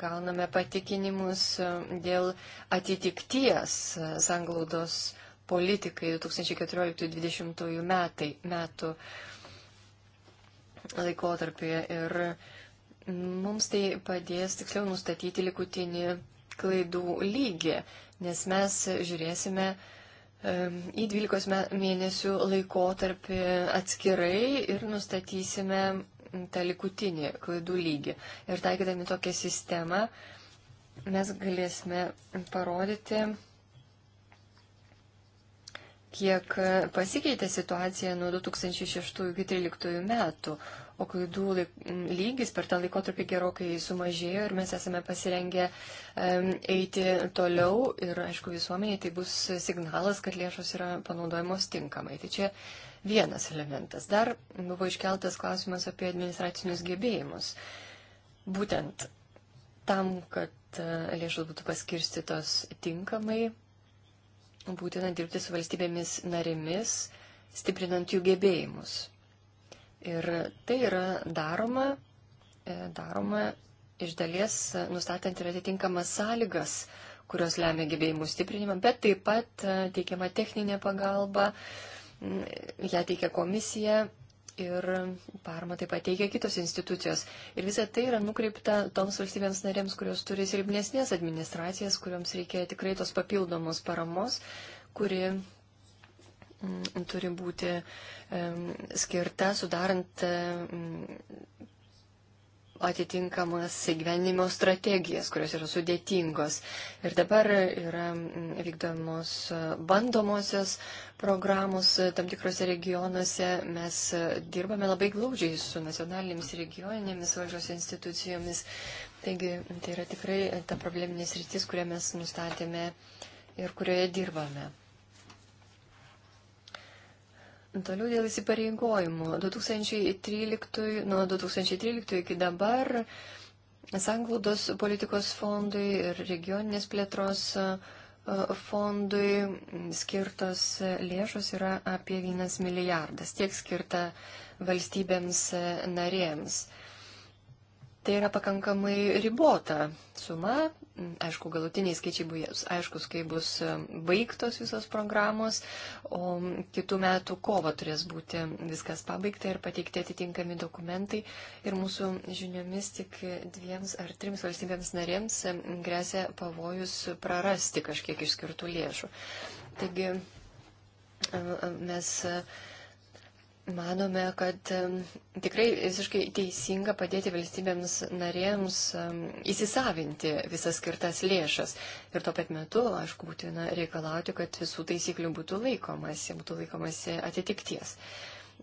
gauname patikinimus dėl atitikties sanglaudos politikai 2014-2020 metai, metų laikotarpėje. Ir mums tai padės tiksliau nustatyti likutinį klaidų lygį, nes mes žiūrėsime, uh, į 12 mėnesių laikotarpį atskirai ir nustatysime tą likutinį klaidų lygį. Ir taikydami tokią sistemą mes galėsime parodyti, kiek pasikeitė situacija nuo 2006 iki 2013 metų, o klaidų lygis per tą laikotarpį gerokai sumažėjo ir mes esame pasirengę eiti toliau ir, aišku, visuomeniai tai bus signalas, kad lėšos yra panaudojamos tinkamai. Tai čia vienas elementas. Dar buvo iškeltas klausimas apie administracinius gebėjimus. Būtent tam, kad e, lėšos būtų paskirstytos tinkamai, būtina dirbti su valstybėmis narėmis, stiprinant jų gebėjimus. Ir tai yra daroma, e, daroma iš dalies e, nustatant ir atitinkamas sąlygas, kurios lemia gebėjimų stiprinimą, bet taip pat e, teikiama techninė pagalba, ją teikia komisija ir parma taip pat teikia kitos institucijos. Ir visa tai yra nukreipta toms valstybėms narėms, kurios turi silpnesnės administracijas, kuriuoms reikia tikrai tos papildomos paramos, kuri Mm, turi būti skirta sudarant atitinkamas įgyvenimo strategijas, kurios yra sudėtingos. Ir dabar yra mm, vykdomos e, bandomosios programos e, tam tikrose regionuose. Mes e, dirbame labai glaudžiai su nacionalinėmis regioninėmis valdžios institucijomis. Taigi tai yra tikrai ta probleminė sritis, kurią mes nustatėme ir kurioje dirbame. Toliau dėl įsipareigojimų. 2013, nuo 2013 iki dabar Sanglaudos politikos fondui ir regioninės plėtros e, fondui skirtos lėšos yra apie 1 milijardas. Tiek skirta valstybėms e, narėms tai yra pakankamai ribota suma. Aišku, galutiniai skaičiai bus aiškus, kai bus e, baigtos visos programos, o kitų metų kovo turės būti viskas pabaigta ir pateikti atitinkami dokumentai. Ir mūsų žiniomis tik dviems ar trims valstybėms narėms e, grėsia pavojus prarasti kažkiek išskirtų lėšų. Taigi e, mes Manome, kad tikrai visiškai teisinga padėti valstybėms narėms įsisavinti visas skirtas lėšas. Ir tuo pat metu, aišku, būtina reikalauti, kad visų taisyklių būtų laikomasi, būtų laikomasi atitikties.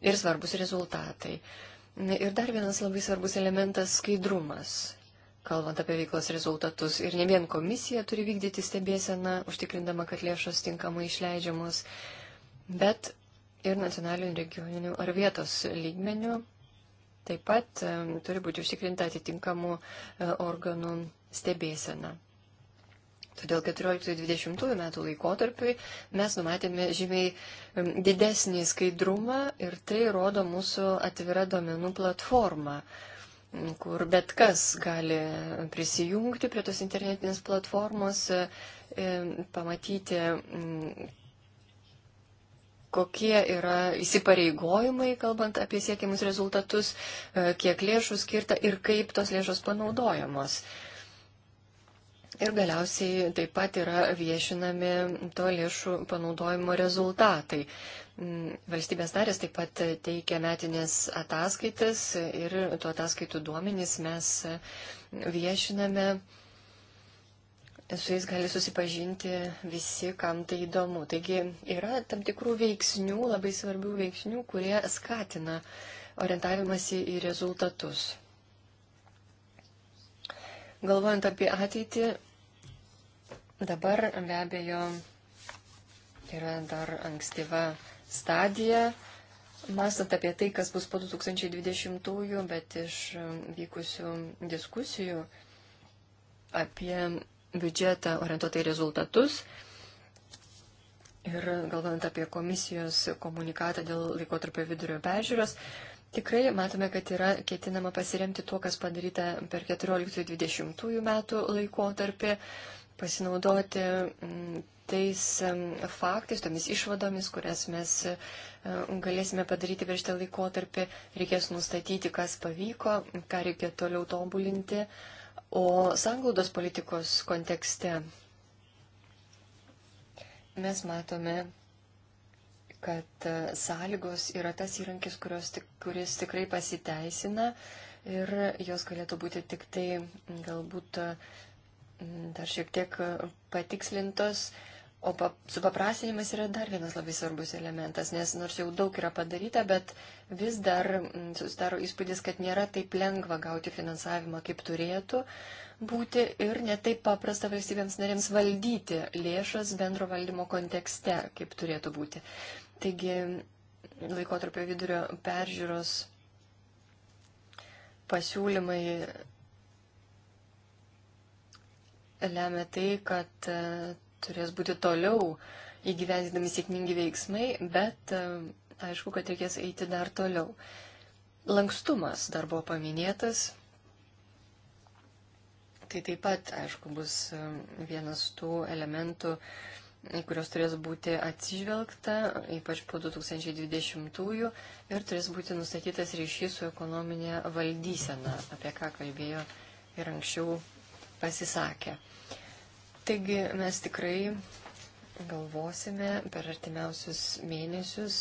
Ir svarbus rezultatai. Ir dar vienas labai svarbus elementas - skaidrumas kalbant apie veiklos rezultatus. Ir ne vien komisija turi vykdyti stebėseną, užtikrindama, kad lėšos tinkamai išleidžiamos, bet ir nacionalinių regioninių ar vietos lygmenių. Taip pat turi būti užtikrinta atitinkamų e, organų stebėsena. Todėl 14-20 metų laikotarpiui mes numatėme žymiai didesnį skaidrumą ir tai rodo mūsų atvira domenų platforma, kur bet kas gali prisijungti prie tos internetinės platformos, e, pamatyti, kokie yra įsipareigojimai, kalbant apie siekiamus rezultatus, e, kiek lėšų skirta ir kaip tos lėšos panaudojamos. Ir galiausiai taip pat yra viešinami to lėšų panaudojimo rezultatai. Mm, valstybės narės taip pat teikia metinės ataskaitas ir tuo ataskaitų duomenys mes viešiname su jais gali susipažinti visi, kam tai įdomu. Taigi yra tam tikrų veiksnių, labai svarbių veiksnių, kurie skatina orientavimąsi į rezultatus. Galvojant apie ateitį, dabar be abejo yra dar ankstyva stadija, mąstant apie tai, kas bus po 2020-ųjų, bet iš vykusių diskusijų apie biudžetą orientuotą į rezultatus. Ir galvant apie komisijos komunikatą dėl laikotarpio vidurio peržiūros, tikrai matome, kad yra ketinama pasiremti tuo, kas padaryta per 14-20 metų laikotarpį, pasinaudoti mm, tais mm, faktais, tomis išvadomis, kurias mes mm, galėsime padaryti per šitą laikotarpį. Reikės nustatyti, kas pavyko, ką reikia toliau tobulinti. O sanglaudos politikos kontekste mes matome, kad e, sąlygos yra tas įrankis, tik, kuris tikrai pasiteisina ir jos galėtų būti tik tai galbūt dar šiek tiek e, patikslintos O pa, supaprastinimas yra dar vienas labai svarbus elementas, nes nors jau daug yra padaryta, bet vis dar mm, susidaro įspūdis, kad nėra taip lengva gauti finansavimą, kaip turėtų būti ir netaip paprasta valstybėms narėms valdyti lėšas bendro valdymo kontekste, kaip turėtų būti. Taigi laikotarpio vidurio peržiūros pasiūlymai lemia tai, kad turės būti toliau įgyvendinami sėkmingi veiksmai, bet e, aišku, kad reikės eiti dar toliau. Lankstumas dar buvo paminėtas. Tai taip pat, aišku, bus e, vienas tų elementų, į kurios turės būti atsižvelgta, ypač po 2020-ųjų, ir turės būti nustatytas ryšys su ekonominė valdysena, apie ką kalbėjo ir anksčiau pasisakė. Taigi mes tikrai galvosime per artimiausius mėnesius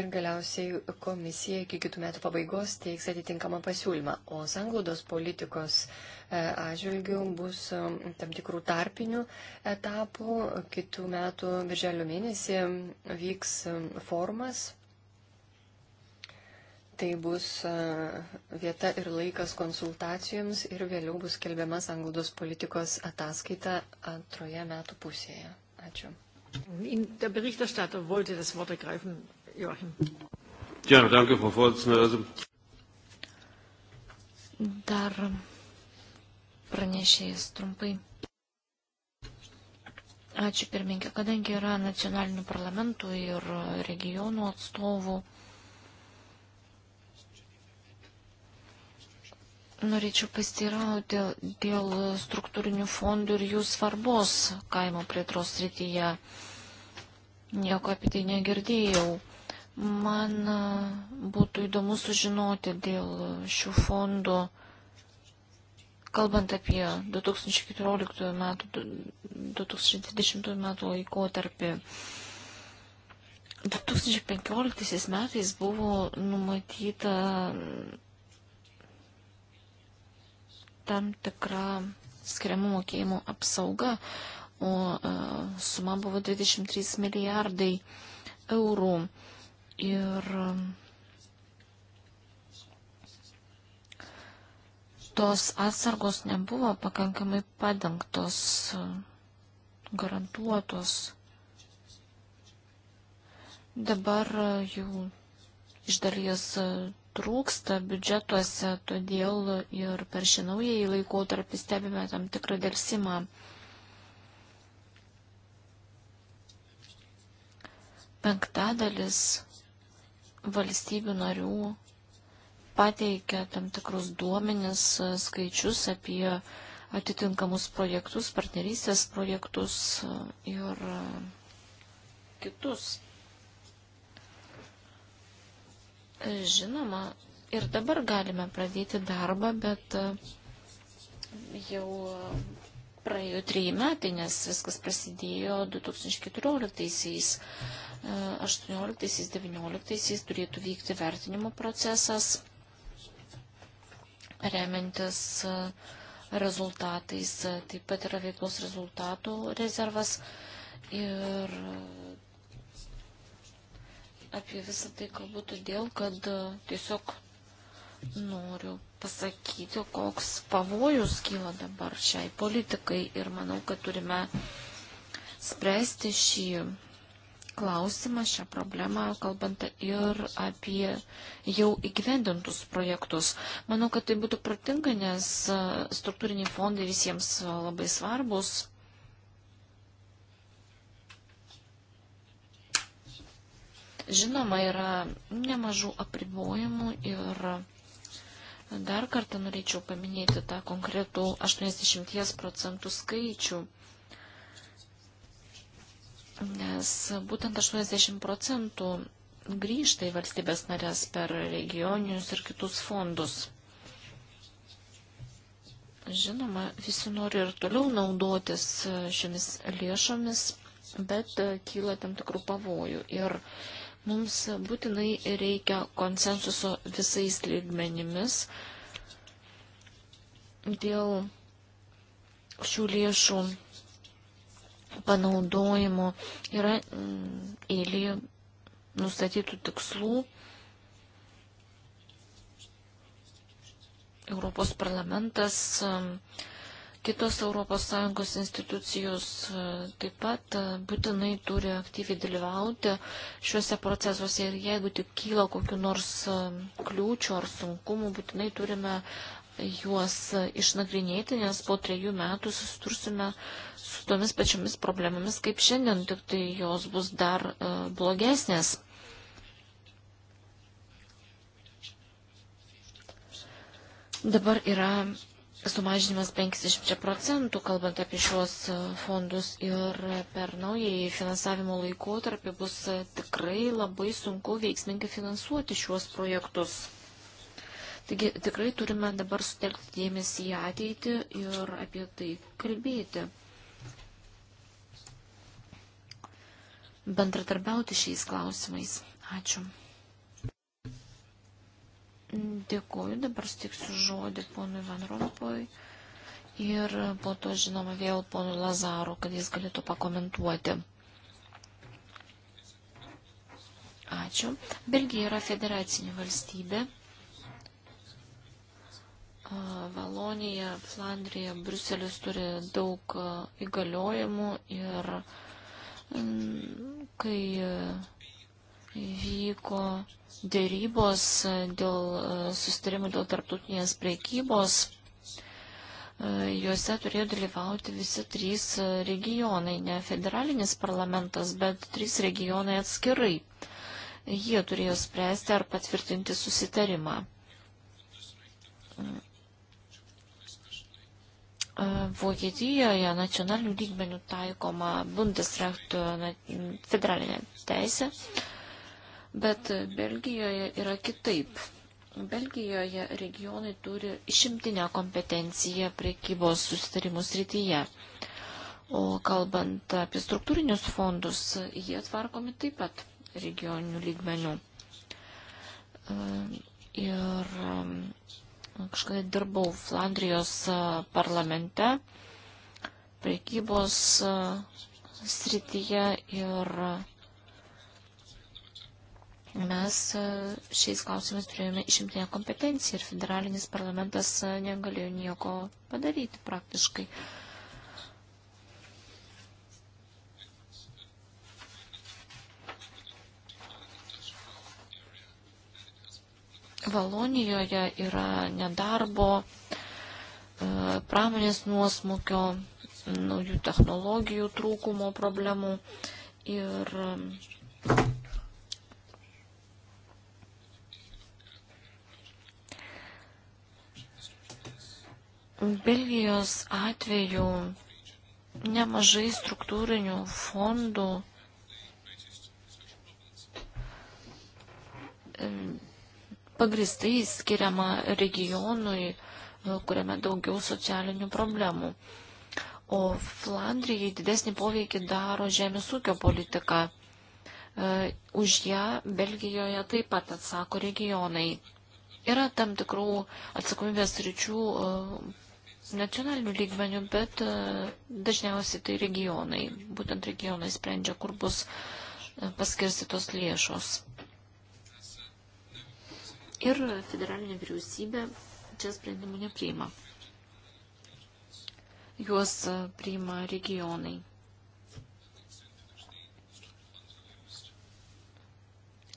ir galiausiai komisija iki kitų metų pabaigos teiks atitinkamą pasiūlymą. O sanglaudos politikos e, atžvilgių bus e, tam tikrų tarpinių etapų. Kitų metų birželio mėnesį vyks e, formas Tai bus vieta ir laikas konsultacijoms ir vėliau bus skelbiama sanglaudos politikos ataskaita antroje metų pusėje. Ačiū. Der Berichterstatter wollte das Wort ergreifen. Joachim. Ja, danke, Frau Vorsitzende. Dar pranešėjas trumpai. Ačiū pirmininkė, kadangi yra nacionalinių parlamentų ir regionų atstovų Norėčiau pastirauti dėl struktūrinių fondų ir jų svarbos kaimo plėtros srityje. Nieko apie tai negirdėjau. Man būtų įdomu sužinoti dėl šių fondų, kalbant apie 2014 metų, 2020 metų laikotarpį. 2015 metais buvo numatyta tam tikra skiriamų mokėjimų apsauga, o e, suma buvo 23 milijardai eurų. Ir tos atsargos nebuvo pakankamai padengtos, e, garantuotos. Dabar e, jau iš dalies trūksta biudžetuose, todėl ir per šį naująjį laikotarpį stebime tam tikrą dėlsimą. Penktadalis valstybių narių pateikia tam tikrus duomenis, skaičius apie atitinkamus projektus, partnerystės projektus ir kitus Žinoma, ir dabar galime pradėti darbą, bet e, jau e, praėjo trijai metai, nes viskas prasidėjo 2014-aisiais. 18-19 e, turėtų vykti vertinimo procesas, remiantis rezultatais. Taip pat yra veiklos rezultatų rezervas ir apie visą tai kalbu todėl, kad e, tiesiog noriu pasakyti, koks pavojus kyla dabar šiai politikai ir manau, kad turime spręsti šį klausimą, šią problemą, kalbant ir apie jau įgyvendintus projektus. Manau, kad tai būtų pratinga, nes e, struktūriniai fondai visiems e, labai svarbus Žinoma, yra nemažų apribojimų ir dar kartą norėčiau paminėti tą konkretų 80 procentų skaičių. Nes būtent 80 procentų grįžta į valstybės narės per regioninius ir kitus fondus. Žinoma, visi nori ir toliau naudotis šiomis lėšomis, bet kyla tam tikrų pavojų. Ir Mums būtinai reikia konsensuso visais lygmenimis dėl šių lėšų panaudojimo yra mm, eilė nustatytų tikslų. Europos parlamentas uh, Kitos ES institucijos e, taip pat e, būtinai turi aktyviai dalyvauti šiuose procesuose ir jeigu tik kyla kokiu nors e, kliūčių ar sunkumų, būtinai turime juos išnagrinėti, nes po trejų metų susitursime su tomis pačiomis problemomis kaip šiandien, tik tai jos bus dar blogesnės. Dabar yra sumažinimas 50 procentų, kalbant apie šios e, fondus ir per naująjį finansavimo laikotarpį bus e, tikrai labai sunku veiksmingai finansuoti šiuos projektus. Taigi tikrai turime dabar sutelkti dėmesį į ateitį ir apie tai kalbėti. Bendratarbiauti šiais klausimais. Ačiū. Dėkuoju, dabar stiksiu žodį ponui Van Rompui ir po to, žinoma, vėl ponui Lazaro, kad jis galėtų pakomentuoti. Ačiū. Belgija yra federacinė valstybė. Valonija, Flandrija, Bruselis turi daug įgaliojimų ir kai vyko dėrybos dėl e, sustarimų dėl tarptautinės priekybos. E, juose turėjo dalyvauti visi trys regionai, ne federalinis parlamentas, bet trys regionai atskirai. Jie turėjo spręsti ar patvirtinti susitarimą. E, Vokietijoje nacionalinių lygmenių taikoma Bundesrecht federalinė teisė. Uh, Bet Belgijoje yra kitaip. Belgijoje regionai turi išimtinę kompetenciją priekybos sustarimų srityje. O kalbant apie struktūrinius fondus, jie tvarkomi taip pat regioninių lygmenių. Ir um, kažkada dirbau Flandrijos parlamente priekybos srityje ir Mes e, šiais klausimais turėjome išimtinę kompetenciją ir federalinis parlamentas e, negalėjo nieko padaryti praktiškai. Valonijoje yra nedarbo, e, pramonės nuosmukio, naujų technologijų trūkumo problemų ir Belgijos atveju nemažai struktūrinių fondų pagristai skiriama regionui, e, kuriame daugiau socialinių problemų. O Flandrijai didesnį poveikį daro žemės ūkio politika. E, už ją Belgijoje taip pat atsako regionai. Yra tam tikrų atsakomybės ryčių, e, nacionalinių lygmenių, bet e, dažniausiai tai regionai. Būtent regionai sprendžia, kur bus e, paskirstytos lėšos. Ir federalinė vyriausybė čia sprendimų nepriima. Juos e, priima regionai.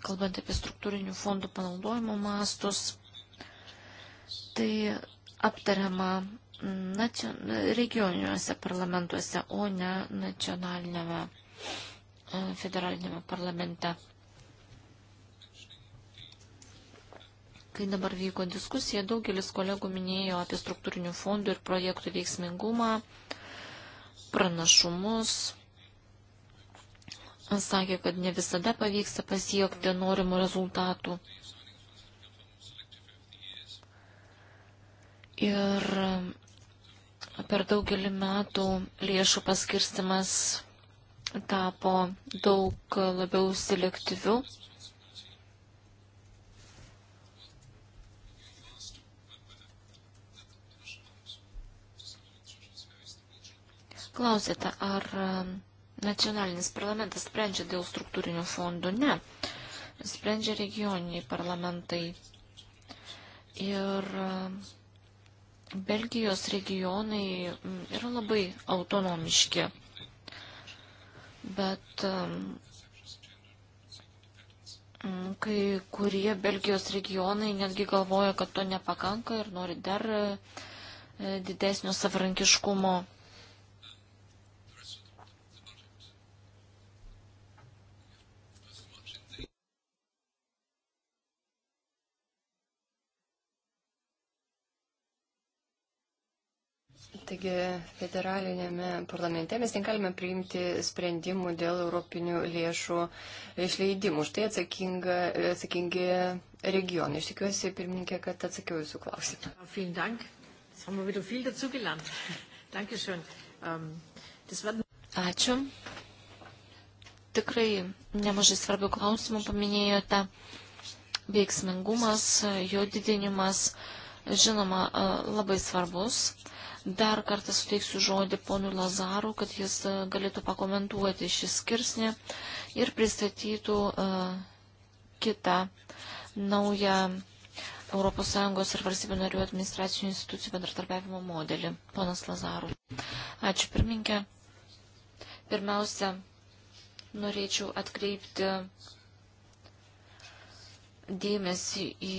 Kalbant apie struktūrinių fondų panaudojimo mastus, tai aptariama regioniniuose parlamentuose, o ne nacionalinėme e, federalinėme parlamente. Kai dabar vyko diskusija, daugelis kolegų minėjo apie struktūrinių fondų ir projektų veiksmingumą, pranašumus. Sakė, kad ne visada pavyksta pasiekti norimų rezultatų. Ir Per daugelį metų lėšų paskirstimas tapo daug labiau selektyviu. Klausėte, ar nacionalinis parlamentas sprendžia dėl struktūrinių fondų? Ne. Sprendžia regioniniai parlamentai. Ir Belgijos regionai mm, yra labai autonomiški, bet mm, kai kurie Belgijos regionai netgi galvoja, kad to nepakanka ir nori dar e, didesnio savarankiškumo Taigi federalinėme parlamente mes negalime priimti sprendimų dėl europinių lėšų išleidimų. Štai atsakingi regionai. Iš tikiuosi, pirmininkė, kad atsakiau jūsų klausimą. Vielen Dank. Jetzt haben wir wieder viel dazugelernt. Dankeschön. Ähm, das werden... Ačiū. Tikrai nemažai svarbių klausimų paminėjote. Veiksmingumas, jo didinimas, žinoma, labai svarbus. Dar kartą suteiksiu žodį ponui Lazaru, kad jis e, galėtų pakomentuoti šį skirsnį ir pristatytų uh, kitą naują ES ir valstybių narių administracinių institucijų bendratarpiavimo modelį. Ponas Lazaru. Ačiū pirminkė. Pirmiausia, norėčiau atkreipti dėmesį į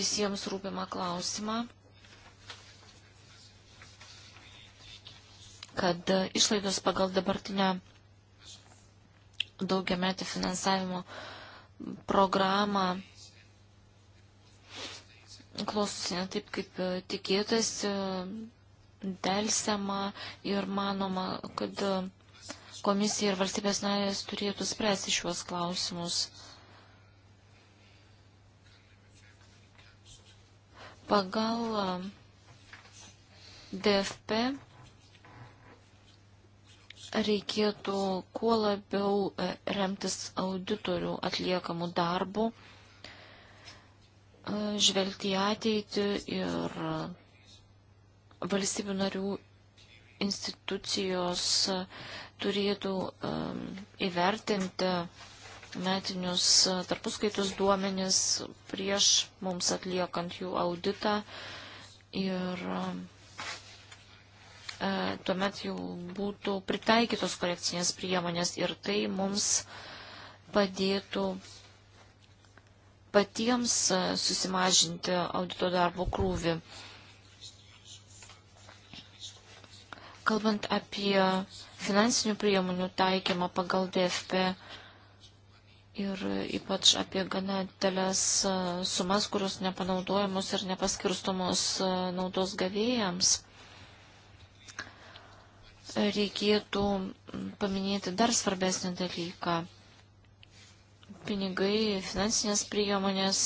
visiems rūpimą klausimą kad išlaidos pagal dabartinę daugiametį finansavimo programą klostosi ne taip, kaip e, tikėtasi, delsiama ir manoma, kad e, komisija ir valstybės narės turėtų spręsti šiuos klausimus. Pagal e, DFP reikėtų kuo labiau e, remtis auditorių atliekamų darbų, e, žvelgti į ateitį ir valstybių narių institucijos turėtų e, įvertinti metinius tarpuskaitus duomenis prieš mums atliekant jų auditą ir E, tuomet jau būtų pritaikytos korekcinės priemonės ir tai mums padėtų patiems e, susimažinti audito darbo krūvį. Kalbant apie finansinių priemonių taikymą pagal DFP ir ypač apie gana didelės e, sumas, kurios nepanaudojamos ir nepaskirstomos naudos gavėjams, reikėtų paminėti dar svarbesnį dalyką. Pinigai, finansinės priemonės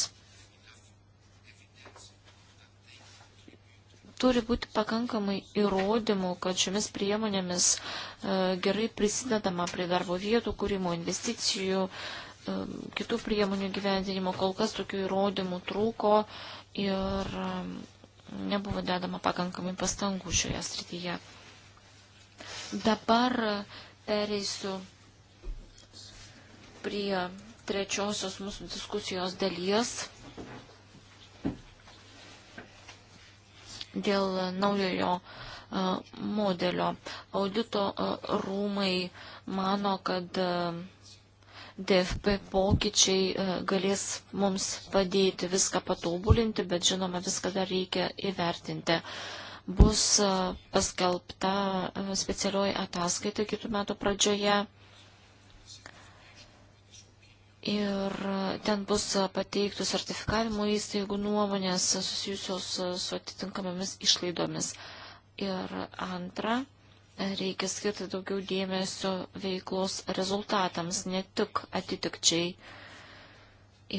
turi būti pakankamai įrodymų, kad šiomis priemonėmis e, gerai prisidedama prie darbo vietų kūrimo, investicijų, e, kitų priemonių gyvendinimo. Kol kas tokių įrodymų trūko ir e, nebuvo dedama pakankamai pastangų šioje srityje. Dabar pereisiu prie trečiosios mūsų diskusijos dalies dėl naujojo modelio. Audito rūmai mano, kad DFP pokyčiai galės mums padėti viską patobulinti, bet žinoma, viską dar reikia įvertinti. Uh, bus e, paskelbta e, specialioji ataskaita kitų metų pradžioje. Ir e, ten bus pateiktų sertifikavimo įstaigų nuomonės susijusios su atitinkamomis išlaidomis. Ir antra, reikia skirti daugiau dėmesio veiklos rezultatams, ne tik atitikčiai.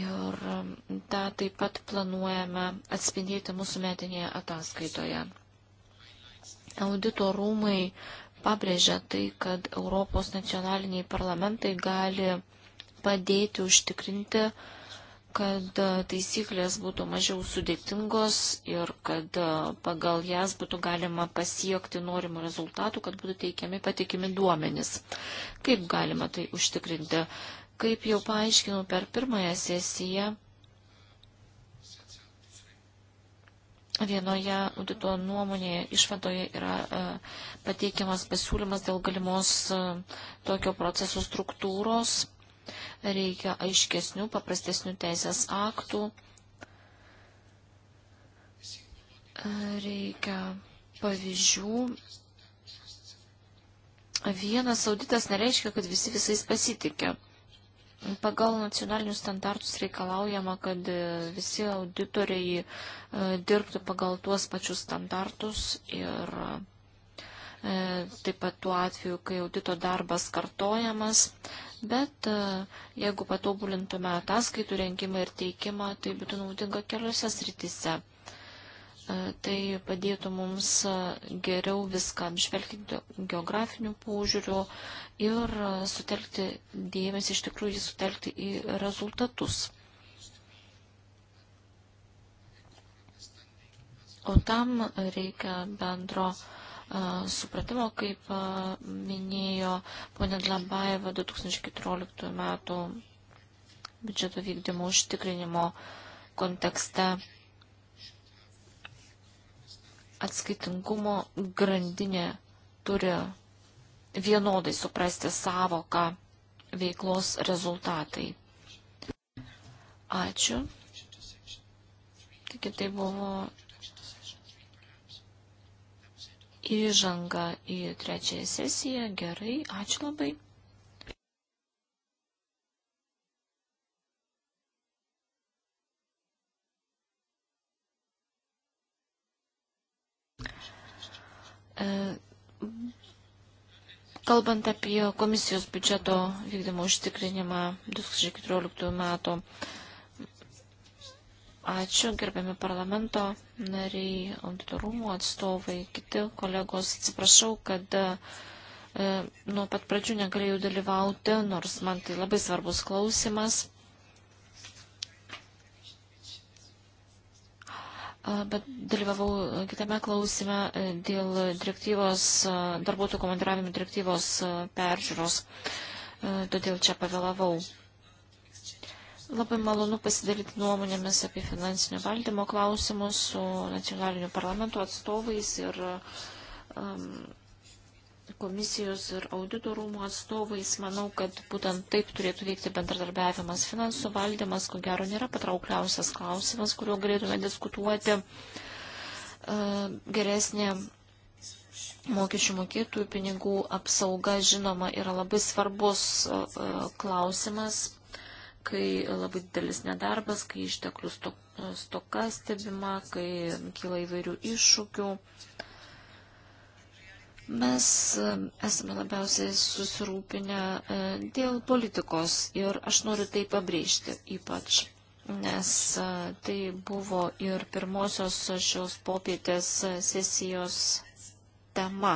Ir tą taip pat planuojame atspindėti mūsų metinėje ataskaitoje. Audito rūmai pabrėžia tai, kad Europos nacionaliniai parlamentai gali padėti užtikrinti, kad taisyklės būtų mažiau sudėtingos ir kad pagal jas būtų galima pasiekti norimų rezultatų, kad būtų teikiami patikimi duomenys. Kaip galima tai užtikrinti? Kaip jau paaiškinau per pirmąją sesiją, Vienoje audito nuomonėje išvadoje yra e, pateikiamas pasiūlymas dėl galimos e, tokio proceso struktūros. Reikia aiškesnių, paprastesnių teisės aktų. E, reikia pavyzdžių. Vienas auditas nereiškia, kad visi visais pasitikė. Pagal nacionalinius standartus reikalaujama, kad e, visi auditoriai e, dirbtų pagal tuos pačius standartus ir e, taip pat tuo atveju, kai audito darbas kartojamas, bet jeigu patobulintume ataskaitų rengimą ir teikimą, tai būtų naudinga keliose srityse. E, tai padėtų mums e, geriau viską apžvelgti geografiniu požiūriu ir e, sutelkti dėmesį, iš tikrųjų sutelkti į rezultatus. O tam reikia bendro supratimo, kaip minėjo ponė Dlambaeva 2014 metų biudžeto vykdymo užtikrinimo kontekste atskaitingumo grandinė turi vienodai suprasti savoką veiklos rezultatai. Ačiū. Taigi tai buvo įžanga į trečiąją sesiją. Gerai, ačiū labai. E, kalbant apie komisijos biudžeto vykdymo užtikrinimą 2014 metų, ačiū gerbiami parlamento nariai, auditorumų atstovai, kiti kolegos. Atsiprašau, kad e, nuo pat pradžių negalėjau dalyvauti, nors man tai labai svarbus klausimas. bet dalyvavau kitame klausime e, dėl direktyvos, e, darbuotojų komandiravimo direktyvos e, peržiūros, todėl čia pavėlavau. Labai malonu pasidalyti nuomonėmis apie finansinio valdymo klausimus su nacionaliniu parlamento atstovais ir um, komisijos ir audito rūmų atstovais. Manau, kad būtent taip turėtų veikti bendradarbiavimas. Finansų valdymas, ko gero, nėra patraukliausias klausimas, kuriuo galėtume diskutuoti. E, geresnė mokesčių mokėtųjų pinigų apsauga, žinoma, yra labai svarbus e, e, klausimas, kai labai didelis nedarbas, kai išteklių stoka stebima, kai kyla įvairių iššūkių. Uh, Mes e, esame labiausiai susirūpinę e, dėl politikos ir aš noriu tai pabrėžti ypač, nes e, tai buvo ir pirmosios šios popietės sesijos tema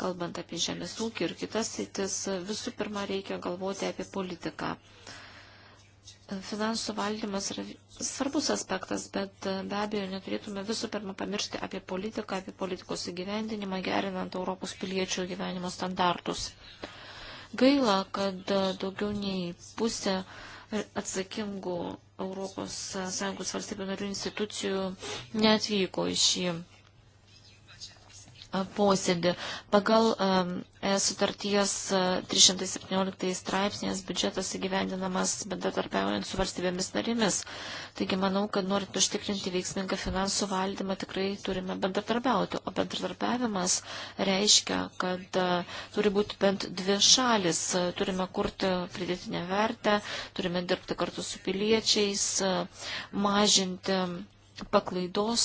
kalbant apie žemės ūkį ir kitas sritis, visų pirma reikia galvoti apie politiką. Finansų valdymas yra svarbus aspektas, bet e, be abejo neturėtume visų pirma pamiršti apie politiką, apie politikos įgyvendinimą, gerinant Europos piliečių gyvenimo standartus. Gaila, kad e, daugiau nei pusė atsakingų ES valstybių narių institucijų neatvyko į šį posėdį. Pagal um, e sutarties 317 e, straipsnės biudžetas įgyvendinamas bendradarbiaujant su valstybėmis narimis. Taigi manau, kad norint užtikrinti veiksmingą finansų valdymą, tikrai turime bendradarbiauti. O bendradarbiavimas reiškia, kad e, turi būti bent dvi šalis. Turime kurti pridėtinę vertę, turime dirbti kartu su piliečiais, mažinti paklaidos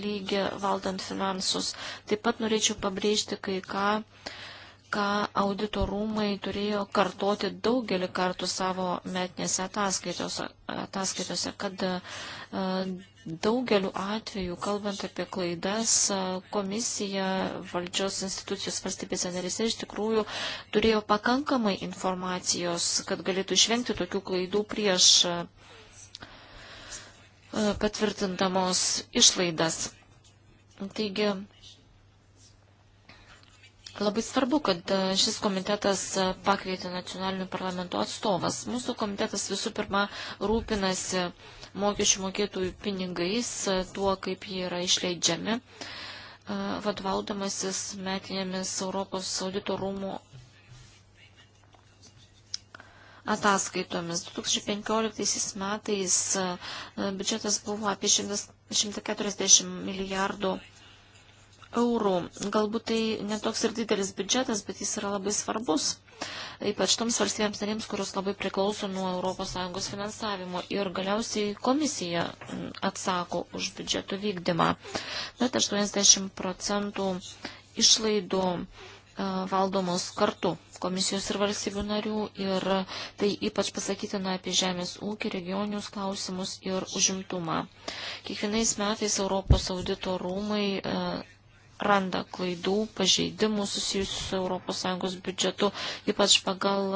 lygį valdant finansus. Taip pat norėčiau pabrėžti kai ką, ką audito rūmai turėjo kartoti daugelį kartų savo metinėse ataskaitose, ataskaitose kad e, daugeliu atveju, kalbant apie klaidas, e, komisija valdžios institucijos valstybėse narėse iš tikrųjų turėjo pakankamai informacijos, kad galėtų išvengti tokių klaidų prieš E, patvirtintamos išlaidas. Taigi, Labai svarbu, kad e, šis komitetas e, pakvietė nacionalinių parlamento atstovas. Mūsų komitetas visų pirma rūpinasi mokesčių mokėtųjų pinigais, tuo, kaip jie yra išleidžiami, vadovaudamasis metinėmis Europos audito rūmų ataskaitomis. 2015 metais e, biudžetas buvo apie 140 milijardų eurų. Galbūt tai netoks ir didelis biudžetas, bet jis yra labai svarbus, ypač toms valstybėms narėms, kurios labai priklauso nuo ES finansavimo ir galiausiai komisija atsako už biudžeto vykdymą. Bet 80 procentų išlaidų valdomos kartu komisijos ir valstybių narių ir tai ypač pasakytina apie žemės ūkį, regioninius klausimus ir užimtumą. Kiekvienais metais Europos audito rūmai randa klaidų, pažeidimų susijusių su ES biudžetu, ypač pagal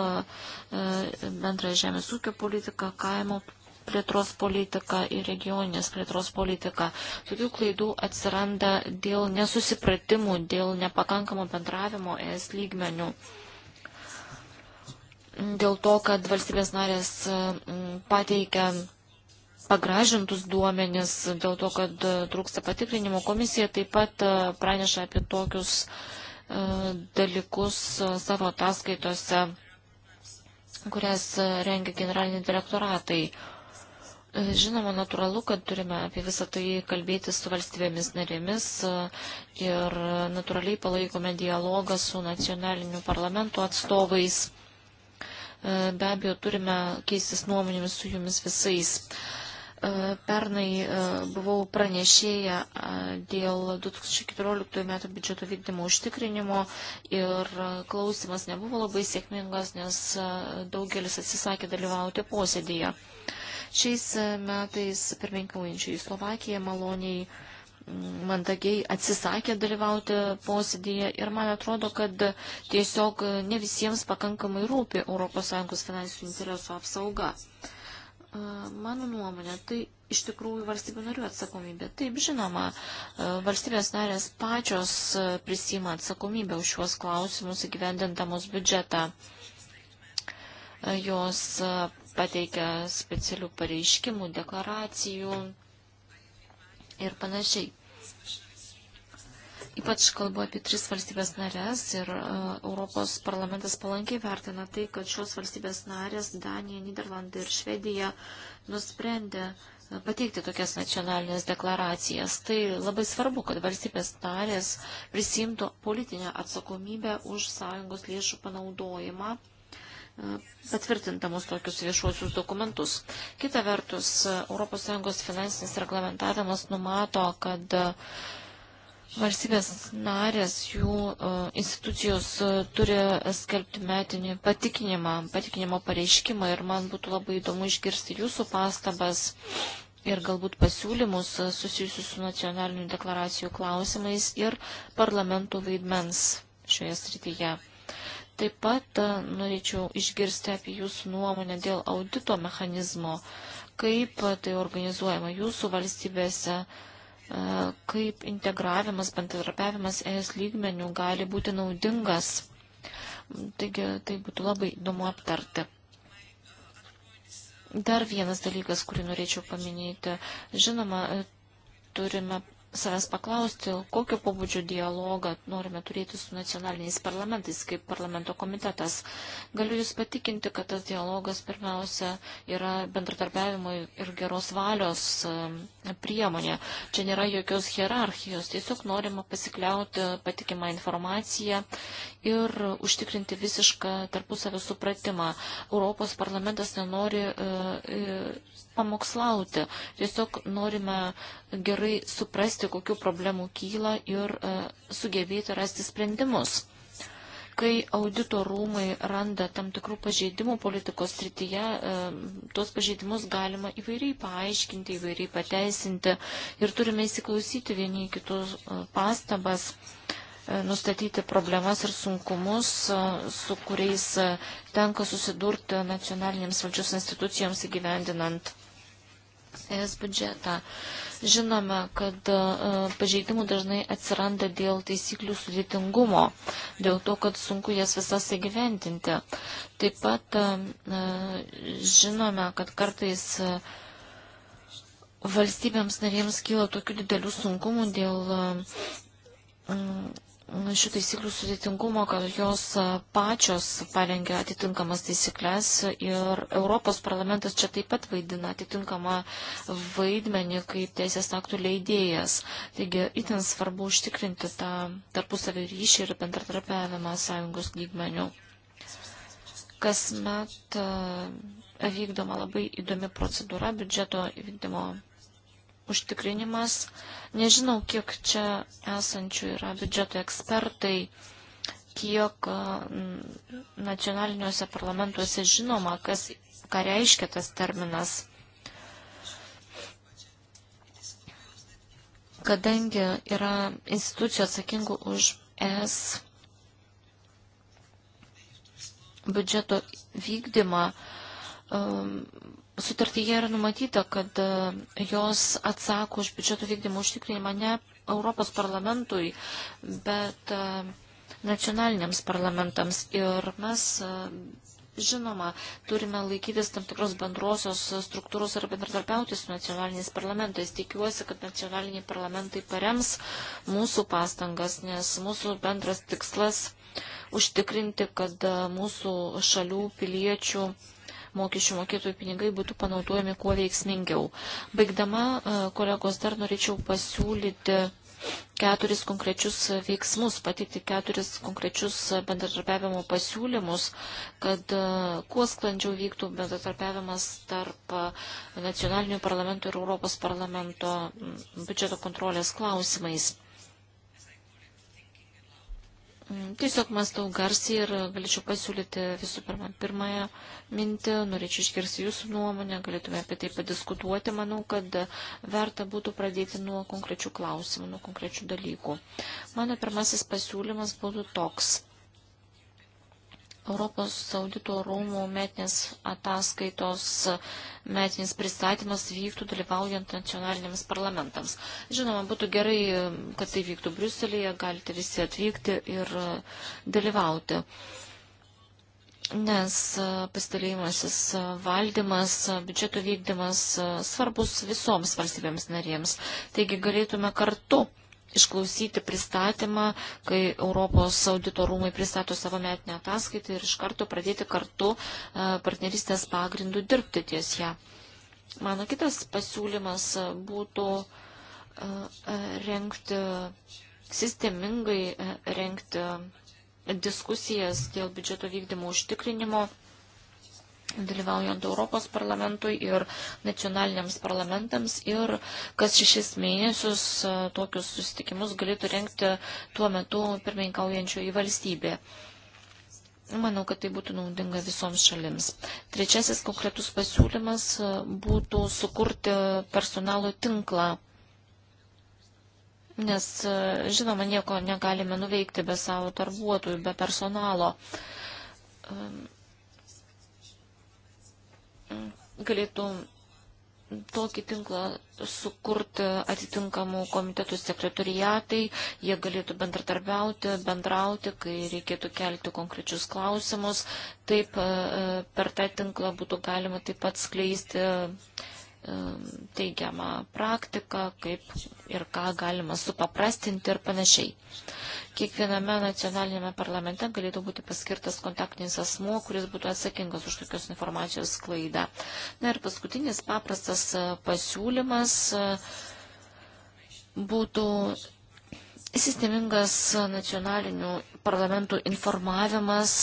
bendrą žemės ūkio politiką, kaimo plėtros politiką ir regioninės plėtros politiką. Tokių klaidų atsiranda dėl nesusipratimų, dėl nepakankamo bendravimo es lygmenių. Dėl to, kad valstybės narės mm, pateikia pagražintus duomenis, dėl to, kad e, trūksta patikrinimo. Komisija taip pat e, praneša apie tokius e, dalykus savo ataskaitose kurias rengia generaliniai direktoratai. Žinoma, natūralu, kad turime apie visą tai kalbėti su valstybėmis narėmis e, ir natūraliai palaikome dialogą su nacionaliniu parlamento atstovais. E, be abejo, turime keistis nuomonėmis su jumis visais. E, pernai buvau pranešėję dėl 2014 metų biudžeto vykdymo užtikrinimo ir klausimas nebuvo labai sėkmingas, nes daugelis atsisakė dalyvauti posėdėje. Šiais e, metais pirmininkaujančiai Slovakija maloniai mm, mandagiai atsisakė dalyvauti posėdėje ir man atrodo, kad tiesiog e, ne visiems pakankamai rūpi ES finansinių interesų apsauga. E, mano nuomonė, tai iš tikrųjų valstybių narių atsakomybė. Taip, žinoma, valstybės narės pačios prisima atsakomybę už šiuos klausimus įgyvendintamos biudžetą. Jos pateikia specialių pareiškimų, deklaracijų ir panašiai. Ypač kalbu apie tris valstybės narės ir e, Europos parlamentas palankiai vertina tai, kad šios valstybės narės Danija, Niderlandai ir Švedija nusprendė e, pateikti tokias nacionalinės deklaracijas. Tai labai svarbu, kad valstybės narės prisimtų politinę atsakomybę už sąjungos lėšų panaudojimą patvirtintamus tokius viešuosius dokumentus. Kita vertus, ES finansinis reglamentavimas numato, kad e, Valstybės narės, jų e, institucijos e, turi skelbti metinį patikinimą, patikinimo pareiškimą ir man būtų labai įdomu išgirsti jūsų pastabas ir galbūt pasiūlymus susijusius su nacionalinių deklaracijų klausimais ir parlamentų vaidmens šioje srityje. Taip pat e, norėčiau išgirsti apie jūsų nuomonę dėl audito mechanizmo, kaip e, tai organizuojama jūsų valstybėse, e, kaip integravimas, bendradarbiavimas ES lygmenių gali būti naudingas. Taigi tai būtų labai įdomu aptarti. Dar vienas dalykas, kurį norėčiau paminėti. Žinoma, turime savęs paklausti, kokio pobūdžio dialogą norime turėti su nacionaliniais parlamentais kaip parlamento komitetas. Galiu Jūs patikinti, kad tas dialogas pirmiausia yra bendradarbiavimo ir geros valios priemonė. Čia nėra jokios hierarchijos, tiesiog norima pasikliauti patikimą informaciją ir užtikrinti visišką tarpusavio supratimą. Europos parlamentas nenori e, e, pamokslauti. Tiesiog norime gerai suprasti, kokiu problemu kyla ir e, sugebėti rasti sprendimus. Kai audito rūmai randa tam tikrų pažeidimų politikos srityje, tuos pažeidimus galima įvairiai paaiškinti, įvairiai pateisinti ir turime įsiklausyti vieni kitus pastabas E, nustatyti problemas ir sunkumus, e, su kuriais e, tenka susidurti nacionalinėms valdžios institucijoms įgyvendinant ES biudžetą. Žinome, kad pažeidimų dažnai atsiranda dėl taisyklių sudėtingumo, dėl to, kad sunku jas visas įgyvendinti. Taip pat žinome, kad kartais valstybėms narėms kyla tokių didelių sunkumų dėl šių taisyklių sudėtingumo, kad jos pačios parengia atitinkamas taisyklės ir Europos parlamentas čia taip pat vaidina atitinkamą vaidmenį kaip teisės aktų leidėjas. Taigi, itin svarbu užtikrinti tą tarpusavį ryšį ir bendratarpiavimą sąjungos lygmenių. Kasmet vykdoma labai įdomi procedūra biudžeto vykdymo užtikrinimas. Nežinau, kiek čia esančių yra biudžeto ekspertai, kiek nacionaliniuose parlamentuose žinoma, kas, ką reiškia tas terminas. Kadangi yra institucijų atsakingų už es biudžeto vykdymą, um, Sutartyje yra numatyta, kad e, jos atsako už biudžeto vykdymo užtikrinimą ne Europos parlamentui, bet e, nacionaliniams parlamentams. Ir mes e, Žinoma, turime laikytis tam tikros bendrosios struktūros ir bendradarbiauti su nacionaliniais parlamentais. Tikiuosi, kad nacionaliniai parlamentai parems mūsų pastangas, nes mūsų bendras tikslas užtikrinti, kad mūsų šalių piliečių mokesčių mokėtojų pinigai būtų panaudojami kuo veiksmingiau. Baigdama, e, kolegos, dar norėčiau pasiūlyti keturis konkrečius veiksmus, pateikti keturis konkrečius bendradarbiavimo pasiūlymus, kad e, kuo sklandžiau vyktų bendradarbiavimas tarp e, nacionalinių parlamentų ir Europos parlamento biudžeto kontrolės klausimais. Tiesiog mastau garsiai ir galėčiau pasiūlyti visų pirma pirmąją mintį, norėčiau išgirsti jūsų nuomonę, galėtume apie tai padiskutuoti. Manau, kad verta būtų pradėti nuo konkrečių klausimų, nuo konkrečių dalykų. Mano pirmasis pasiūlymas būtų toks. Europos audito rūmų metinės ataskaitos metinis pristatymas vyktų dalyvaujant nacionaliniams parlamentams. Žinoma, būtų gerai, kad tai vyktų Bruselėje, galite visi atvykti ir dalyvauti. Nes pasidalėjimasis valdymas, biudžeto vykdymas svarbus visoms valstybėms narėms. Taigi galėtume kartu išklausyti pristatymą, kai Europos audito rūmai pristato savo metinę ataskaitą ir iš karto pradėti kartu e, partneristės pagrindų dirbti ties ją. Mano kitas pasiūlymas būtų e, e, renkti, sistemingai renkti diskusijas dėl biudžeto vykdymo užtikrinimo dalyvaujant Europos parlamentui ir nacionaliniams parlamentams ir kas šešis mėnesius e, tokius susitikimus galėtų renkti tuo metu pirmininkaujančioji valstybė. Manau, kad tai būtų naudinga visoms šalims. Trečiasis konkretus pasiūlymas e, būtų sukurti personalo tinklą. Nes, e, žinoma, nieko negalime nuveikti be savo darbuotojų, be personalo galėtų tokį tinklą sukurti atitinkamų komitetų sekretoriatai, jie galėtų bendradarbiauti, bendrauti, kai reikėtų kelti konkrečius klausimus. Taip e, e, per tą tinklą būtų galima taip pat skleisti Um, teigiamą praktiką, kaip ir ką galima supaprastinti ir panašiai. Kiekviename nacionalinėme parlamente galėtų būti paskirtas kontaktinis asmuo, kuris būtų atsakingas už tokios informacijos klaidą. Na ir paskutinis paprastas uh, pasiūlymas uh, būtų sistemingas nacionalinių parlamentų informavimas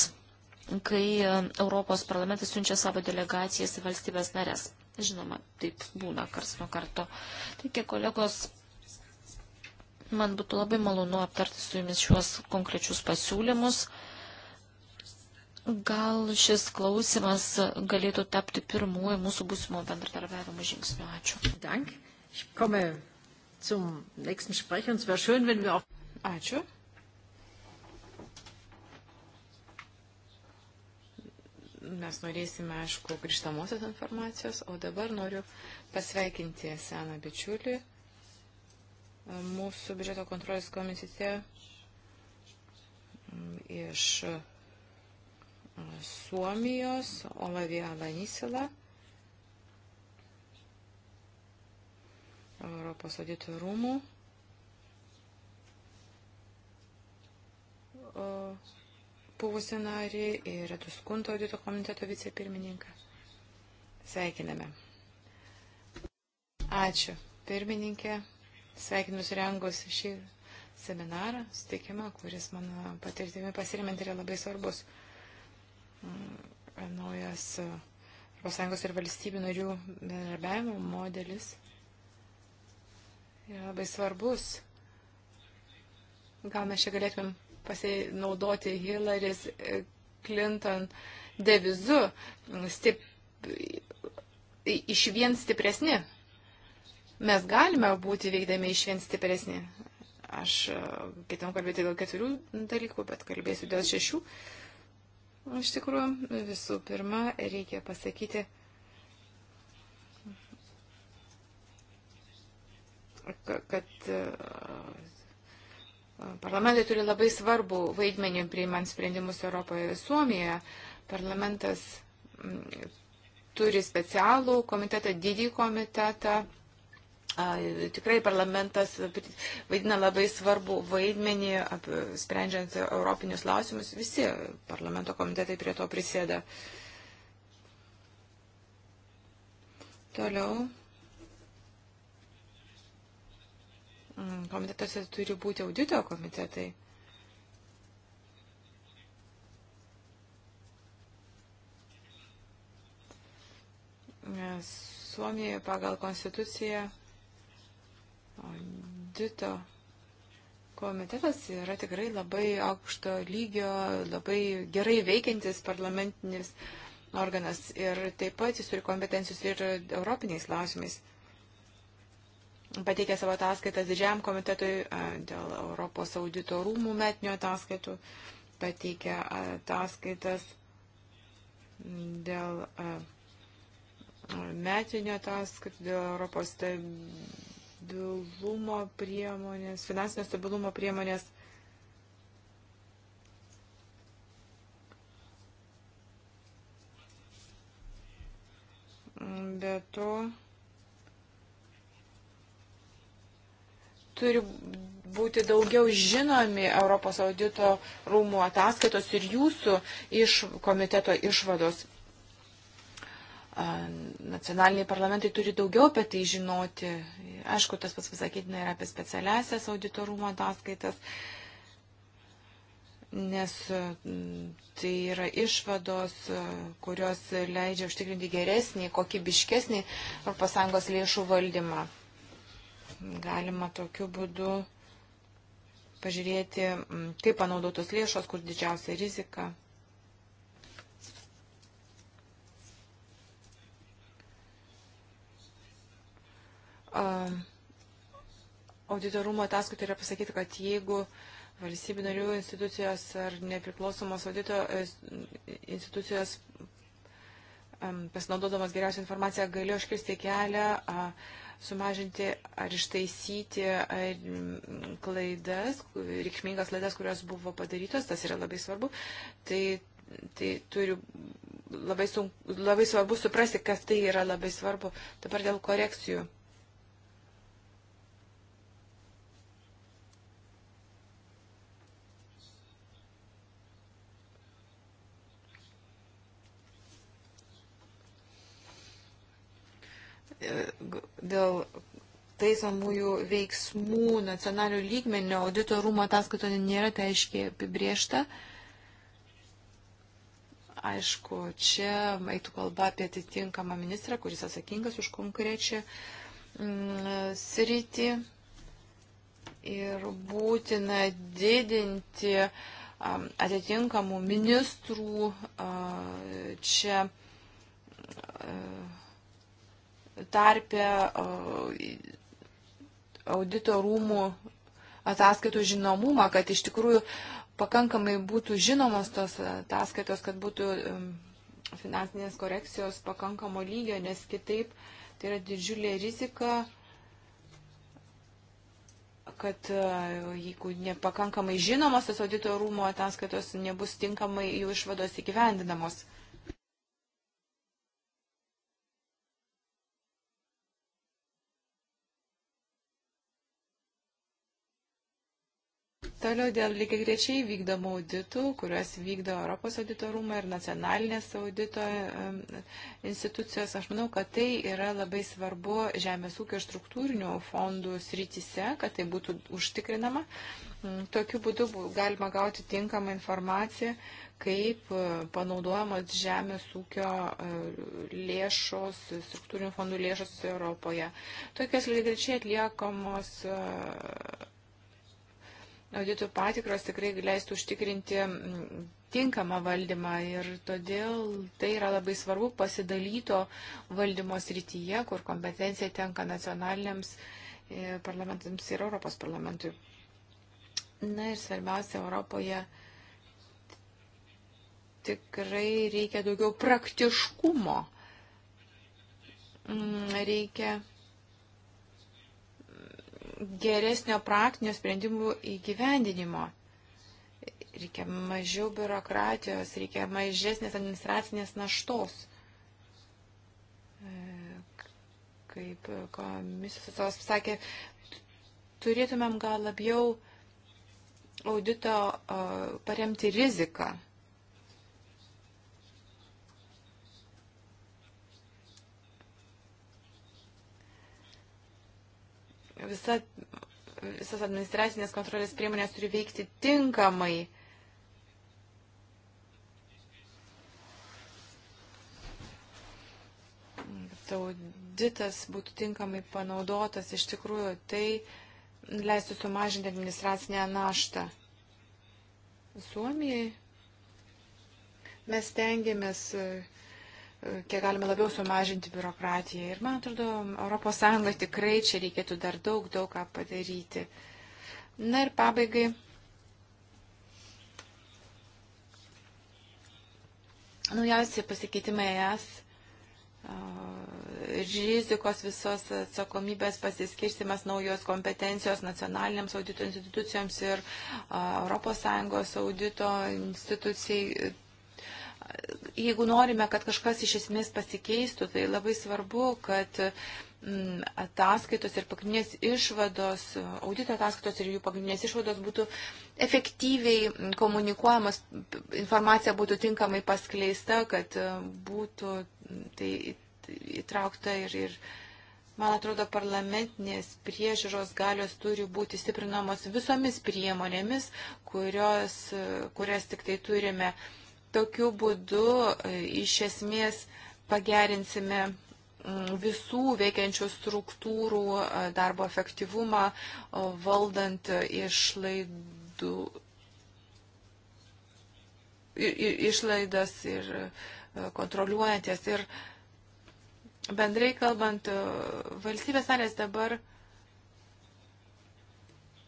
kai uh, Europos parlamentas siunčia savo delegacijas į valstybės narės. Žinoma, taip būna kars nuo karto. Taigi, kolegos, man būtų labai malonu aptarti su jumis šiuos konkrečius pasiūlymus. Gal šis klausimas galėtų tapti pirmuoju mūsų būsimo bendradarbiavimo žingsniu. Ačiū. Ačiū. mes norėsime, aišku, grįžtamosios informacijos, o dabar noriu pasveikinti seną bičiulį e, mūsų biudžeto kontrolės komitete iš e, Suomijos, Olavija Lanisila, Europos auditų rūmų. O buvusi narį ir Duskunto audito komiteto vicepirmininką. Sveikiname. Ačiū, pirmininkė. Sveikinus rengus šį seminarą, sutikimą, kuris mano patirtimi pasirimant yra labai svarbus. Mm, naujas ES uh, ir valstybių narių bendarbiavimo modelis yra labai svarbus. Gal mes čia galėtumėm pasinaudoti Hillary's e, Clinton devizu stip, iš vien stipresni. Mes galime būti veikdami iš vien stipresni. Aš e, ketinau kalbėti dėl keturių dalykų, bet kalbėsiu dėl šešių. Iš tikrųjų, visų pirma, reikia pasakyti, kad e, Parlamentai turi labai svarbų vaidmenį priimant sprendimus Europoje ir Suomijoje. Parlamentas mm, turi specialų komitetą, didį komitetą. Tikrai parlamentas vaidina labai svarbu vaidmenį, sprendžiant europinius lausimus. Visi parlamento komitetai prie to prisėda. Toliau. Mm, komitetuose turi būti audito komitetai. Suomijoje pagal konstituciją audito komitetas yra tikrai labai aukšto lygio, labai gerai veikiantis parlamentinis organas ir taip pat jis turi kompetencijus ir europiniais klausimais pateikė savo ataskaitas didžiam komitetui dėl Europos audito rūmų metinių ataskaitų, pateikė ataskaitas dėl metinių ataskaitų, dėl Europos stabilumo priemonės, finansinio stabilumo priemonės. Be to, turi būti daugiau žinomi Europos audito rūmų ataskaitos ir jūsų iš komiteto išvados. Nacionaliniai parlamentai turi daugiau apie tai žinoti. Aišku, tas pats pasakytina ir apie specialiasias auditorumo ataskaitas, nes tai yra išvados, kurios leidžia užtikrinti geresnį, kokybiškesnį ES lėšų valdymą galima tokiu būdu pažiūrėti, kaip panaudotos lėšos, kur didžiausia rizika. Auditorumo ataskaitoje yra pasakyti, kad jeigu valstybių narių institucijos ar nepriklausomos audito e, institucijos pasinaudodamas geriausią informaciją galėjo iškirsti kelią sumažinti ar ištaisyti ar mm, klaidas, reikšmingas klaidas, kurios buvo padarytos, tas yra labai svarbu. Tai, tai turi labai, sunku, labai svarbu suprasti, kas tai yra labai svarbu. Dabar dėl korekcijų. dėl taisomųjų veiksmų nacionalių lygmenio audito rūmo ataskaitoje nėra tai aiškiai apibriešta. Aišku, čia eitų kalba apie atitinkamą ministrą, kuris atsakingas už konkrečią mm, sritį ir būtina didinti atitinkamų ministrų čia tarpe audito rūmų ataskaitų žinomumą, kad iš tikrųjų pakankamai būtų žinomos tos ataskaitos, kad būtų finansinės korekcijos pakankamo lygio, nes kitaip tai yra didžiulė rizika, kad e, jeigu nepakankamai žinomos tos audito rūmų ataskaitos, nebus tinkamai jų išvados įgyvendinamos. Toliau dėl lygiai grečiai vykdomų auditų, kuriuos vykdo Europos audito rūmai ir nacionalinės audito institucijos, aš manau, kad tai yra labai svarbu žemės ūkio struktūrinių fondų srityse, kad tai būtų užtikrinama. Mm, tokiu būdu galima gauti tinkamą informaciją, kaip e, panaudojamos žemės ūkio e, lėšos, struktūrinių fondų lėšos Europoje. Tokios lygiai grečiai atliekamos e, auditų patikros tikrai leistų užtikrinti mm, tinkamą valdymą ir todėl tai yra labai svarbu pasidalyto valdymo srityje, kur kompetencija tenka nacionaliniams e, parlamentams ir Europos parlamentui. Na ir svarbiausia, Europoje tikrai reikia daugiau praktiškumo. Mm, reikia geresnio praktinio sprendimų įgyvendinimo. Reikia mažiau biurokratijos, reikia mažesnės administracinės naštos. Kaip komisijos atstovas sakė, turėtumėm gal labiau audito paremti riziką visa, visas administracinės kontrolės priemonės turi veikti tinkamai. Auditas būtų tinkamai panaudotas, iš tikrųjų tai leistų sumažinti administracinę naštą. Suomijai mes tengiamės uh, kiek galime labiau sumažinti biurokratiją. Ir man atrodo, ES tikrai čia reikėtų dar daug, daug ką padaryti. Na ir pabaigai. Naujausi pasikeitimai es rizikos visos atsakomybės pasiskirstimas naujos kompetencijos nacionaliniams audito institucijoms ir ES audito institucijai jeigu norime, kad kažkas iš esmės pasikeistų, tai labai svarbu, kad mm, ataskaitos ir pagrindinės išvados, audito ataskaitos ir jų pagrindinės išvados būtų efektyviai mm, komunikuojamas, informacija būtų tinkamai paskleista, kad e, būtų mm, tai įtraukta ir, ir man atrodo, parlamentinės priežiūros galios turi būti stiprinamos visomis priemonėmis, kurios, e, kurias tik tai turime. Uh, Tokiu būdu e, iš esmės pagerinsime mm, visų veikiančių struktūrų e, darbo efektyvumą, valdant išlaidų, išlaidas ir e, kontroliuojantis. Ir bendrai kalbant, valstybės narės dabar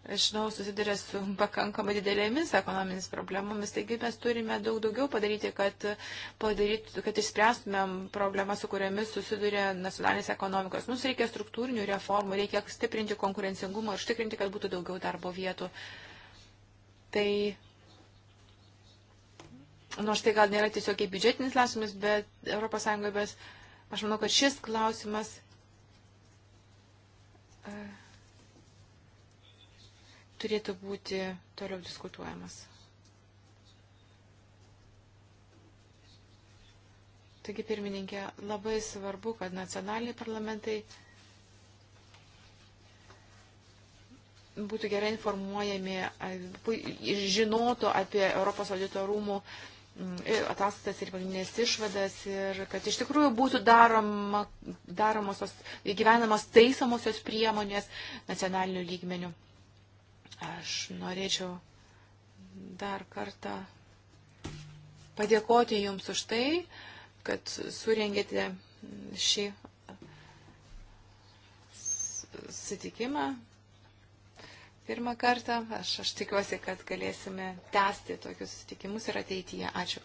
žinau, susiduria su pakankamai didelėmis ekonominėmis problemomis, taigi mes turime daug daugiau padaryti, kad, padaryt, kad išspręstumėm problemas, su kuriamis susiduria nacionalinės ekonomikos. Mums reikia struktūrinių reformų, reikia stiprinti konkurencingumą ir užtikrinti, kad būtų daugiau darbo vietų. Tai nors tai gal nėra tiesiog biudžetinis klausimas, bet ES, bet aš manau, kad šis klausimas. Uh, turėtų būti toliau diskutuojamas. Taigi, pirmininkė, labai svarbu, kad nacionaliniai parlamentai būtų gerai informuojami, žinotų apie Europos audito rūmų mm, ataskaitas ir pagrindinės išvadas ir kad iš tikrųjų būtų daroma, daromosios, įgyvenamos taisomosios priemonės nacionalinių lygmenių. Aš norėčiau dar kartą padėkoti Jums už tai, kad surengėte šį sutikimą pirmą kartą. Aš, aš tikiuosi, kad galėsime tęsti tokius sutikimus ir ateityje. Ačiū.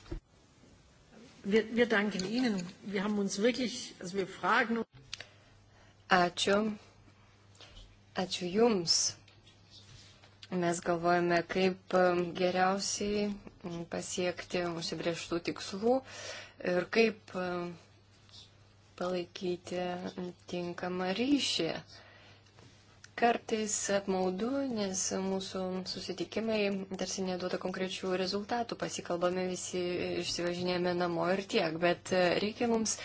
Ačiū. Ačiū Jums. Mes galvojame, kaip um, geriausiai mm, pasiekti užsibrieštų tikslų ir kaip um, palaikyti mm, tinkamą ryšį. Kartais apmaudu, nes mūsų susitikimai tarsi neduoda konkrečių rezultatų, pasikalbame visi, išsivažinėjame namo ir tiek, bet e, reikia mums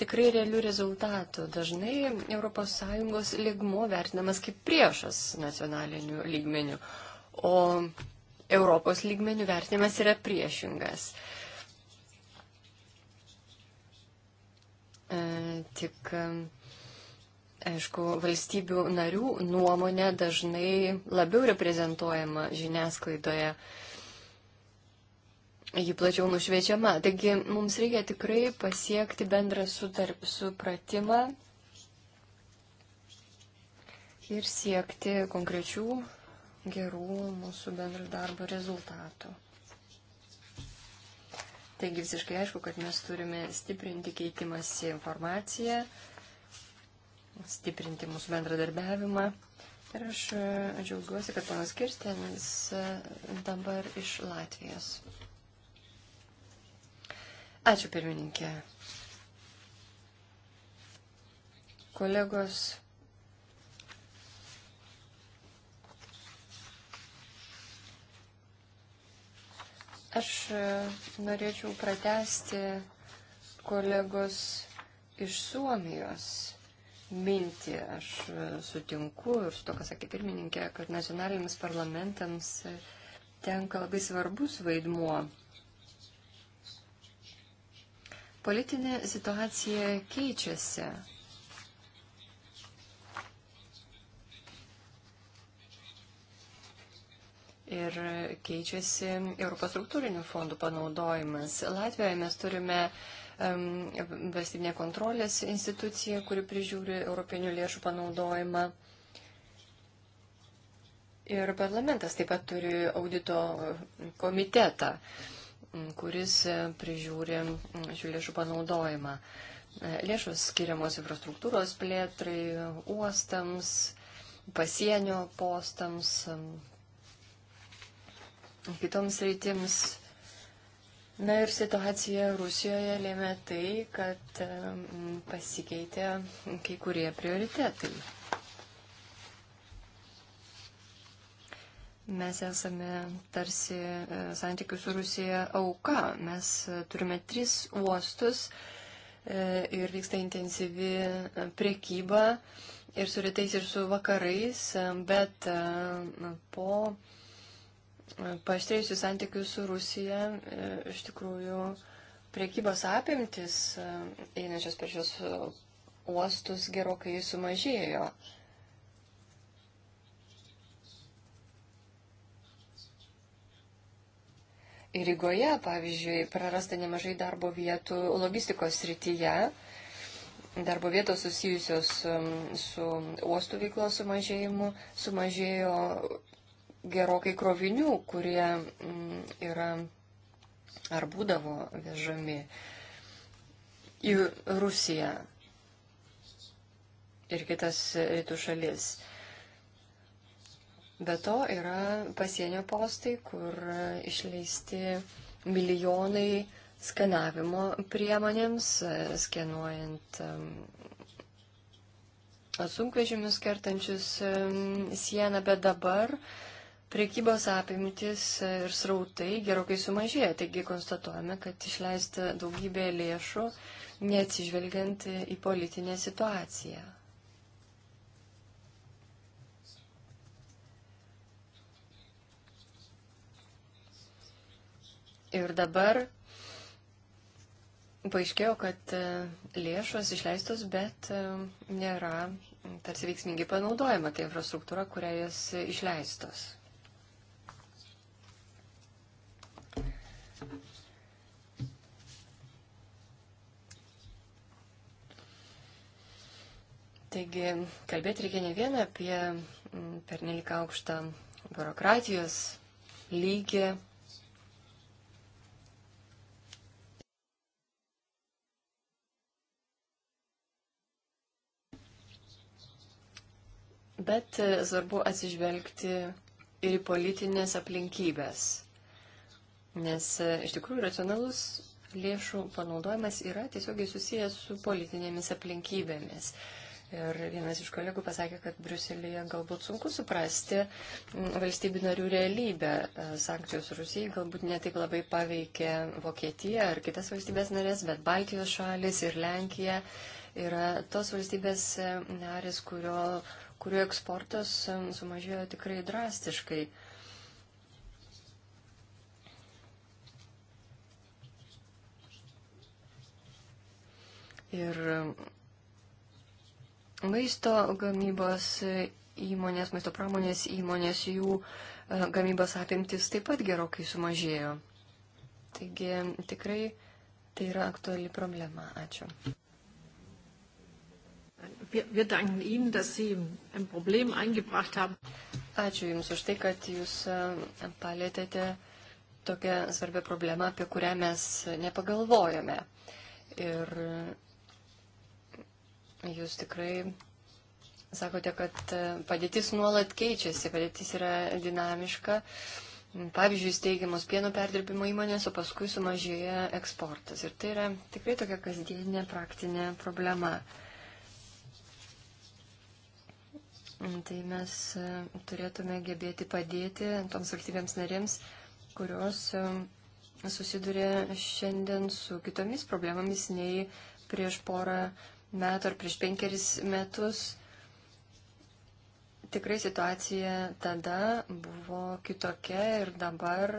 tikrai realių rezultatų. Dažnai ES ligmo vertinamas kaip priešas nacionaliniu lygmeniu, o Europos lygmenių vertinimas yra priešingas. E, tik, aišku, valstybių narių nuomonė dažnai labiau reprezentuojama žiniasklaidoje ji plačiau nušviečiama. Taigi mums reikia tikrai pasiekti bendrą sutarp, supratimą ir siekti konkrečių gerų mūsų bendro darbo rezultatų. Taigi visiškai aišku, kad mes turime stiprinti keitimąsi informaciją, stiprinti mūsų bendradarbiavimą. Ir aš e, džiaugiuosi, kad panas Kirstenis e, dabar iš Latvijos. Ačiū pirmininkė. Kolegos. Aš norėčiau pratesti kolegos iš Suomijos mintį. Aš sutinku ir su to, kas sakė pirmininkė, kad nacionaliniams parlamentams tenka labai svarbus vaidmuo Politinė situacija keičiasi. Ir keičiasi Europos struktūrinių fondų panaudojimas. Latvijoje mes turime um, valstybinė kontrolės institucija, kuri prižiūri europinių lėšų panaudojimą. Ir parlamentas taip pat turi audito komitetą. Um, kuris e, prižiūri šių lėšų panaudojimą. E, lėšos skiriamos infrastruktūros plėtrai, uostams, pasienio postams, kitoms reitims. Na ir situacija Rusijoje lėmė tai, kad e, pasikeitė kai kurie prioritetai. Mes esame tarsi e, santykių su Rusija auka. Mes e, turime tris uostus e, ir vyksta intensyvi priekyba ir su rytais, ir su vakarais, bet po paštrėjusių santykių su Rusija iš tikrųjų priekybos apimtis einančios per šios uostus gerokai sumažėjo. Rygoje, pavyzdžiui, prarasta nemažai darbo vietų logistikos srityje. Darbo vietos susijusios um, su uostų veiklos sumažėjimu sumažėjo gerokai krovinių, kurie mm, yra ar būdavo vežami į Rusiją ir kitas rytų šalis. Be to yra pasienio postai, kur išleisti milijonai skanavimo priemonėms, e, skenuojant sunkvežimius kertančius sieną, bet dabar priekybos apimtis ir srautai gerokai sumažėjo. Taigi konstatuojame, kad išleista daugybė lėšų, neatsižvelgiant į politinę situaciją. Ir dabar paaiškėjo, kad e, lėšos išleistos, bet e, nėra tarsi veiksmingai panaudojama ta infrastruktūra, kuria jas išleistos. Taigi kalbėti reikia ne vieną apie pernelik aukštą biurokratijos lygį, bet svarbu atsižvelgti ir į politinės aplinkybės. Nes e, iš tikrųjų racionalus lėšų panaudojimas yra tiesiogiai susijęs su politinėmis aplinkybėmis. Ir vienas iš kolegų pasakė, kad Bruselėje galbūt sunku suprasti valstybių narių realybę. E, sankcijos Rusijai galbūt netaip labai paveikė Vokietiją ar kitas valstybės narės, bet Baltijos šalis ir Lenkija yra tos valstybės e, narės, kurio kurių eksportas sumažėjo tikrai drastiškai. Ir maisto gamybos įmonės, maisto pramonės įmonės, jų e, gamybos apimtis taip pat gerokai sumažėjo. Taigi tikrai tai yra aktuali problema. Ačiū. Wir danken Ihnen, dass Sie ein Problem eingebracht haben. Ačiū Jums už tai, kad Jūs eh, palėtėte tokią svarbią problemą, apie kurią mes nepagalvojome. Ir eh, Jūs tikrai sakote, kad eh, padėtis nuolat keičiasi, padėtis yra dinamiška. Pavyzdžiui, steigiamos pieno perdirbimo įmonės, o paskui sumažėja eksportas. Ir tai yra tikrai tokia kasdieninė praktinė problema. Mm, tai mes e, turėtume gebėti padėti toms valstybėms narėms, kurios e, susiduria šiandien su kitomis problemomis nei prieš porą metų ar prieš penkeris metus. Tikrai situacija tada buvo kitokia ir dabar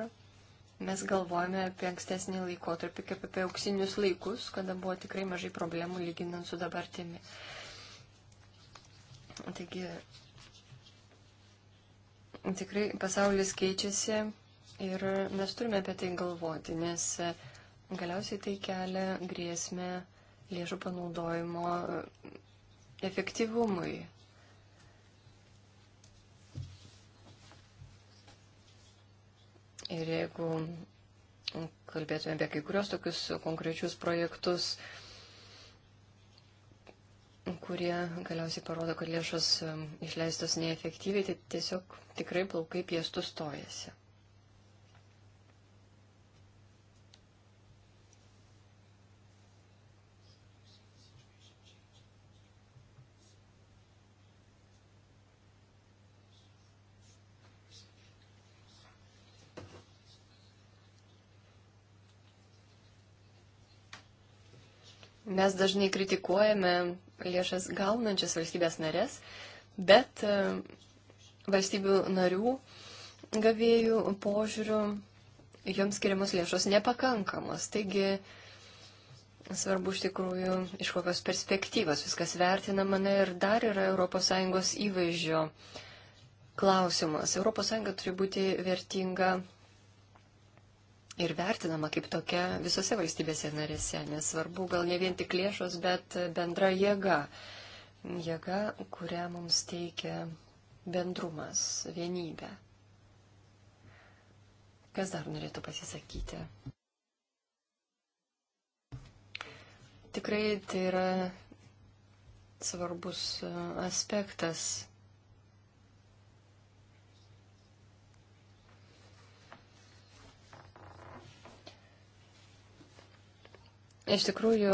mes galvojame apie ankstesnį laikotarpį kaip apie auksinius laikus, kada buvo tikrai mažai problemų lyginant su dabartimi. Taigi tikrai pasaulis keičiasi ir mes turime apie tai galvoti, nes galiausiai tai kelia grėsmę lėšų panaudojimo efektyvumui. Ir jeigu kalbėtume apie kai kurios tokius konkrečius projektus, kurie galiausiai parodo, kad lėšos um, išleistos neefektyviai, tai tiesiog tikrai plaukai piestų stojasi. Mes dažnai kritikuojame lėšas gaunančias valstybės narės, bet e, valstybių narių gavėjų požiūrių joms skiriamos lėšos nepakankamos. Taigi svarbu iš tikrųjų, iš kokios perspektyvos viskas vertinama. Na ir dar yra ES įvaizdžio klausimas. ES turi būti vertinga ir vertinama kaip tokia visose valstybėse narėse, nesvarbu gal ne vien tik lėšos, bet bendra jėga. Jėga, kurią mums teikia bendrumas, vienybė. Kas dar norėtų pasisakyti? Tikrai tai yra svarbus aspektas Iš tikrųjų,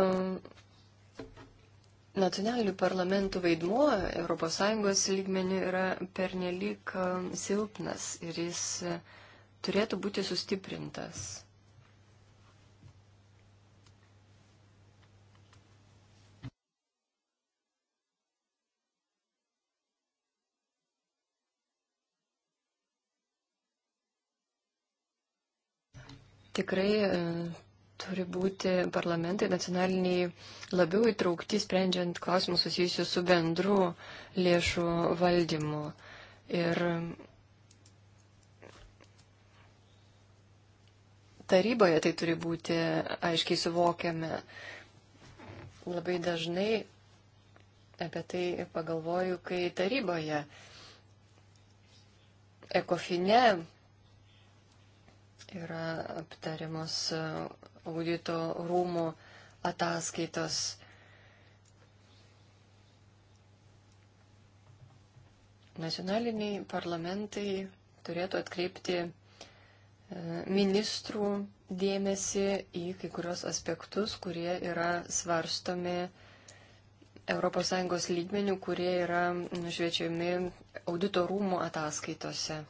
nacionalinių parlamentų vaidmuo ES lygmenių yra pernelyg um, silpnas ir jis turėtų būti sustiprintas. Tikrai uh, turi būti parlamentai nacionaliniai labiau įtraukti, sprendžiant klausimus susijusius su bendru lėšų valdymu. Ir taryboje tai turi būti aiškiai suvokiame. Labai dažnai apie tai pagalvoju, kai taryboje ekofine yra aptariamos audito rūmų ataskaitos. Nacionaliniai parlamentai turėtų atkreipti e, ministrų dėmesį į kai kurios aspektus, kurie yra svarstomi ES lygmenių, kurie yra nušviečiami auditorumų ataskaitose.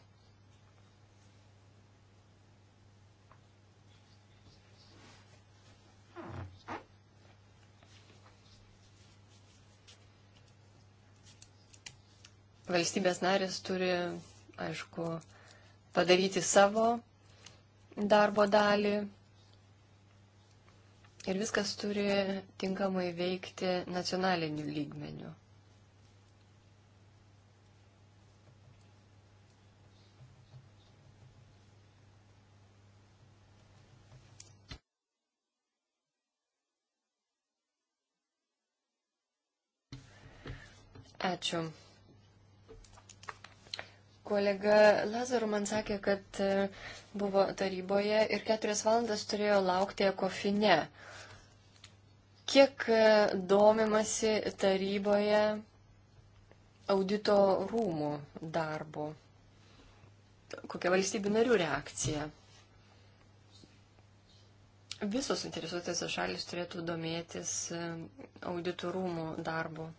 valstybės narės turi, aišku, padaryti savo darbo dalį ir viskas turi tinkamai veikti nacionaliniu lygmeniu. Ačiū. Kolega Lazaro man sakė, kad e, buvo taryboje ir keturias valandas turėjo laukti ekofine. Kiek e, domimasi taryboje audito rūmų darbu? Kokia valstybių narių reakcija? Visos interesuotės šalis turėtų domėtis e, auditorumų darbu.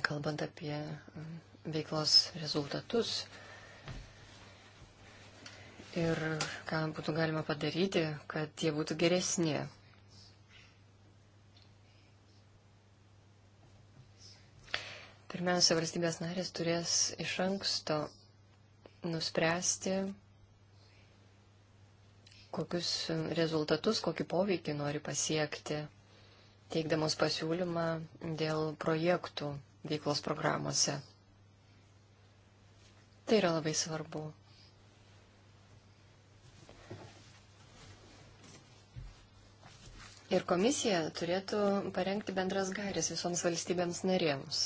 kalbant apie mm, veiklos rezultatus ir ką būtų galima padaryti, kad jie būtų geresni. Pirmiausia, valstybės narės turės iš anksto nuspręsti, kokius rezultatus, kokį poveikį nori pasiekti, teikdamos pasiūlymą dėl projektų veiklos programuose. Tai yra labai svarbu. Ir komisija turėtų parengti bendras gairės visoms valstybėms narėms.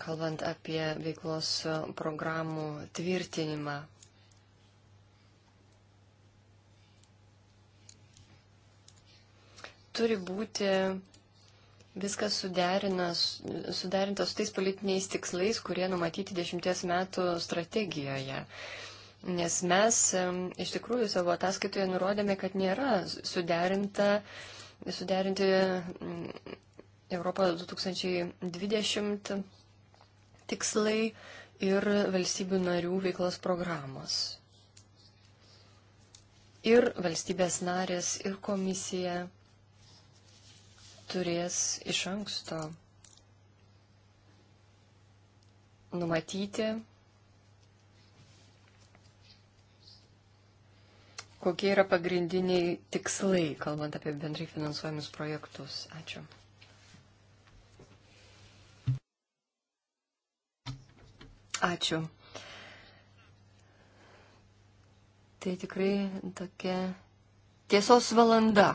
Kalbant apie veiklos programų tvirtinimą turi būti viskas suderinta su tais politiniais tikslais, kurie numatyti dešimties metų strategijoje. Nes mes iš tikrųjų savo ataskaitoje nurodėme, kad nėra suderinta, suderinti mm, Europos 2020 tikslai ir valstybių narių veiklos programos. Ir valstybės narės, ir komisija turės iš anksto numatyti, kokie yra pagrindiniai tikslai, kalbant apie bendrai finansuojamus projektus. Ačiū. Ačiū. Tai tikrai tokia tiesos valanda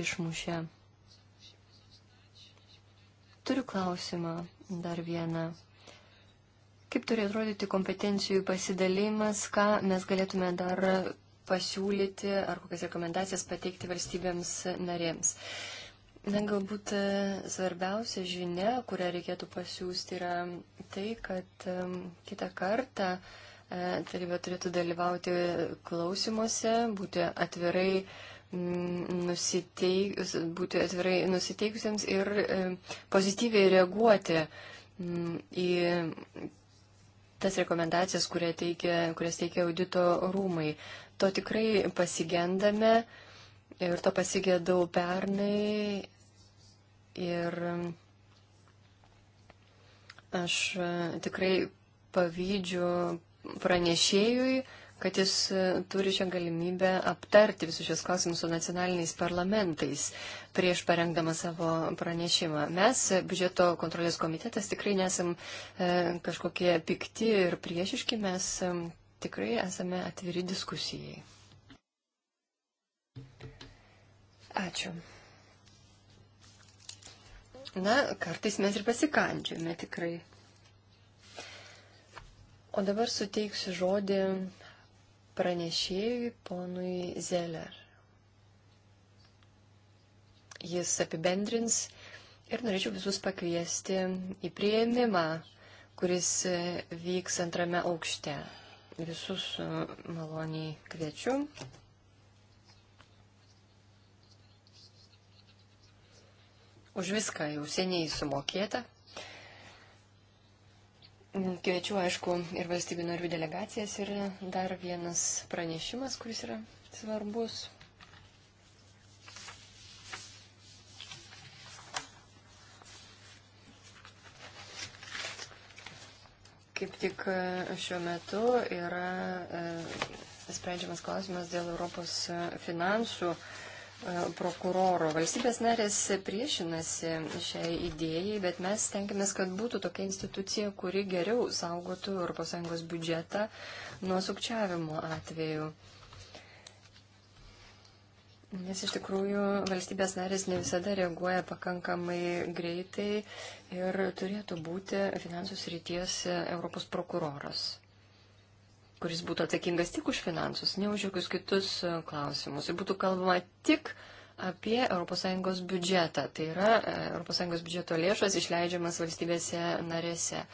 išmušė. Turiu klausimą dar vieną. Kaip turi atrodyti kompetencijų pasidalimas, ką mes galėtume dar pasiūlyti ar kokias rekomendacijas pateikti valstybėms narėms? Na, galbūt e, svarbiausia žinia, kurią reikėtų pasiūsti, yra tai, kad e, kitą kartą e, taryba turėtų dalyvauti klausimuose, būti atvirai nusiteik, būti atvirai nusiteikusiems ir e, pozityviai reaguoti į tas rekomendacijas, teikia, kurias teikia audito rūmai. To tikrai pasigendame ir to pasigėdau pernai. Ir aš e, tikrai pavydžiu pranešėjui, kad jis e, turi šią galimybę aptarti visus šios klausimus su nacionaliniais parlamentais prieš parengdama savo pranešimą. Mes, e, biudžeto kontrolės komitetas, tikrai nesam e, kažkokie pikti ir priešiški, mes tikrai esame atviri diskusijai. Ačiū. Na, kartais mes ir pasikandžiame tikrai. O dabar suteiksiu žodį pranešėjui ponui Zeller. Jis apibendrins ir norėčiau visus pakviesti į prieimimą, kuris vyks antrame aukšte. Visus e, maloniai kviečiu. Už viską jau seniai sumokėta. Kviečiu, aišku, ir valstybių narių delegacijas ir dar vienas pranešimas, kuris yra svarbus. Kaip tik e, šiuo metu yra e, sprendžiamas klausimas dėl Europos e, finansų. E, E, prokuroro. Valstybės narės priešinasi šiai idėjai, bet mes tenkimės, kad būtų tokia institucija, kuri geriau saugotų ES biudžetą nuo sukčiavimo atveju. Nes iš tikrųjų valstybės narės ne visada reaguoja pakankamai greitai ir turėtų būti finansų srities Europos prokuroras kuris būtų atsakingas tik už finansus, ne už jokius kitus e, klausimus. Ir būtų kalbama tik apie ES biudžetą. Tai yra e, ES biudžeto lėšas išleidžiamas valstybėse narėse.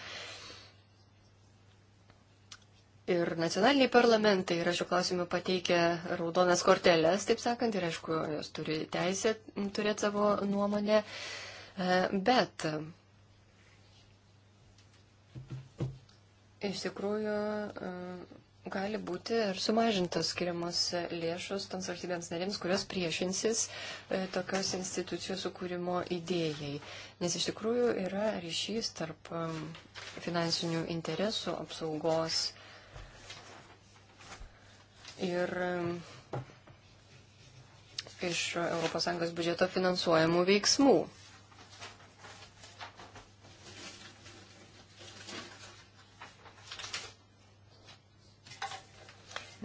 Ir nacionaliniai parlamentai yra šiuo klausimu pateikę raudonas korteles, taip sakant, ir aišku, jos turi teisę turėti savo nuomonę. E, bet iš tikrųjų e, gali būti ir sumažintos skiriamos lėšos toms valstybėms narėms, kurios priešinsis e, tokios institucijos sukūrimo idėjai. Nes iš tikrųjų yra ryšys tarp e, finansinių interesų apsaugos ir iš ES biudžeto finansuojamų veiksmų.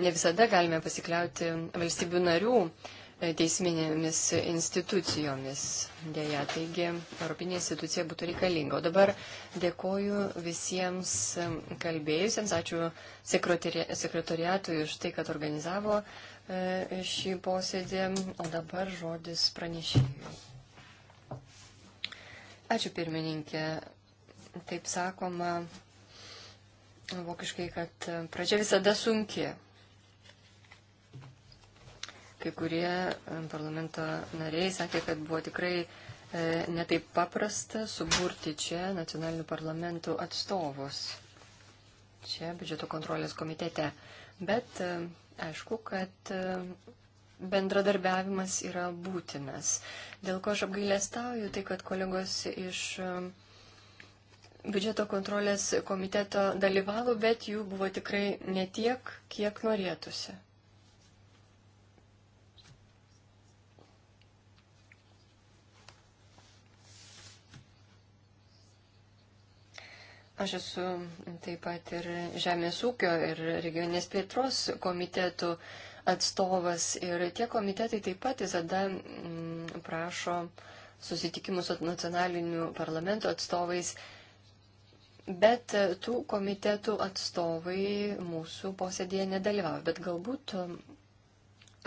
ne visada galime pasikliauti valstybių narių e, teisminėmis institucijomis. Dėja, taigi Europinė institucija būtų reikalinga. O dabar dėkoju visiems e, kalbėjusiems, ačiū sekretoriatui už tai, kad organizavo e, šį posėdį. O dabar žodis pranešėjui. Ačiū pirmininkė. Taip sakoma vokiškai, kad pradžia visada sunki. Kai kurie e, parlamento nariai sakė, kad buvo tikrai e, netaip paprasta suburti čia nacionalinių parlamentų atstovus. Čia biudžeto kontrolės komitete. Bet e, aišku, kad bendradarbiavimas yra būtinas. Dėl ko aš apgailestauju, tai kad kolegos iš biudžeto kontrolės komiteto dalyvavo, bet jų buvo tikrai netiek, kiek norėtųsi. Aš esu taip pat ir Žemės ūkio ir regionės plėtros komitetų atstovas ir tie komitetai taip pat visada mm, prašo susitikimus su nacionaliniu parlamento atstovais, bet tų komitetų atstovai mūsų posėdėje nedalyvavo, bet galbūt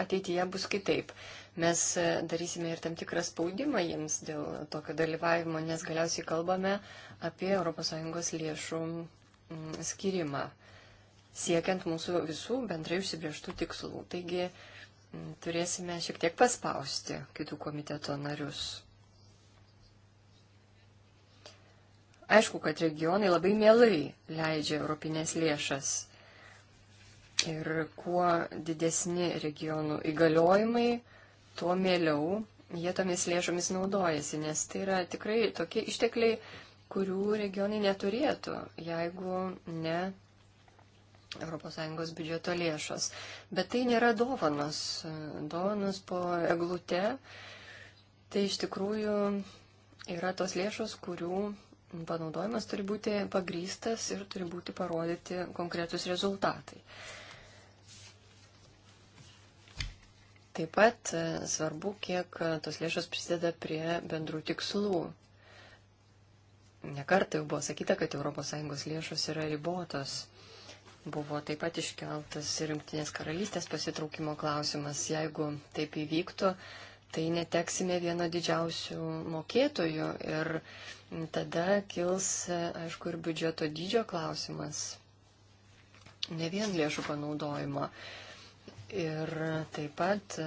ateityje bus kitaip mes e, darysime ir tam tikrą spaudimą jiems dėl tokio dalyvavimo, nes galiausiai kalbame apie ES lėšų skirimą, siekiant mūsų visų bendrai užsibrieštų tikslų. Taigi turėsime šiek tiek paspausti kitų komiteto narius. Aišku, kad regionai labai mielai leidžia europinės lėšas. Ir kuo didesni regionų įgaliojimai, tuo mieliau jie tomis lėšomis naudojasi, nes tai yra tikrai tokie ištekliai, kurių regionai neturėtų, jeigu ne ES biudžeto lėšos. Bet tai nėra dovanos. Dovanos po eglute. Tai iš tikrųjų yra tos lėšos, kurių panaudojimas turi būti pagrystas ir turi būti parodyti konkretus rezultatai. Taip pat e, svarbu, kiek e, tos lėšos prisideda prie bendrų tikslų. Nekartai jau buvo sakyta, kad ES lėšos yra ribotos. Buvo taip pat iškeltas ir Junktinės karalystės pasitraukimo klausimas. Jeigu taip įvyktų, tai neteksime vieno didžiausių mokėtojų ir tada kils, e, aišku, ir biudžeto dydžio klausimas. Ne vien lėšų panaudojimo. Uh, Ir taip pat e,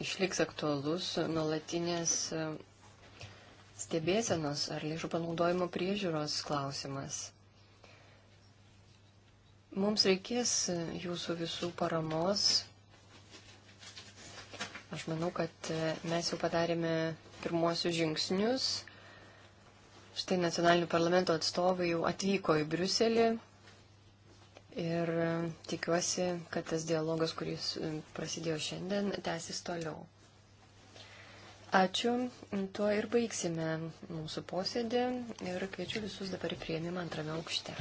išliks aktualus nuolatinės e, stebėsenos ar lėšų panaudojimo priežiūros klausimas. Mums reikės e, jūsų visų paramos. Aš manau, kad mes jau padarėme pirmosius žingsnius. Štai nacionalinių parlamento atstovai jau atvyko į Briuselį Ir e, tikiuosi, kad tas dialogas, kuris e, prasidėjo šiandien, tęsis toliau. Ačiū. Tuo ir baigsime mūsų posėdį ir kviečiu visus dabar į prieimimą antrame aukšte.